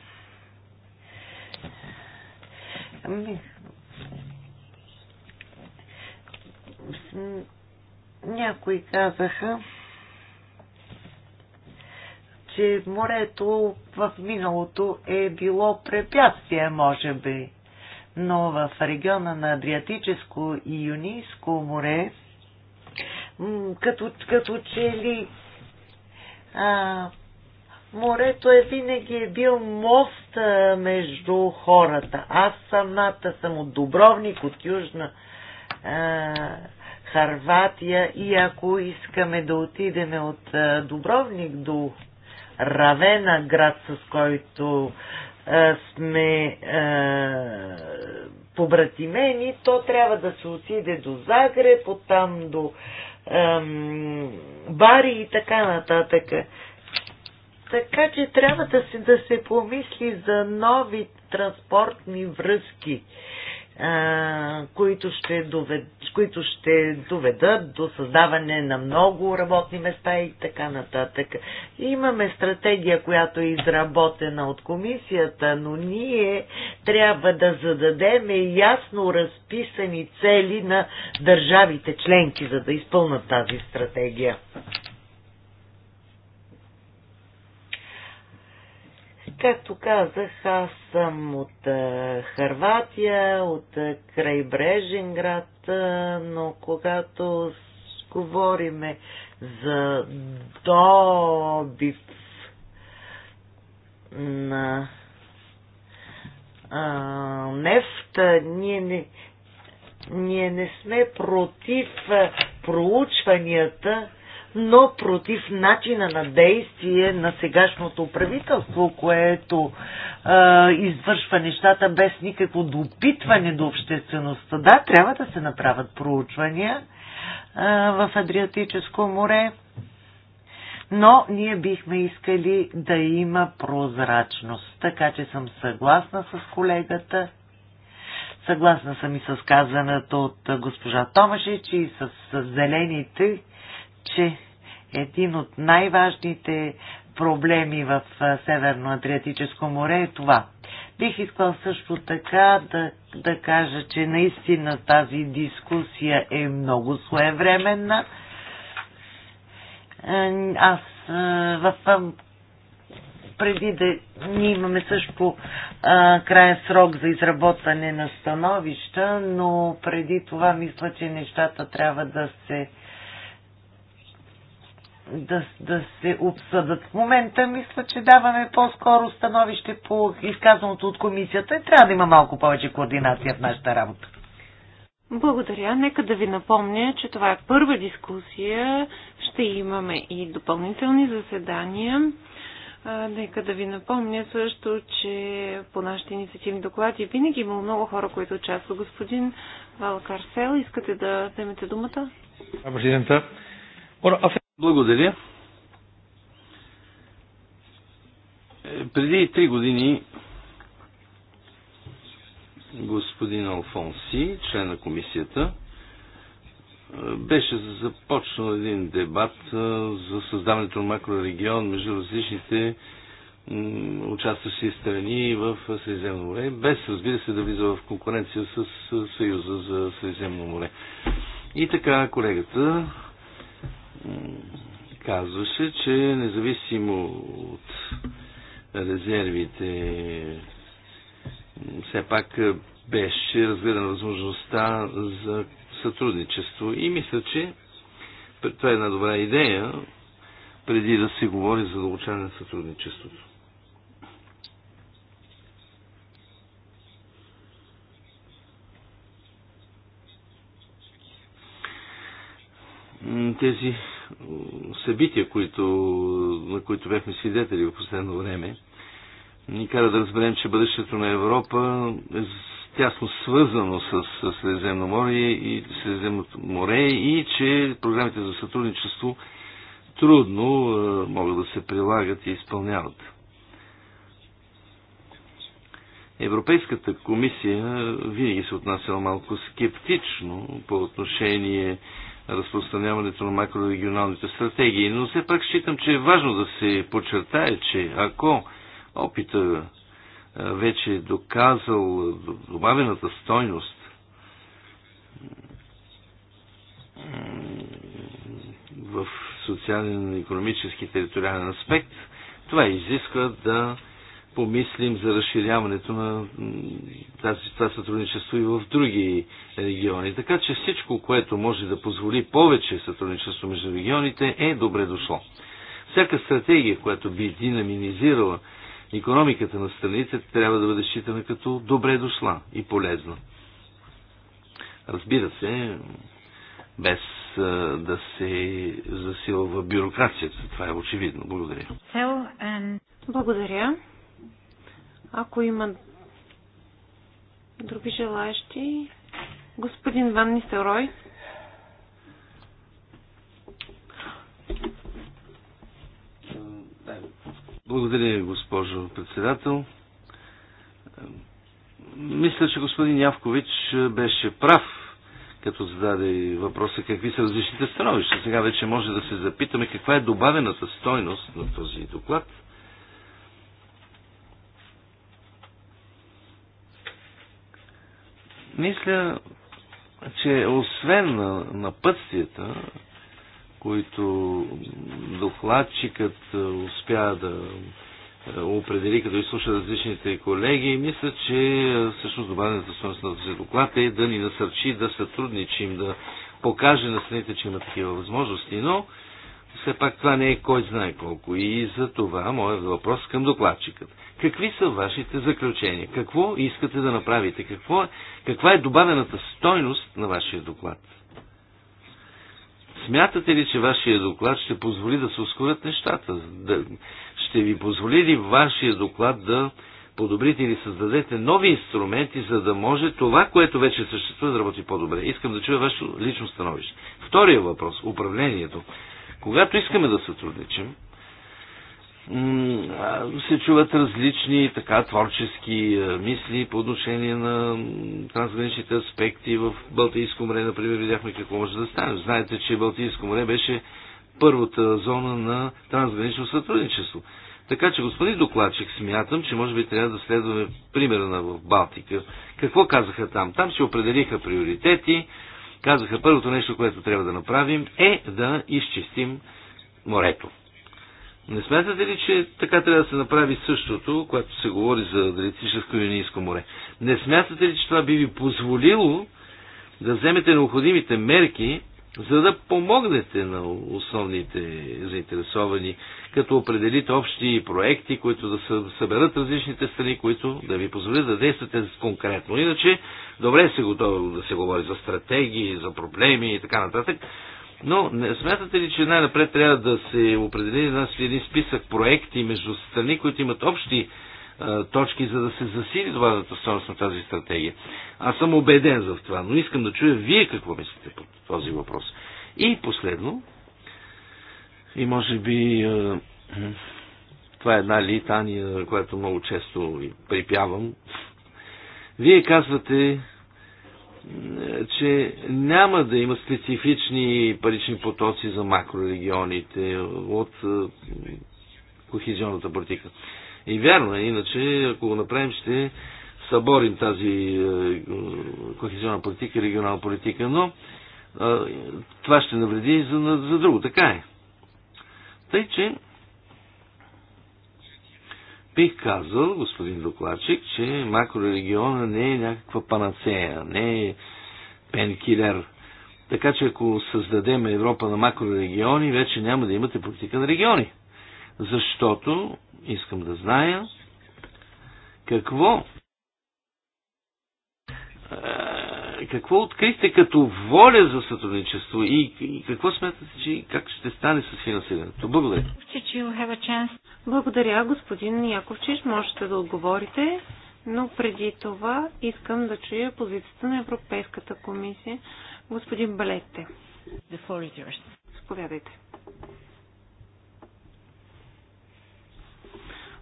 Някои казаха, че морето в миналото е било препятствие, може би. Но в региона на Адриатическо и Юнийско море, като, като че ли а, морето е винаги е бил мост а, между хората. Аз самата съм от Добровник, от Южна а, Харватия и ако искаме да отидем от а, Добровник до Равена, град с който е, сме е, побратимени, то трябва да се отиде до Загреб, оттам до е, Бари и така нататък. Така че трябва да се, да се помисли за нови транспортни връзки. Е, които ще, доведат, които ще доведат до създаване на много работни места и така нататък. Имаме стратегия, която е изработена от комисията, но ние трябва да зададем ясно разписани цели на държавите членки, за да изпълнат тази стратегия. Както казах, аз съм от а, Харватия, от а, крайбрежен град, а, но когато говориме за добив на а, нефта, ние не, ние не сме против проучванията но против начина на действие на сегашното правителство, което е, извършва нещата без никакво допитване до обществеността. Да, трябва да се направят проучвания е, в Адриатическо море, но ние бихме искали да има прозрачност. Така че съм съгласна с колегата. Съгласна съм и с казаната от госпожа Томашич и с зелените, че един от най-важните проблеми в Северно-Адриатическо море е това. Бих искал също така да, да кажа, че наистина тази дискусия е много своевременна. Е, аз е, в преди да ние имаме също а, края срок за изработване на становища, но преди това мисля, че нещата трябва да се да, да се обсъдат. В момента мисля, че даваме по-скоро становище по изказаното от комисията и трябва да има малко повече координация в нашата работа. Благодаря. Нека да ви напомня, че това е първа дискусия. Ще имаме и допълнителни заседания. нека да ви напомня също, че по нашите инициативни доклади винаги има много хора, които участват. Господин Валкарсел, искате да вземете думата? Президента. Благодаря. Е, преди три години господин Алфонси, член на комисията, е, беше започнал един дебат е, за създаването на макрорегион между различните участващи страни в Средиземно море, без разбира се да влиза в конкуренция с Съюза за Средиземно море. И така колегата казваше, че независимо от резервите, все пак беше разгледана възможността за сътрудничество. И мисля, че това е една добра идея, преди да се говори за дълбочаване на сътрудничеството. Тези събития, които, на които бяхме свидетели в последно време, ни кара да разберем, че бъдещето на Европа е тясно свързано с, с Средиземно море и Средиземното море и че програмите за сътрудничество трудно могат да се прилагат и изпълняват. Европейската комисия винаги се отнася малко скептично по отношение разпространяването на макрорегионалните стратегии. Но все пак считам, че е важно да се подчертае, че ако опита е, вече е доказал добавената стойност, в социален, економически, териториален аспект, това изисква да помислим за разширяването на тази, това сътрудничество и в други региони. Така че всичко, което може да позволи повече сътрудничество между регионите, е добре дошло. Всяка стратегия, която би динаминизирала економиката на страните, трябва да бъде считана като добре дошла и полезна. Разбира се, без да се засилва бюрокрацията. Това е очевидно. Благодаря. Благодаря. Ако има други желаящи, господин Ван Нисерой. Благодаря, госпожо председател. Мисля, че господин Явкович беше прав, като зададе въпроса какви са различните становища. Сега вече може да се запитаме каква е добавената стойност на този доклад – Мисля, че освен на, на пътствията, които докладчикът е, успя да е, определи, като изслуша различните колеги, мисля, че е, всъщност добавената стоеност на този доклад е да ни насърчи да сътрудничим, да покаже на страните, че има такива възможности, но все пак това не е кой знае колко. И за това моят въпрос към докладчикът. Какви са вашите заключения? Какво искате да направите? Какво, каква е добавената стойност на вашия доклад? Смятате ли, че вашия доклад ще позволи да се ускорят нещата? Да, ще ви позволи ли вашия доклад да подобрите или създадете нови инструменти, за да може това, което вече съществува, да работи по-добре? Искам да чуя вашето лично становище. Втория въпрос – управлението. Когато искаме да сътрудничим, се чуват различни така творчески мисли по отношение на трансграничните аспекти в Балтийско море. Например, видяхме какво може да стане. Знаете, че Балтийско море беше първата зона на трансгранично сътрудничество. Така че, господин докладчик, смятам, че може би трябва да следваме примера на в Балтика. Какво казаха там? Там се определиха приоритети. Казаха, първото нещо, което трябва да направим е да изчистим морето. Не смятате ли, че така трябва да се направи същото, когато се говори за Адриатическо и Юнийско море? Не смятате ли, че това би ви позволило да вземете необходимите мерки, за да помогнете на основните заинтересовани, като определите общи проекти, които да съберат различните страни, които да ви позволят да действате конкретно. Иначе, добре се готови да се говори за стратегии, за проблеми и така нататък, но не, смятате ли, че най-напред трябва да се определи една, един списък проекти между страни, които имат общи а, точки, за да се засили добавената стоеност на тази стратегия? Аз съм убеден за това, но искам да чуя вие какво мислите по този въпрос. И последно, и може би а, това е една литания, която много често припявам. Вие казвате, че няма да има специфични парични потоци за макрорегионите от е, кохизионната политика. И вярно е, иначе ако го направим, ще съборим тази е, кохизионна политика регионална политика, но е, това ще навреди за, за друго. Така е. Тъй, че Бих казал, господин докладчик, че макрорегиона не е някаква панацея, не е пенкилер. Така че ако създадем Европа на макрорегиони, вече няма да имате политика на региони. Защото искам да зная какво какво открихте като воля за сътрудничество и, и какво смятате, че как ще стане с финансирането? Благодаря. Благодаря, господин Яковчиш. Можете да отговорите, но преди това искам да чуя позицията на Европейската комисия. Господин Балетте. Заповядайте.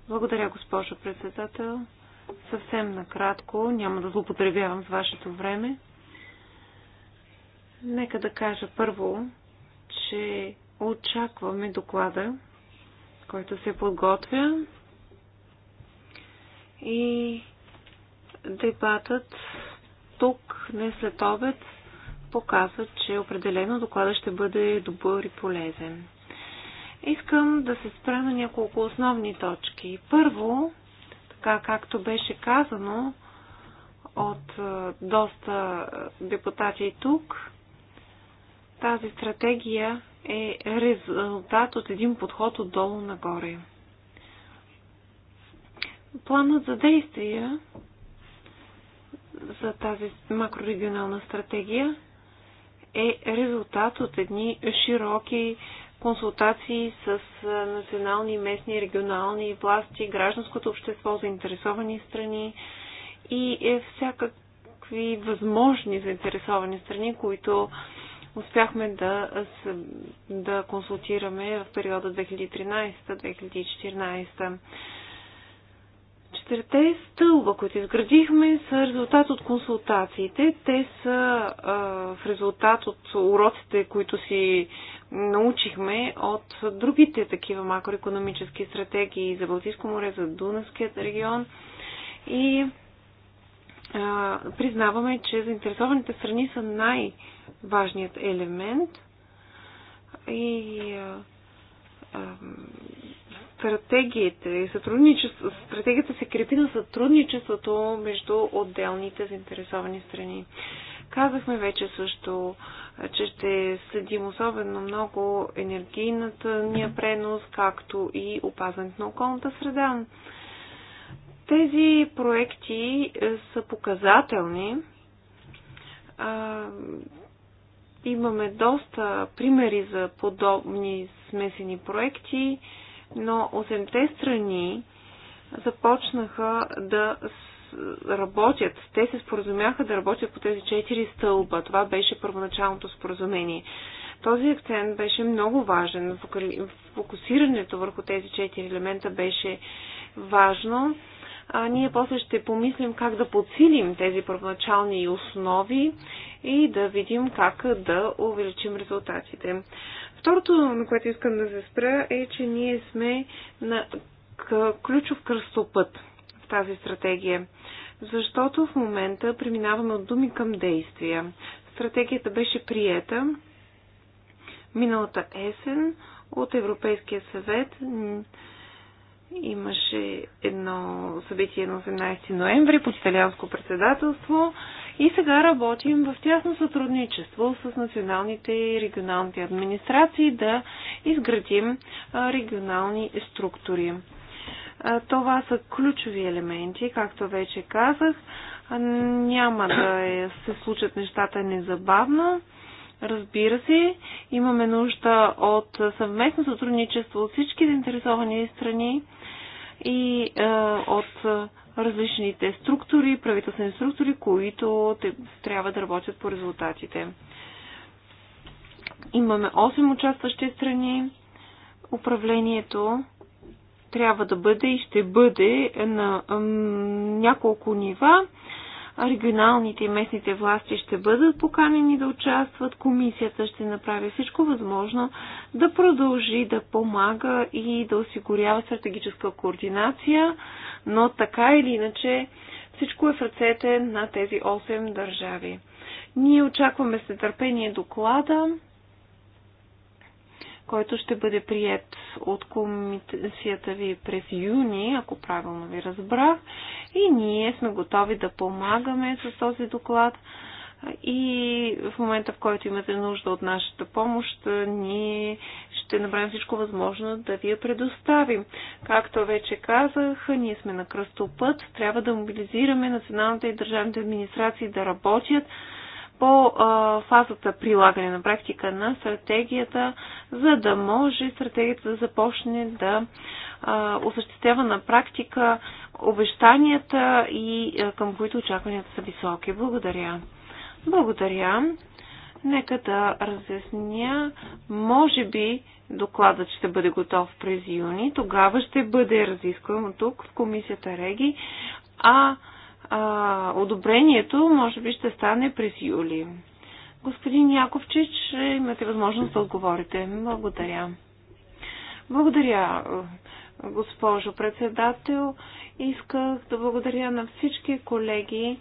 Благодаря, госпожо председател. Съвсем накратко, няма да злоупотребявам с вашето време. Нека да кажа първо, че очакваме доклада, който се подготвя и дебатът тук, не след обед, показва, че определено доклада ще бъде добър и полезен. Искам да се спра на няколко основни точки. Първо, така както беше казано от е, доста е, депутати тук, тази стратегия е резултат от един подход отдолу нагоре. Планът за действия за тази макрорегионална стратегия е резултат от едни широки консултации с национални, местни, регионални власти, гражданското общество, заинтересовани страни и е всякакви възможни заинтересовани страни, които успяхме да, да консултираме в периода 2013-2014. Четирите стълба, които изградихме, са резултат от консултациите. Те са а, в резултат от уроците, които си научихме от другите такива макроекономически стратегии за Балтийско море, за Дунавският регион и а, признаваме, че заинтересованите страни са най-важният елемент и а, и сътрудничеството, стратегията се крепи на сътрудничеството между отделните заинтересовани страни. Казахме вече също че ще съдим особено много енергийната ния пренос, както и опазването на околната среда. Тези проекти е, са показателни. Имаме доста примери за подобни смесени проекти, но 8 страни започнаха да работят. Те се споразумяха да работят по тези четири стълба. Това беше първоначалното споразумение. Този акцент беше много важен. Фокусирането върху тези четири елемента беше важно. А ние после ще помислим как да подсилим тези първоначални основи и да видим как да увеличим резултатите. Второто, на което искам да се спра, е, че ние сме на ключов кръстопът в тази стратегия защото в момента преминаваме от думи към действия. Стратегията беше приета миналата есен от Европейския съвет. Имаше едно събитие на 18 ноември под италианско председателство и сега работим в тясно сътрудничество с националните и регионалните администрации да изградим регионални структури. Това са ключови елементи, както вече казах. Няма да е, се случат нещата незабавно. Разбира се, имаме нужда от съвместно сътрудничество от всички заинтересовани страни и е, от различните структури, правителствени структури, които те, трябва да работят по резултатите. Имаме 8 участващи страни. Управлението трябва да бъде и ще бъде на няколко нива. Регионалните и местните власти ще бъдат поканени да участват. Комисията ще направи всичко възможно да продължи да помага и да осигурява стратегическа координация, но така или иначе всичко е в ръцете на тези 8 държави. Ние очакваме с нетърпение доклада който ще бъде прият от комисията ви през юни, ако правилно ви разбрах. И ние сме готови да помагаме с този доклад. И в момента, в който имате нужда от нашата помощ, ние ще направим всичко възможно да ви я предоставим. Както вече казах, ние сме на кръстопът, трябва да мобилизираме националните и държавните администрации да работят, по фазата прилагане на практика на стратегията, за да може стратегията да започне да осъществява на практика обещанията и към които очакванията са високи. Благодаря. Благодаря. Нека да разясня. Може би докладът ще бъде готов през юни. Тогава ще бъде разискван тук в комисията Реги. А а, одобрението може би ще стане през юли. Господин Яковчич, имате възможност да отговорите. Благодаря. Благодаря, госпожо председател. Исках да благодаря на всички колеги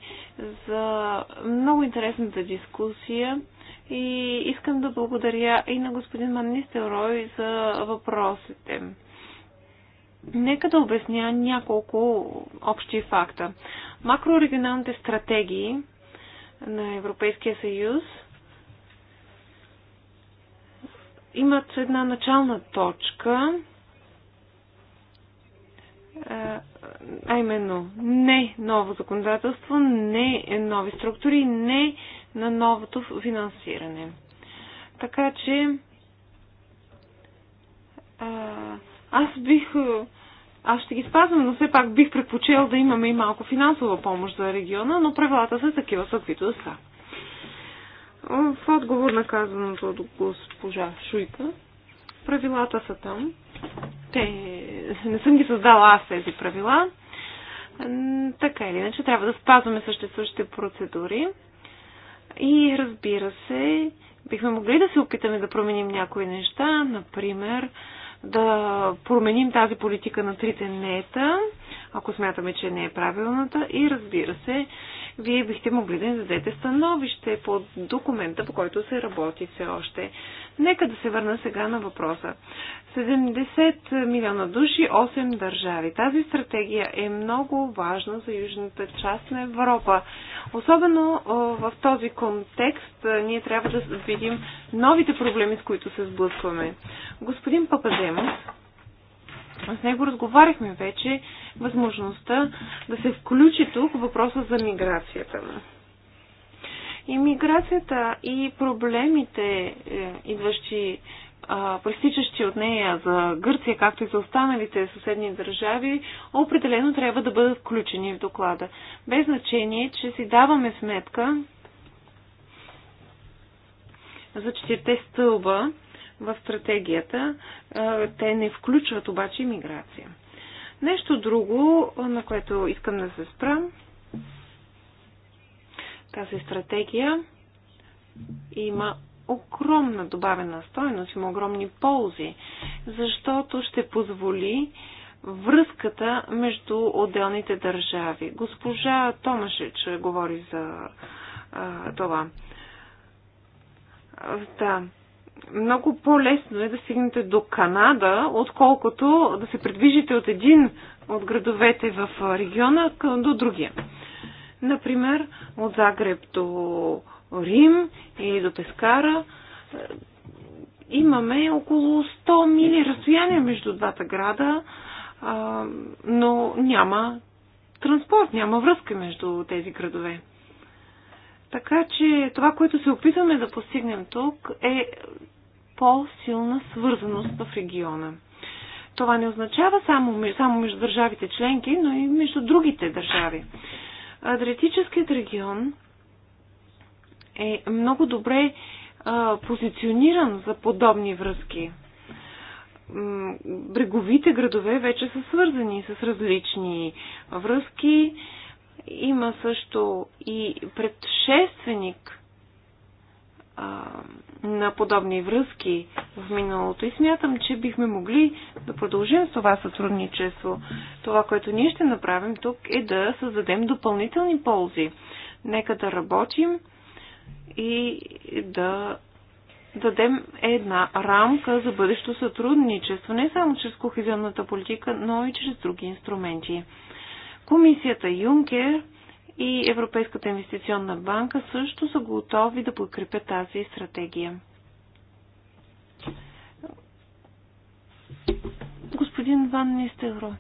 за много интересната дискусия и искам да благодаря и на господин Маннистел Рой за въпросите. Нека да обясня няколко общи факта. Макрорегионалните стратегии на Европейския съюз имат една начална точка, а именно не ново законодателство, не нови структури, не на новото финансиране. Така че а, аз бих... Е, аз ще ги спазвам, но все пак бих предпочел да имаме и малко финансова помощ за региона, но правилата са такива, каквито са. В отговор на казаното от госпожа Шуйка, правилата са там. Те не съм ги създала аз тези правила. Така или иначе, трябва да спазваме съществуващите процедури. И разбира се, бихме могли да се опитаме да променим някои неща, например, да променим тази политика на трите нета, ако смятаме, че не е правилната и разбира се, вие бихте могли да ни дадете становище по документа, по който се работи все още. Нека да се върна сега на въпроса. 70 милиона души, 8 държави. Тази стратегия е много важна за южната част на Европа. Особено в този контекст ние трябва да видим новите проблеми, с които се сблъскваме. Господин Пападемов, с него разговаряхме вече възможността да се включи тук въпроса за миграцията. Имиграцията и проблемите, е, идващи, пристичащи от нея за Гърция, както и за останалите съседни държави, определено трябва да бъдат включени в доклада. Без значение, че си даваме сметка за четирте стълба в стратегията. Е, те не включват обаче иммиграция. Нещо друго, на което искам да се спра, тази стратегия има огромна добавена стойност, има огромни ползи, защото ще позволи връзката между отделните държави. Госпожа Томашич говори за а, това. Да, много по-лесно е да стигнете до Канада, отколкото да се предвижите от един от градовете в региона до другия. Например, от Загреб до Рим или до Пескара е, имаме около 100 мили разстояние между двата града, е, но няма транспорт, няма връзка между тези градове. Така че това, което се опитваме да постигнем тук е по-силна свързаност в региона. Това не означава само, само между държавите членки, но и между другите държави. Адриатическият регион е много добре а, позициониран за подобни връзки. Бреговите градове вече са свързани с различни връзки. Има също и предшественик на подобни връзки в миналото и смятам, че бихме могли да продължим с това сътрудничество. Това, което ние ще направим тук е да създадем допълнителни ползи. Нека да работим и да дадем една рамка за бъдещо сътрудничество, не само чрез кохезионната политика, но и чрез други инструменти. Комисията Юнкер и Европейската инвестиционна банка също са готови да подкрепят тази стратегия. Господин Ван Нистегро.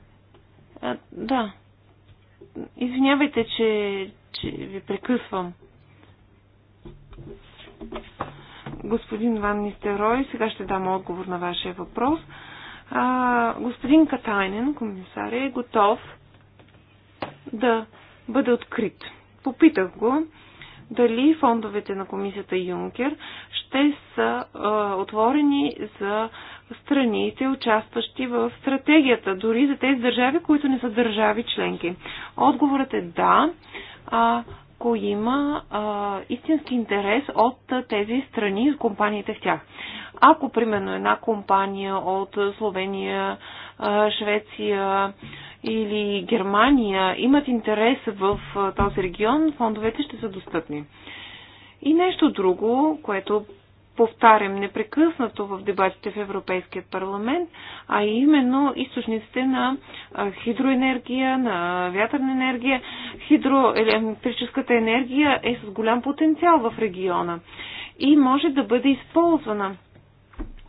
Да. Извинявайте, че, че ви прекъсвам. Господин Ван Нистерой, сега ще дам отговор на вашия въпрос. А, господин Катайнен, комисар, е готов да бъде открит. Попитах го дали фондовете на комисията Юнкер ще са а, отворени за страните, участващи в стратегията, дори за тези държави, които не са държави членки. Отговорът е да, ако има а, истински интерес от тези страни и компаниите в тях. Ако, примерно, една компания от Словения, а, Швеция или Германия имат интерес в този регион, фондовете ще са достъпни. И нещо друго, което повтарям непрекъснато в дебатите в Европейския парламент, а именно източниците на хидроенергия, на вятърна енергия. Хидроелектрическата енергия е с голям потенциал в региона и може да бъде използвана.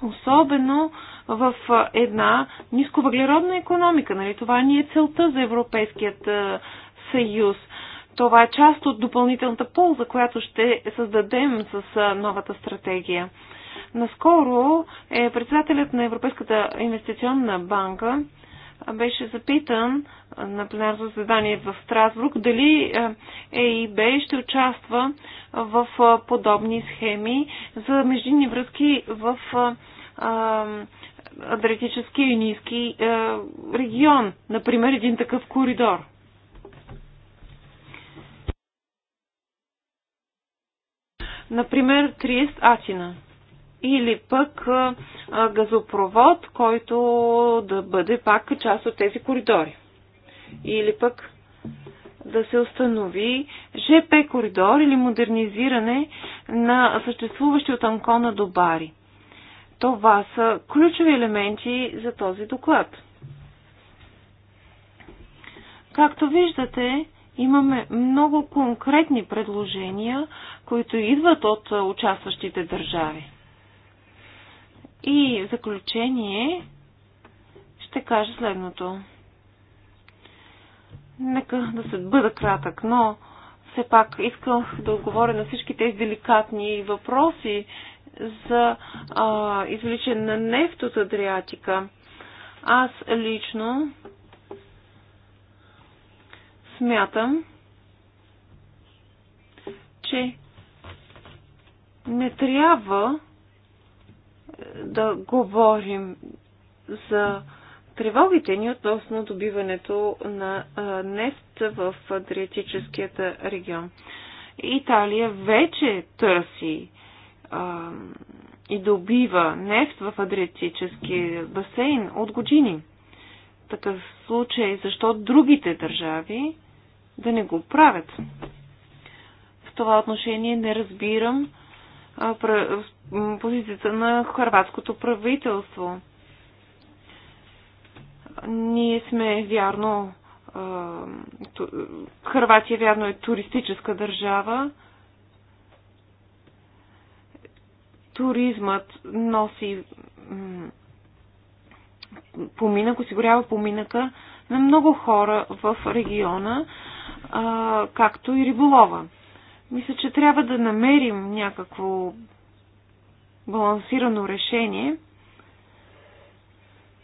Особено в една нисковъглеродна економика. Нали? Това ни е целта за Европейският съюз. Това е част от допълнителната полза, която ще създадем с новата стратегия. Наскоро е председателят на Европейската инвестиционна банка беше запитан на пленарно заседание в Страсбург дали ЕИБ ще участва в подобни схеми за междинни връзки в Адриатически и Юнийски е, регион, например един такъв коридор. Например, Триест Атина. Или пък е, е, газопровод, който да бъде пак част от тези коридори. Или пък да се установи ЖП коридор или модернизиране на съществуващи от Анкона до Бари. Това са ключови елементи за този доклад. Както виждате, имаме много конкретни предложения, които идват от участващите държави. И в заключение ще кажа следното. Нека да се бъда кратък, но все пак искам да отговоря на всички тези деликатни въпроси за а, извличане на нефт от Адриатика. Аз лично смятам, че не трябва е, да говорим за тревогите ни относно добиването на нефт в Адриатическия регион. Италия вече търси и добива нефт в Адриатически басейн от години. Такъв случай, защо другите държави да не го правят? В това отношение не разбирам позицията на харватското правителство. Ние сме вярно Хърватия вярно е туристическа държава, туризмът носи поминък, осигурява поминъка на много хора в региона, а, както и риболова. Мисля, че трябва да намерим някакво балансирано решение.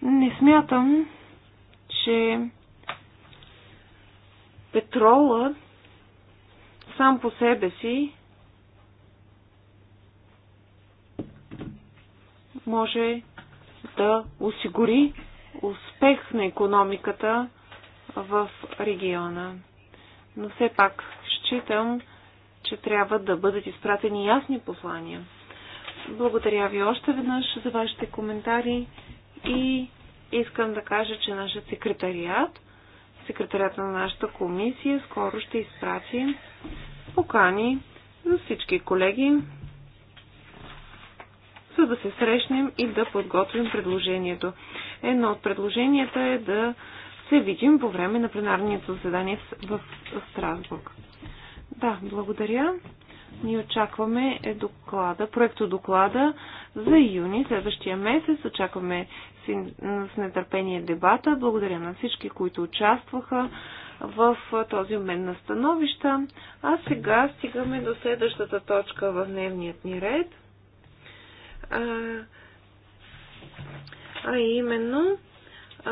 Не смятам, че петрола сам по себе си може да осигури успех на економиката в региона. Но все пак считам, че трябва да бъдат изпратени ясни послания. Благодаря ви още веднъж за вашите коментари и искам да кажа, че нашият секретариат, секретарията на нашата комисия, скоро ще изпрати покани за всички колеги, за да се срещнем и да подготвим предложението. Едно от предложенията е да се видим по време на пленарният заседание в Страсбург. Да, благодаря. Ние очакваме е доклада, проекто доклада за юни, следващия месец. Очакваме с нетърпение дебата. Благодаря на всички, които участваха в този обмен на становища. А сега стигаме до следващата точка в дневният ни ред – а, а именно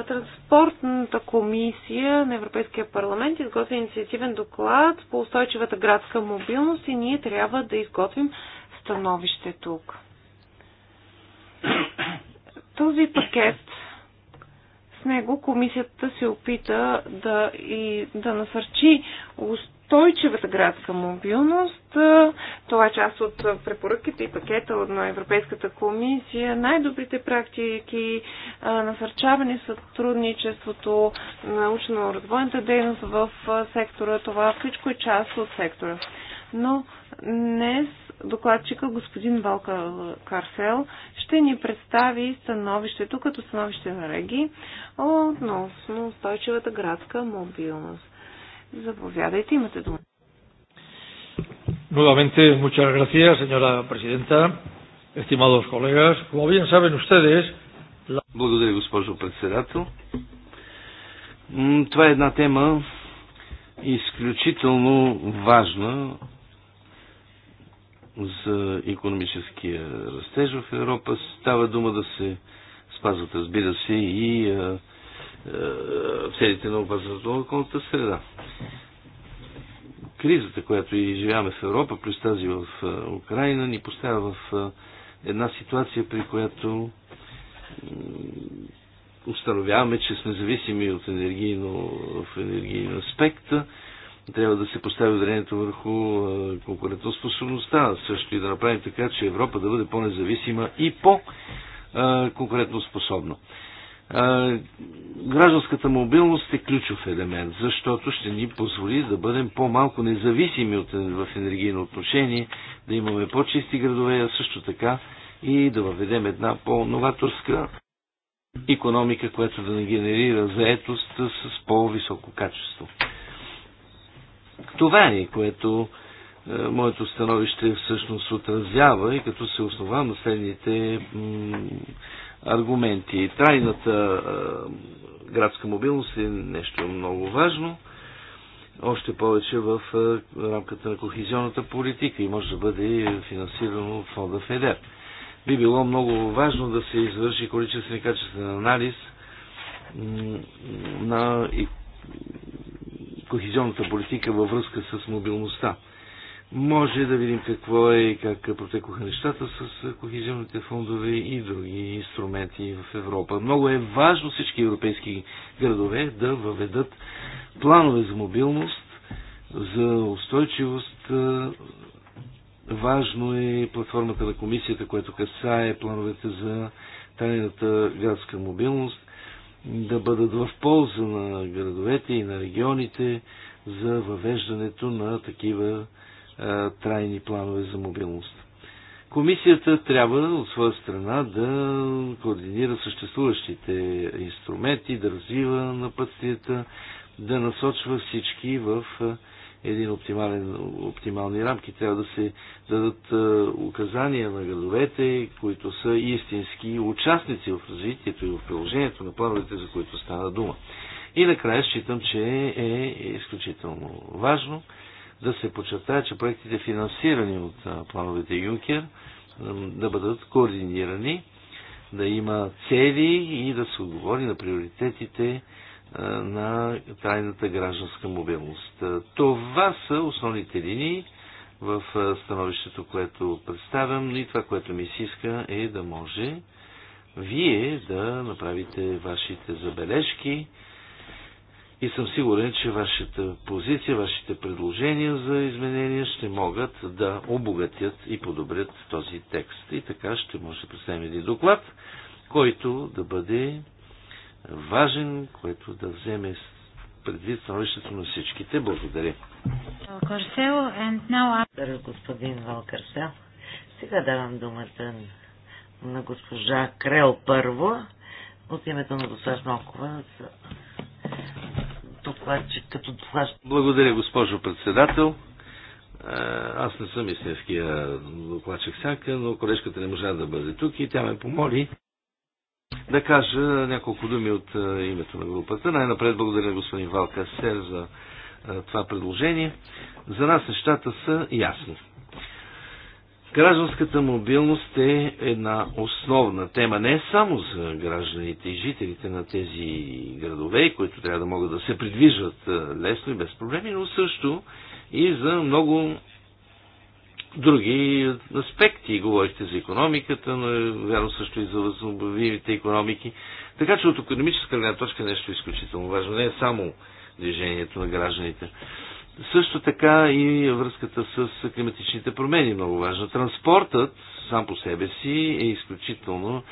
Транспортната комисия на Европейския парламент изготвя инициативен доклад по устойчивата градска мобилност и ние трябва да изготвим становище тук. Този пакет с него комисията се опита да, и, да насърчи уст устойчивата градска мобилност. Това е част от препоръките и пакета на Европейската комисия. Най-добрите практики, насърчаване сътрудничеството, научно-развойната дейност в сектора. Това всичко е част от сектора. Но днес докладчика господин Валка Карсел ще ни представи становището като становище на Реги относно устойчивата градска мобилност. Заповядайте, имате дума. Nuevamente, muchas gracias, señora presidenta, estimados colegas. Como bien saben ustedes, la... Благодаря, госпожо председател. Това е една тема изключително важна за економическия растеж в Европа. Става дума да се спазват, разбира се, и а, целите на опазването на околната среда. Кризата, която изживяваме в Европа, плюс тази в Украина, ни поставя в една ситуация, при която установяваме, че сме зависими от енергийно, в енергийно аспект. Трябва да се постави ударението върху конкурентоспособността, също и да направим така, че Европа да бъде по-независима и по-конкурентоспособна гражданската мобилност е ключов елемент, защото ще ни позволи да бъдем по-малко независими от, в енергийно отношение, да имаме по-чисти градове, а също така и да въведем една по-новаторска економика, която да генерира заетост с по-високо качество. Това е, което е, моето становище всъщност отразява и като се основа на следните аргументи. Трайната градска мобилност е нещо много важно, още повече в рамката на кохезионната политика и може да бъде финансирано в фонда ФЕДЕР. Би било много важно да се извърши количествен и качествен анализ на кохезионната политика във връзка с мобилността. Може да видим какво е и как протекоха нещата с кохезионните фондове и други инструменти в Европа. Много е важно всички европейски градове да въведат планове за мобилност, за устойчивост. Е, важно е платформата на комисията, която касае плановете за тайната градска мобилност, да бъдат в полза на градовете и на регионите за въвеждането на такива трайни планове за мобилност. Комисията трябва от своя страна да координира съществуващите инструменти, да развива напътствията, да насочва всички в един оптимален, оптимални рамки. Трябва да се дадат указания на градовете, които са истински участници в развитието и в приложението на плановете, за които стана дума. И накрая считам, че е, е изключително важно да се подчертая, че проектите финансирани от плановете Юнкер да бъдат координирани, да има цели и да се отговори на приоритетите на тайната гражданска мобилност. Това са основните линии в становището, което представям и това, което ми се иска е да може вие да направите вашите забележки и съм сигурен, че вашата позиция, вашите предложения за изменения ще могат да обогатят и подобрят този текст. И така ще може да представим един доклад, който да бъде важен, който да вземе предвид становището на всичките. Благодаря. Благодаря, господин Валкарсел. Сега давам думата на госпожа Крел първо от името на госпожа Смокова за докладчик като докладчик. Благодаря, госпожо председател. Аз не съм истинския докладчик всяка, но колежката не можа да бъде тук и тя ме помоли да кажа няколко думи от името на групата. Най-напред благодаря на господин Валка Сер за това предложение. За нас нещата са ясни. Гражданската мобилност е една основна тема не само за гражданите и жителите на тези градове, които трябва да могат да се придвижват е, лесно и без проблеми, но също и за много други аспекти. Говорихте за економиката, но е вярно също и за възобновимите економики. Така че от економическа гледна точка нещо е изключително важно. Не е само движението на гражданите. Също така и връзката с климатичните промени е много важна. Транспортът сам по себе си е изключително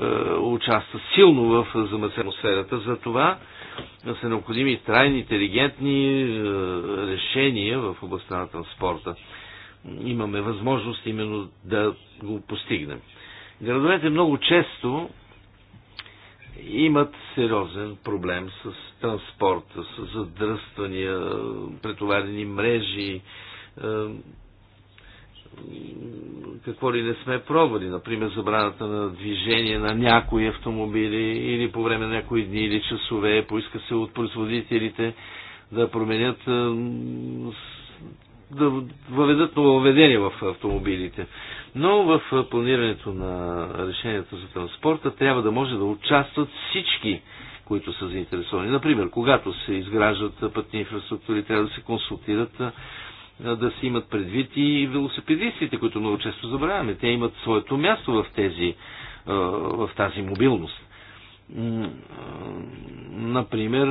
е, участва силно в замърсеносферата. За това са необходими трайни, интелигентни е, решения в областта на транспорта. Имаме възможност именно да го постигнем. Градовете много често имат сериозен проблем с транспорта, с задръствания, претоварени мрежи, е, какво ли не сме пробвали, например забраната на движение на някои автомобили или по време на някои дни или часове, поиска се от производителите да променят е, да въведат нововведения в автомобилите. Но в планирането на решението за транспорта трябва да може да участват всички, които са заинтересовани. Например, когато се изграждат пътни инфраструктури, трябва да се консултират да се имат предвид и велосипедистите, които много често забравяме. Те имат своето място в, тези, в тази мобилност. Например,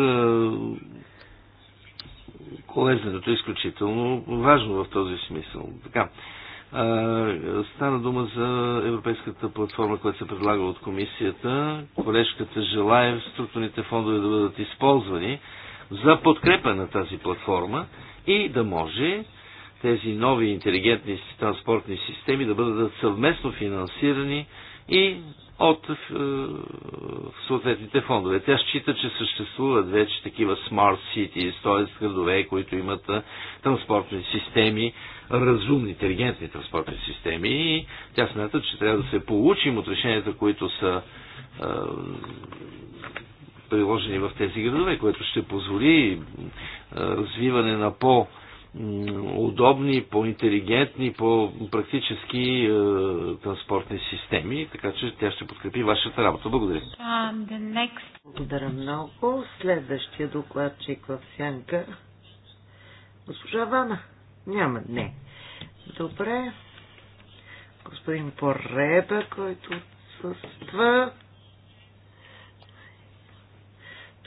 Поглеждането е изключително важно в този смисъл. Така, стана дума за европейската платформа, която се предлага от комисията. Колежката желая структурните фондове да бъдат използвани за подкрепа на тази платформа и да може тези нови интелигентни транспортни системи да бъдат съвместно финансирани и от е, съответните фондове. Тя счита, че съществуват вече такива smart cities, т.е. градове, които имат е, транспортни системи, разумни, интелигентни транспортни системи и тя смята, че трябва да се получим от решенията, които са е, приложени в тези градове, което ще позволи е, развиване на по- удобни, по-интелигентни, по-практически е, транспортни системи, така че тя ще подкрепи вашата работа. Благодаря. next... Благодаря много. Следващия докладчик в сянка. Госпожа Вана? Няма, не. Добре. Господин Пореба, който отсъства.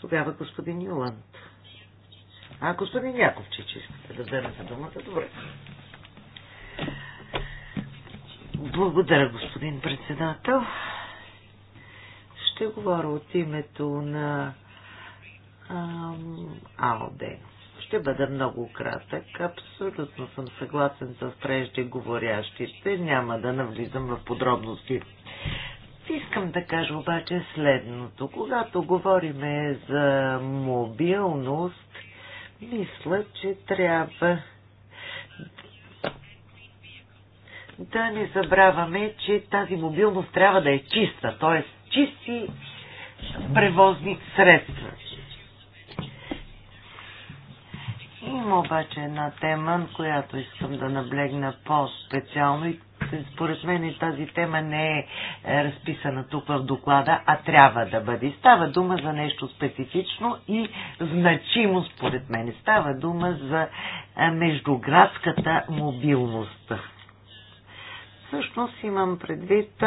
Тогава господин Юланд. А, господин Яковчич, искате да вземете думата? Добре. Благодаря, господин председател. Ще говоря от името на АОД. Ще бъда много кратък. Абсолютно съм съгласен с преждеговорящите. Няма да навлизам в подробности. Искам да кажа обаче следното. Когато говориме за мобилност, мисля, че трябва да не забравяме, че тази мобилност трябва да е чиста, т.е. чисти превозни средства. Има обаче една тема, която искам да наблегна по-специално и според мен и тази тема не е, е разписана тук в доклада, а трябва да бъде. Става дума за нещо специфично и значимо според мен. Става дума за е, междуградската мобилност. Всъщност имам предвид е,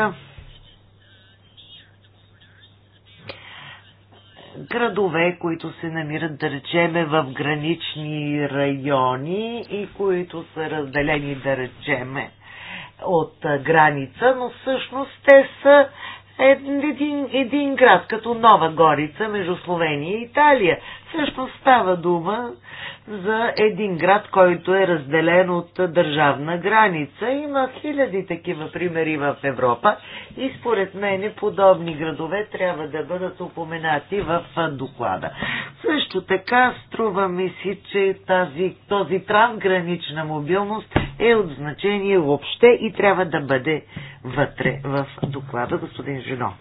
градове, които се намират, да речеме, в гранични райони и които са разделени, да речеме, от граница, но всъщност те са един, един град, като Нова Горица, между Словения и Италия. Всъщност става дума за един град, който е разделен от държавна граница. Има хиляди такива примери в Европа и според мен подобни градове трябва да бъдат упоменати в доклада. Също така струва ми си, че тази, този трансгранична мобилност е от значение въобще и трябва да бъде вътре в доклада, господин Жено.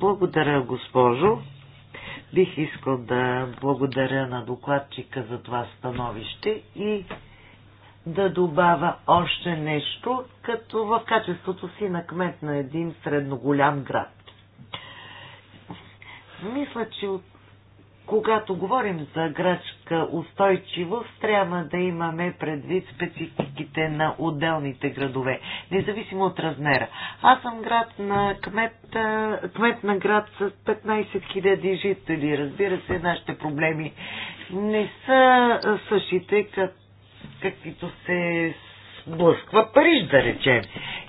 Благодаря, госпожо. Бих искал да благодаря на докладчика за това становище и да добавя още нещо, като в качеството си на кмет на един средно голям град. Мисля, че от когато говорим за градска устойчивост, трябва да имаме предвид спецификите на отделните градове, независимо от размера. Аз съм град на кмет, кмет на град с 15 000 жители. Разбира се, нашите проблеми не са същите, каквито се Блъсква Париж, да речем.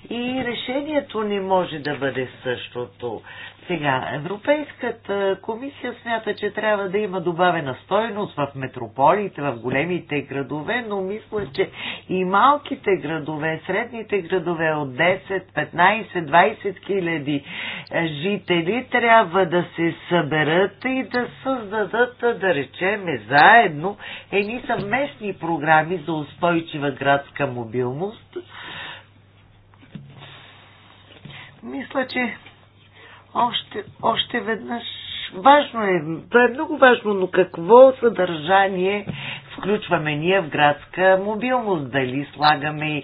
И решението ни може да бъде същото. Сега, Европейската комисия смята, че трябва да има добавена стойност в метрополите, в големите градове, но мисля, че и малките градове, средните градове от 10, 15, 20 хиляди е, жители трябва да се съберат и да създадат, да речеме, заедно едни съвместни програми за устойчива градска мобилност стабилност. Мисля, че още, още веднъж важно е, това е много важно, но какво съдържание включваме ние в градска мобилност, дали слагаме е,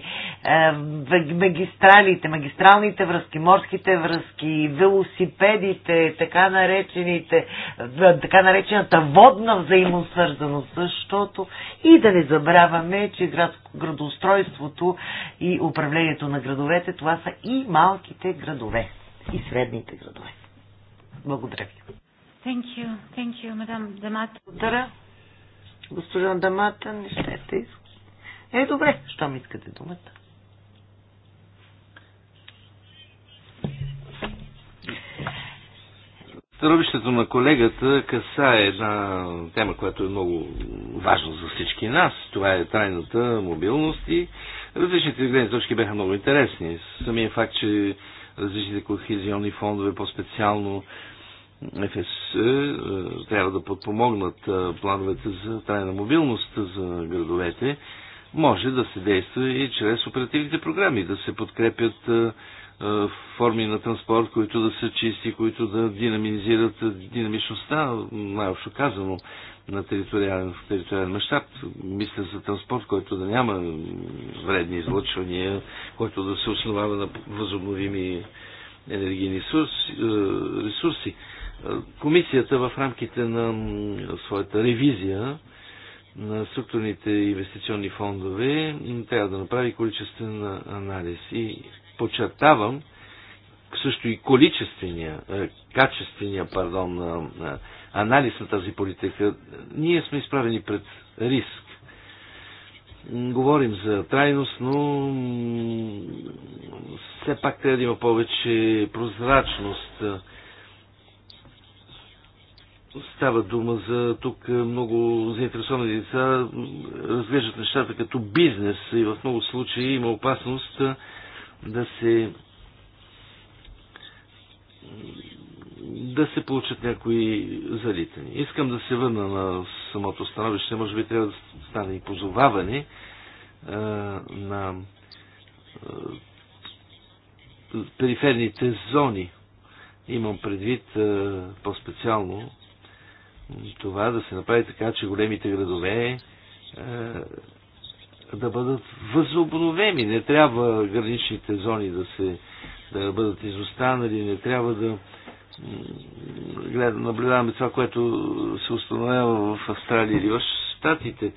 магистралите, магистралните връзки, морските връзки, велосипедите, така наречените, е, така наречената водна взаимосвързаност, защото и да не забравяме, че градско, градоустройството и управлението на градовете, това са и малките градове, и средните градове. Благодаря ви. Thank you. Thank you, Демат. Благодаря. Госпожа Дамата, не щете Е, добре, що ми искате думата. Становището на колегата каса е една тема, която е много важна за всички нас. Това е трайната мобилност и различните гледни точки бяха много интересни. Самия факт, че различните кохезионни фондове, по-специално ФС е, е, трябва да подпомогнат е, плановете за трайна мобилност за градовете, може да се действа и чрез оперативните програми, да се подкрепят форми на транспорт, които да са чисти, които да динамизират динамичността, най-общо казано, на териториален, в териториален мащаб. Мисля за транспорт, който да няма вредни излъчвания, който да се основава на възобновими енергийни ресурси. Комисията в рамките на своята ревизия на структурните инвестиционни фондове трябва да направи количествен анализ. И подчертавам също и количествения, е, качествения, пардон, анализ на тази политика. Ние сме изправени пред риск. Говорим за трайност, но все пак трябва да има повече прозрачност е, Става дума за тук много заинтересовани деца разглеждат нещата като бизнес и в много случаи има опасност да се да се получат някои залитани. Искам да се върна на самото становище, може би трябва да стане и позоваване а, на а, периферните зони. Имам предвид по-специално това да се направи така, че големите градове е, да бъдат възобновени. Не трябва граничните зони да, се, да бъдат изостанали, не трябва да гледам, наблюдаваме това, което се установява в Австралия или в Штатите.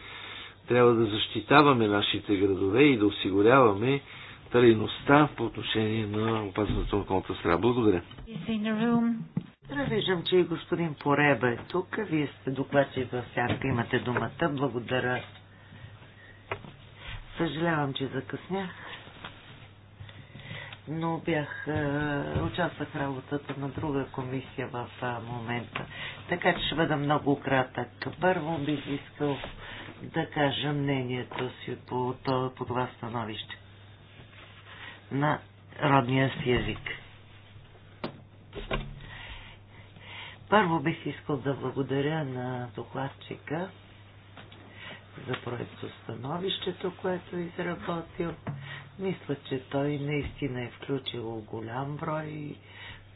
Трябва да защитаваме нашите градове и да осигуряваме трайността по отношение на опасната околната среда. Благодаря. Виждам, че и господин Пореба е тук. Вие сте докладчик в сянка, имате думата. Благодаря. Съжалявам, че закъснях, но бях, е, участвах в работата на друга комисия в е, момента. Така че ще бъда много кратък. Първо бих искал да кажа мнението си по, по това становище на родния си език. Първо бих искал да благодаря на докладчика за проектостановището, което е изработил. Мисля, че той наистина е включил голям брой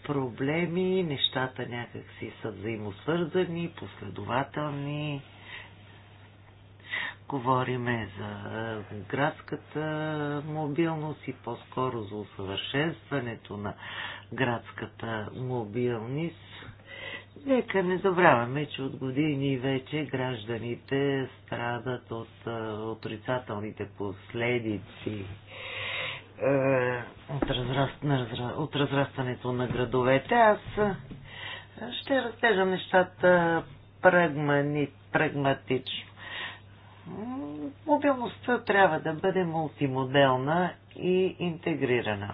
проблеми, нещата някакси са взаимосвързани, последователни. Говориме за градската мобилност и по-скоро за усъвършенстването на градската мобилност Нека не забравяме, че от години вече гражданите страдат от отрицателните последици е, от, разраст, от разрастването на градовете. Аз ще разтежа нещата прагмани, прагматично. Мобилността трябва да бъде мултимоделна и интегрирана.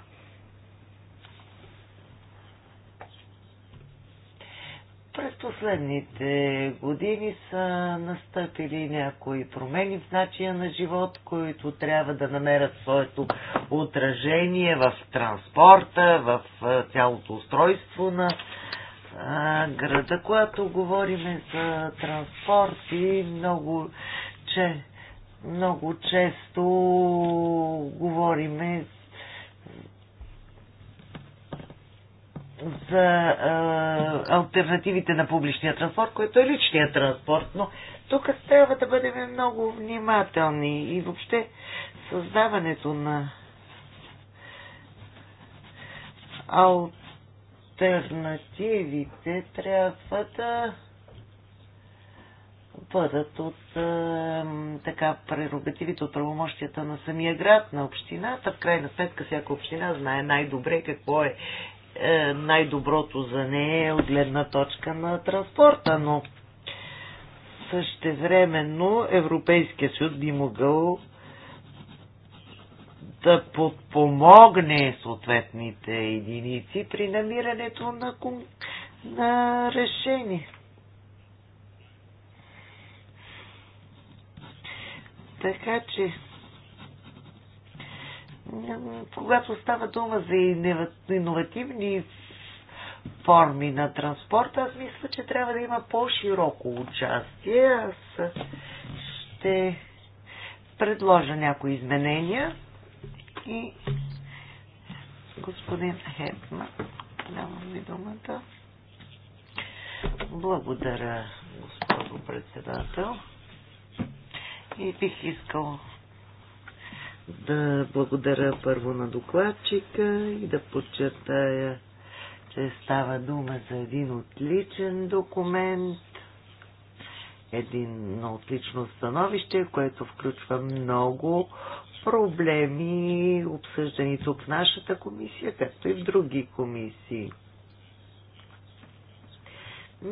През последните години са настъпили някои промени в начина на живот, които трябва да намерят своето отражение в транспорта, в цялото устройство на града. Когато говорим за транспорт и много, че, много често говориме за а, альтернативите на публичния транспорт, който е личния транспорт, но тук трябва да бъдем много внимателни и въобще създаването на альтернативите трябва да бъдат от е, така прерогативите от правомощията на самия град, на общината. В крайна сметка всяка община знае най-добре какво е е, най-доброто за нея е от гледна точка на транспорта, но същевременно Европейския съюз би могъл да подпомогне съответните единици при намирането на, кон... на решение. Така че когато става дума за иновативни форми на транспорта, аз мисля, че трябва да има по-широко участие. Аз ще предложа някои изменения и господин Хепман, давам ви думата. Благодаря, господин председател. И бих искал да благодаря първо на докладчика и да подчертая, че става дума за един отличен документ, един отлично становище, което включва много проблеми, обсъждани тук в нашата комисия, както и в други комисии.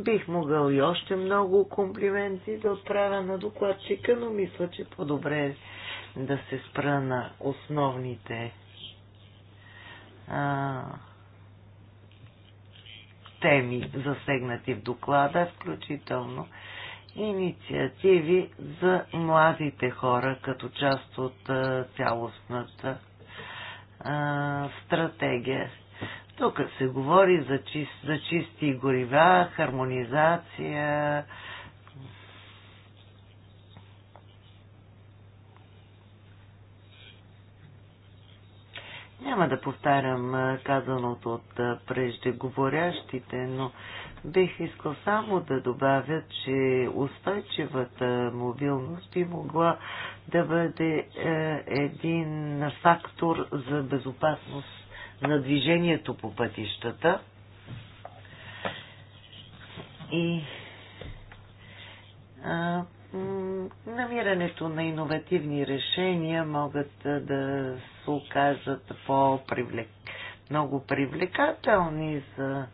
Бих могъл и още много комплименти да отправя на докладчика, но мисля, че по-добре да се спра на основните а, теми, засегнати в доклада, включително инициативи за младите хора като част от а, цялостната а, стратегия. Тук се говори за, чист, за чисти горива, хармонизация, Няма да повтарям казаното от преждеговорящите, но бих искал само да добавя, че устойчивата мобилност би могла да бъде е, един фактор за безопасност на движението по пътищата. И намирането на иновативни решения могат да се окажат по-привлек... много привлекателни за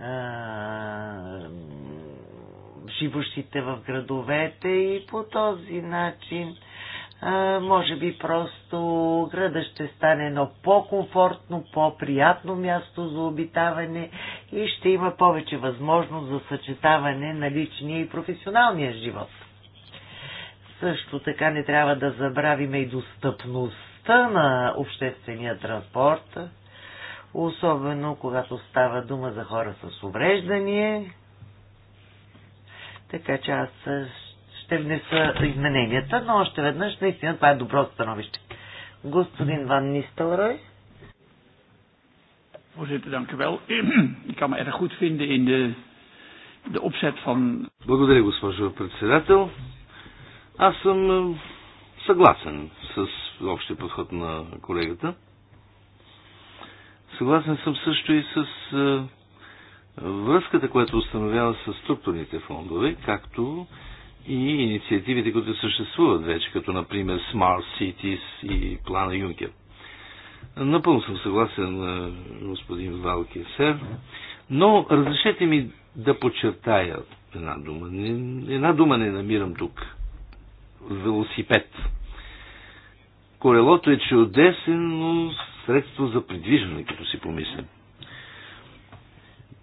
а, живущите в градовете и по този начин а, може би просто града ще стане едно по-комфортно, по-приятно място за обитаване и ще има повече възможност за съчетаване на личния и професионалния живот. Също така не трябва да забравиме и достъпност безопасността на обществения транспорт, особено когато става дума за хора с увреждане. Така че аз ще внеса измененията, но още веднъж наистина това е добро становище. Господин Ван Нистелрой. Voorzitter, dank u wel. Ik kan me erg goed vinden in de, de opzet van... Благодаря, госпожо председател. Аз съм е, съгласен с общия подход на колегата. Съгласен съм също и с е, връзката, която установява с структурните фондове, както и инициативите, които съществуват вече, като например Smart Cities и плана Юнкер. Напълно съм съгласен, е, господин Сер, но разрешете ми да подчертая една дума. Една дума не намирам тук. Велосипед. Колелото е чудесно средство за придвижване, като си помислим.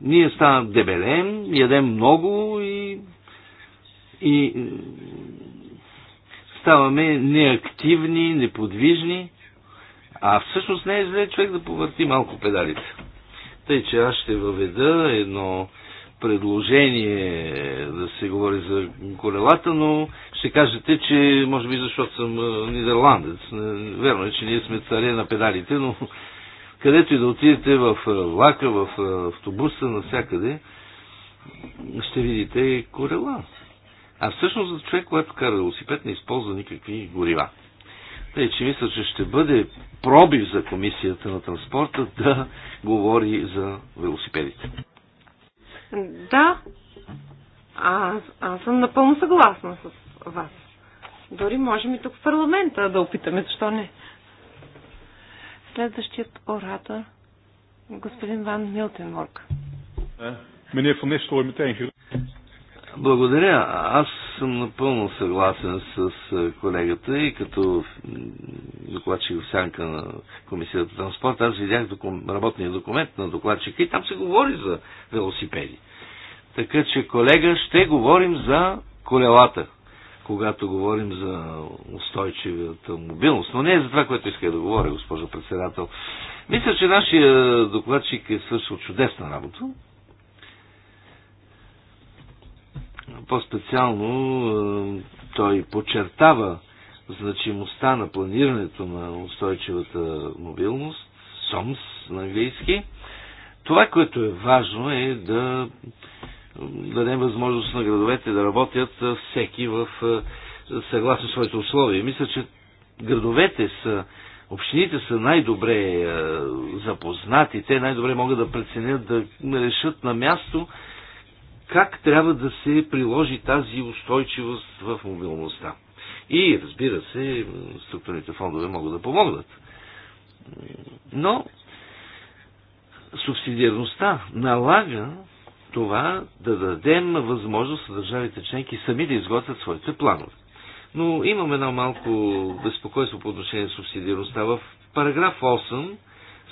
Ние ставаме дебелем, ядем много и, и ставаме неактивни, неподвижни, а всъщност не е зле човек да повърти малко педалите. Тъй, че аз ще въведа едно предложение да се говори за колелата, но ще кажете, че може би защото съм нидерландец. Верно е, че ние сме царе на педалите, но където и да отидете в влака, в автобуса, навсякъде, ще видите корела. А всъщност за човек, който кара велосипед, не използва никакви горива. Тъй, че мисля, че ще бъде пробив за комисията на транспорта да говори за велосипедите. Да, аз, аз съм напълно съгласна с вас. Дори можем и тук в парламента да опитаме, защо не. Следващият оратор, господин Ван Милтенморг. в е, е благодаря. Аз съм напълно съгласен с колегата и като докладчик в сянка на Комисията транспорт, аз видях докум... работния документ на докладчика и там се говори за велосипеди. Така че, колега, ще говорим за колелата, когато говорим за устойчивата мобилност. Но не е за това, което исках да говоря, госпожо председател. Мисля, че нашия докладчик е свършил чудесна работа. По-специално е, той подчертава значимостта на планирането на устойчивата мобилност, СОМС на английски. Това, което е важно е да дадем възможност на градовете да работят всеки в съгласно своите условия. Мисля, че градовете са, общините са най-добре запознати, те най-добре могат да преценят, да решат на място как трябва да се приложи тази устойчивост в мобилността. И, разбира се, структурните фондове могат да помогнат. Но субсидиарността налага това да дадем възможност на държавите членки сами да изготвят своите планове. Но имам едно малко безпокойство по отношение на субсидиарността. В параграф 8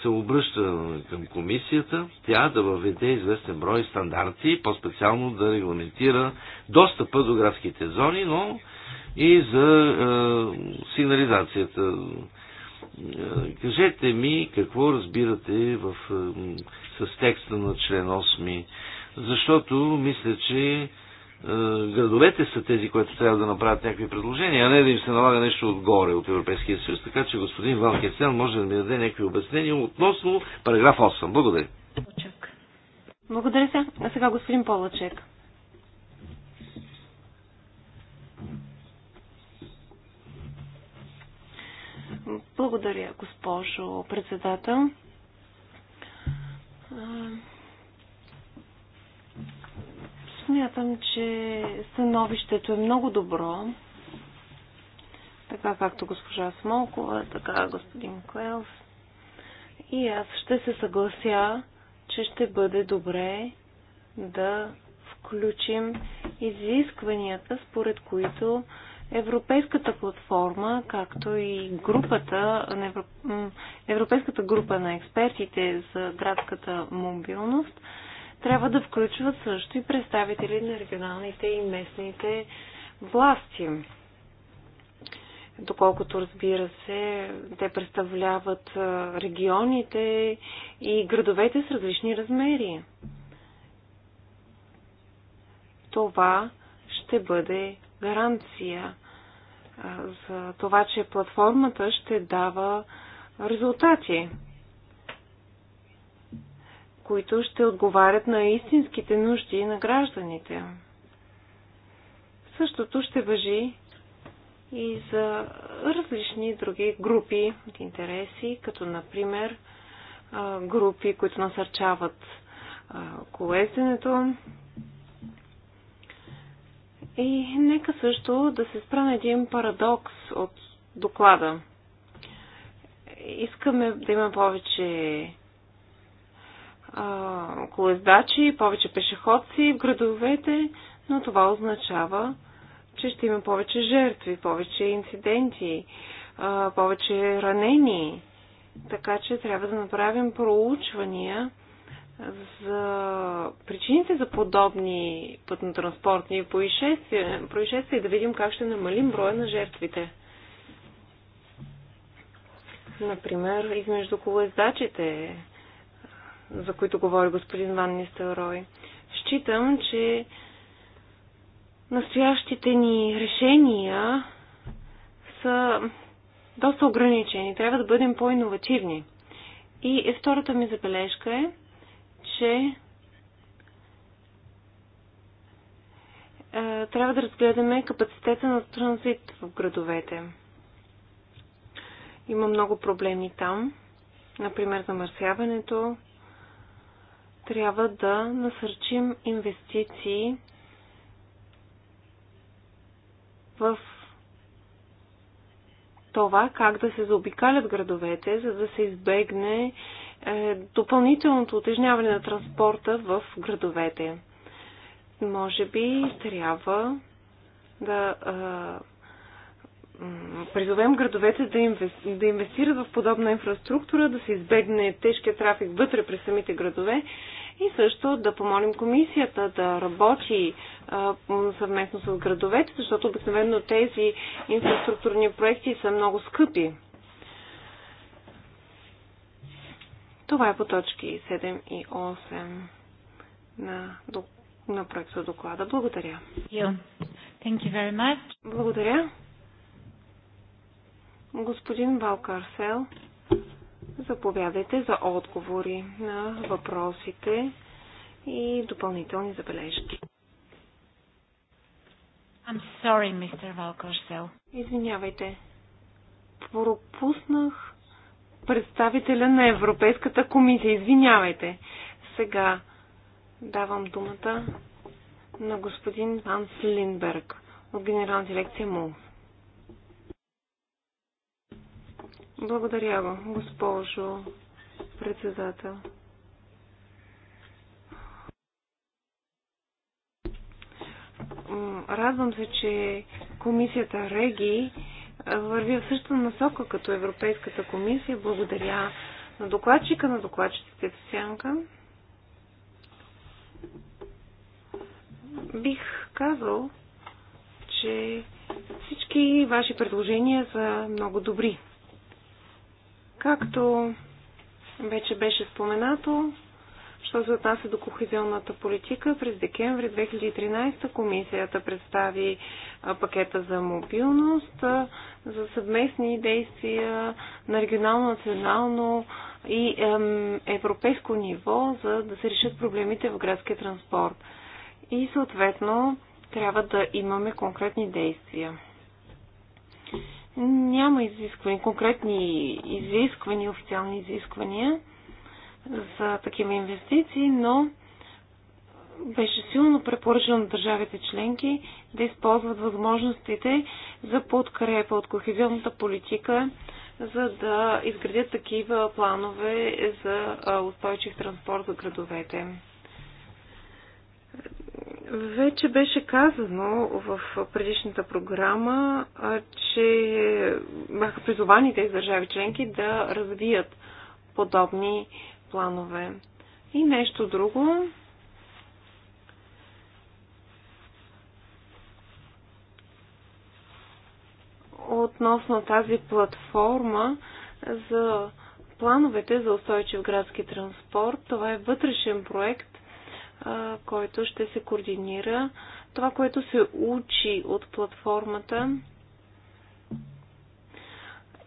се обръща към комисията, тя да въведе известен брой стандарти, по-специално да регламентира достъпа до градските зони, но и за е, сигнализацията. Е, кажете ми какво разбирате в, е, с текста на член 8 защото мисля, че е, градовете са тези, които трябва да направят някакви предложения, а не да им се налага нещо отгоре от Европейския съюз. Така че господин Ван може да ми даде някакви обяснения относно параграф 8. Благодаря. Благодаря се. А сега господин Полачек. Благодаря, госпожо председател. Смятам, че становището е много добро. Така както госпожа Смолкова, така господин Клелс. И аз ще се съглася, че ще бъде добре да включим изискванията, според които Европейската платформа, както и групата, Европейската група на експертите за градската мобилност – трябва да включват също и представители на регионалните и местните власти. Доколкото разбира се, те представляват регионите и градовете с различни размери. Това ще бъде гаранция за това, че платформата ще дава резултати които ще отговарят на истинските нужди на гражданите. Същото ще въжи и за различни други групи от интереси, като например групи, които насърчават колезденето. И нека също да се спра на един парадокс от доклада. Искаме да има повече колездачи, повече пешеходци в градовете, но това означава, че ще има повече жертви, повече инциденти, повече ранени. Така че трябва да направим проучвания за причините за подобни пътно-транспортни происшествия, происшествия и да видим как ще намалим броя на жертвите. Например, измежду колездачите, за които говори господин Ван Нистелрой. Считам, че настоящите ни решения са доста ограничени. Трябва да бъдем по-инновативни. И втората ми забележка е, че е, трябва да разгледаме капацитета на транзит в градовете. Има много проблеми там. Например, замърсяването, трябва да насърчим инвестиции в това как да се заобикалят градовете, за да се избегне е, допълнителното отежняване на транспорта в градовете. Може би трябва да е, призовем градовете да, инвести, да инвестират в подобна инфраструктура, да се избегне тежкия трафик вътре през самите градове и също да помолим комисията да работи а, съвместно с градовете, защото обикновено тези инфраструктурни проекти са много скъпи. Това е по точки 7 и 8 на, на проекта доклада. Благодаря. Благодаря. Господин Балкарсел, заповядайте за отговори на въпросите и допълнителни забележки. I'm sorry, мистер Валкарсел. Извинявайте. Пропуснах представителя на Европейската комисия. Извинявайте. Сега давам думата на господин Ванс Линберг от генерална дирекция МУ. Благодаря, госпожо председател. Радвам се, че комисията Реги върви в същата насока като Европейската комисия. Благодаря на докладчика, на докладчиците в сянка. Бих казал, че всички ваши предложения са много добри. Както вече беше споменато, що се отнася до кохезионната политика, през декември 2013 комисията представи пакета за мобилност за съвместни действия на регионално, национално и европейско ниво, за да се решат проблемите в градския транспорт. И съответно трябва да имаме конкретни действия. Няма изисквания, конкретни изисквания, официални изисквания за такива инвестиции, но беше силно препоръчено на държавите членки да използват възможностите за подкрепа от кохезионната политика, за да изградят такива планове за устойчив транспорт за градовете. Вече беше казано в предишната програма, че бяха призовани тези държави членки да развият подобни планове. И нещо друго. Относно тази платформа за плановете за устойчив градски транспорт, това е вътрешен проект който ще се координира. Това, което се учи от платформата,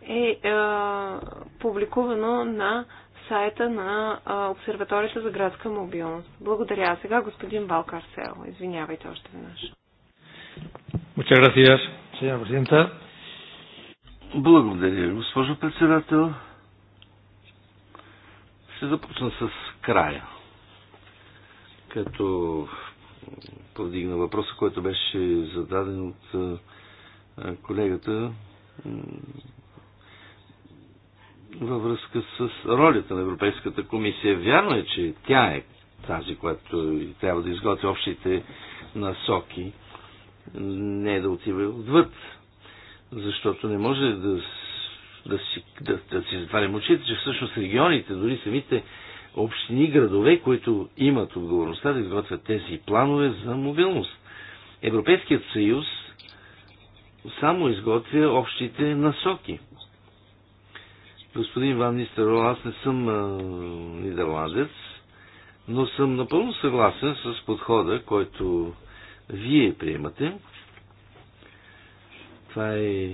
е публикувано на сайта на Обсерваторията за градска мобилност. Благодаря. сега господин Сел. Извинявайте още веднъж. Благодаря, госпожо председател. Ще започна с края като повдигна въпроса, който беше зададен от колегата във връзка с ролята на Европейската комисия. Вярно е, че тя е тази, която трябва да изготви общите насоки, не да отива отвъд. Защото не може да, да, си, да, да си затварям очите, че всъщност регионите, дори самите общини, градове, които имат отговорността да изготвят тези планове за мобилност. Европейският съюз само изготвя общите насоки. Господин Ван Нистер, аз не съм а, нидерландец, но съм напълно съгласен с подхода, който вие приемате. Това е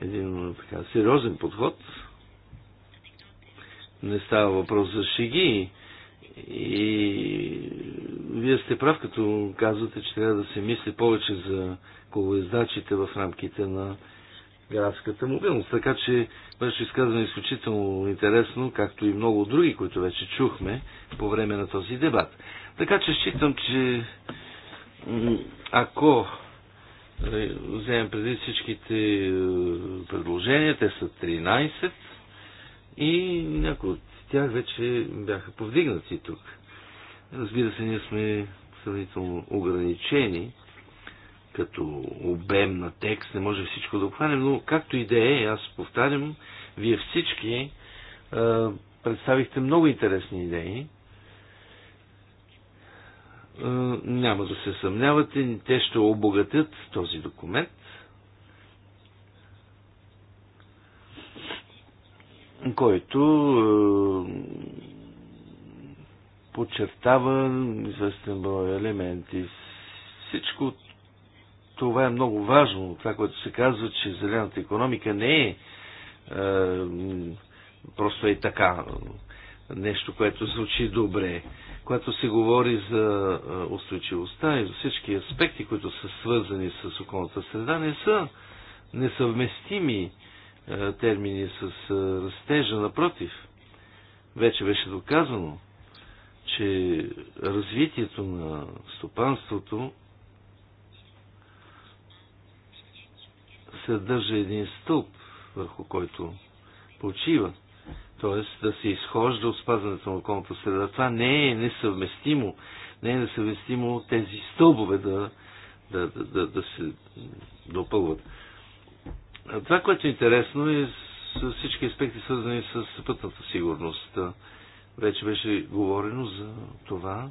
един така, сериозен подход, не става въпрос за шеги. И вие сте прав, като казвате, че трябва да се мисли повече за колоездачите в рамките на градската мобилност. Така че беше изказано е изключително интересно, както и много други, които вече чухме по време на този дебат. Така че считам, че ако е, вземем преди всичките е, предложения, те са 13, и някои от тях вече бяха повдигнати тук. Разбира се, ние сме сравнително ограничени като обем на текст, не може всичко да обхванем, но както и да е, аз повтарям, вие всички а, представихте много интересни идеи. А, няма да се съмнявате, те ще обогатят този документ. който е, подчертава известен брой елементи. Всичко това е много важно. Това, което се казва, че зелената економика не е, е просто е така нещо, което звучи добре. Когато се говори за е, устойчивостта и за всички аспекти, които са свързани с околната среда, не са несъвместими е, термини с е, растежа. Напротив, вече беше доказано, че развитието на стопанството съдържа един стълб, върху който почива. Т.е. да се изхожда от спазването на околната среда. Това не е несъвместимо. Не е несъвместимо тези стълбове да, да, да, да, да се допълват. Това, което е интересно е с всички аспекти, свързани с пътната сигурност. Вече беше говорено за това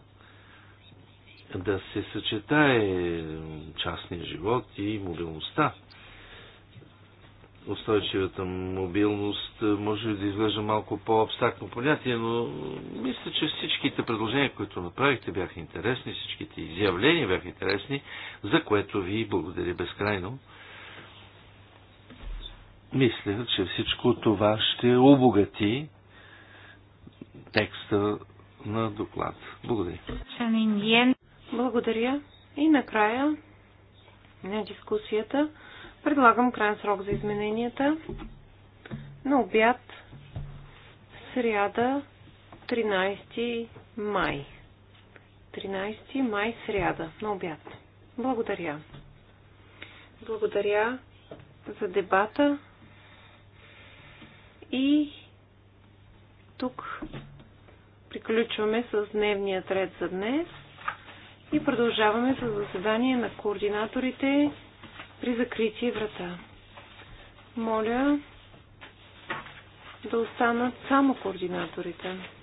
да се съчетае частния живот и мобилността. Устойчивата мобилност може да изглежда малко по-абстрактно понятие, но мисля, че всичките предложения, които направихте, бяха интересни, всичките изявления бяха интересни, за което ви благодаря безкрайно. Мисля, че всичко това ще обогати текста на доклад. Благодаря. Благодаря. И накрая на дискусията предлагам крайен срок за измененията на обяд сряда 13 май. 13 май сряда на обяд. Благодаря. Благодаря за дебата. И тук приключваме с дневния ред за днес и продължаваме с заседание на координаторите при закрити врата. Моля да останат само координаторите.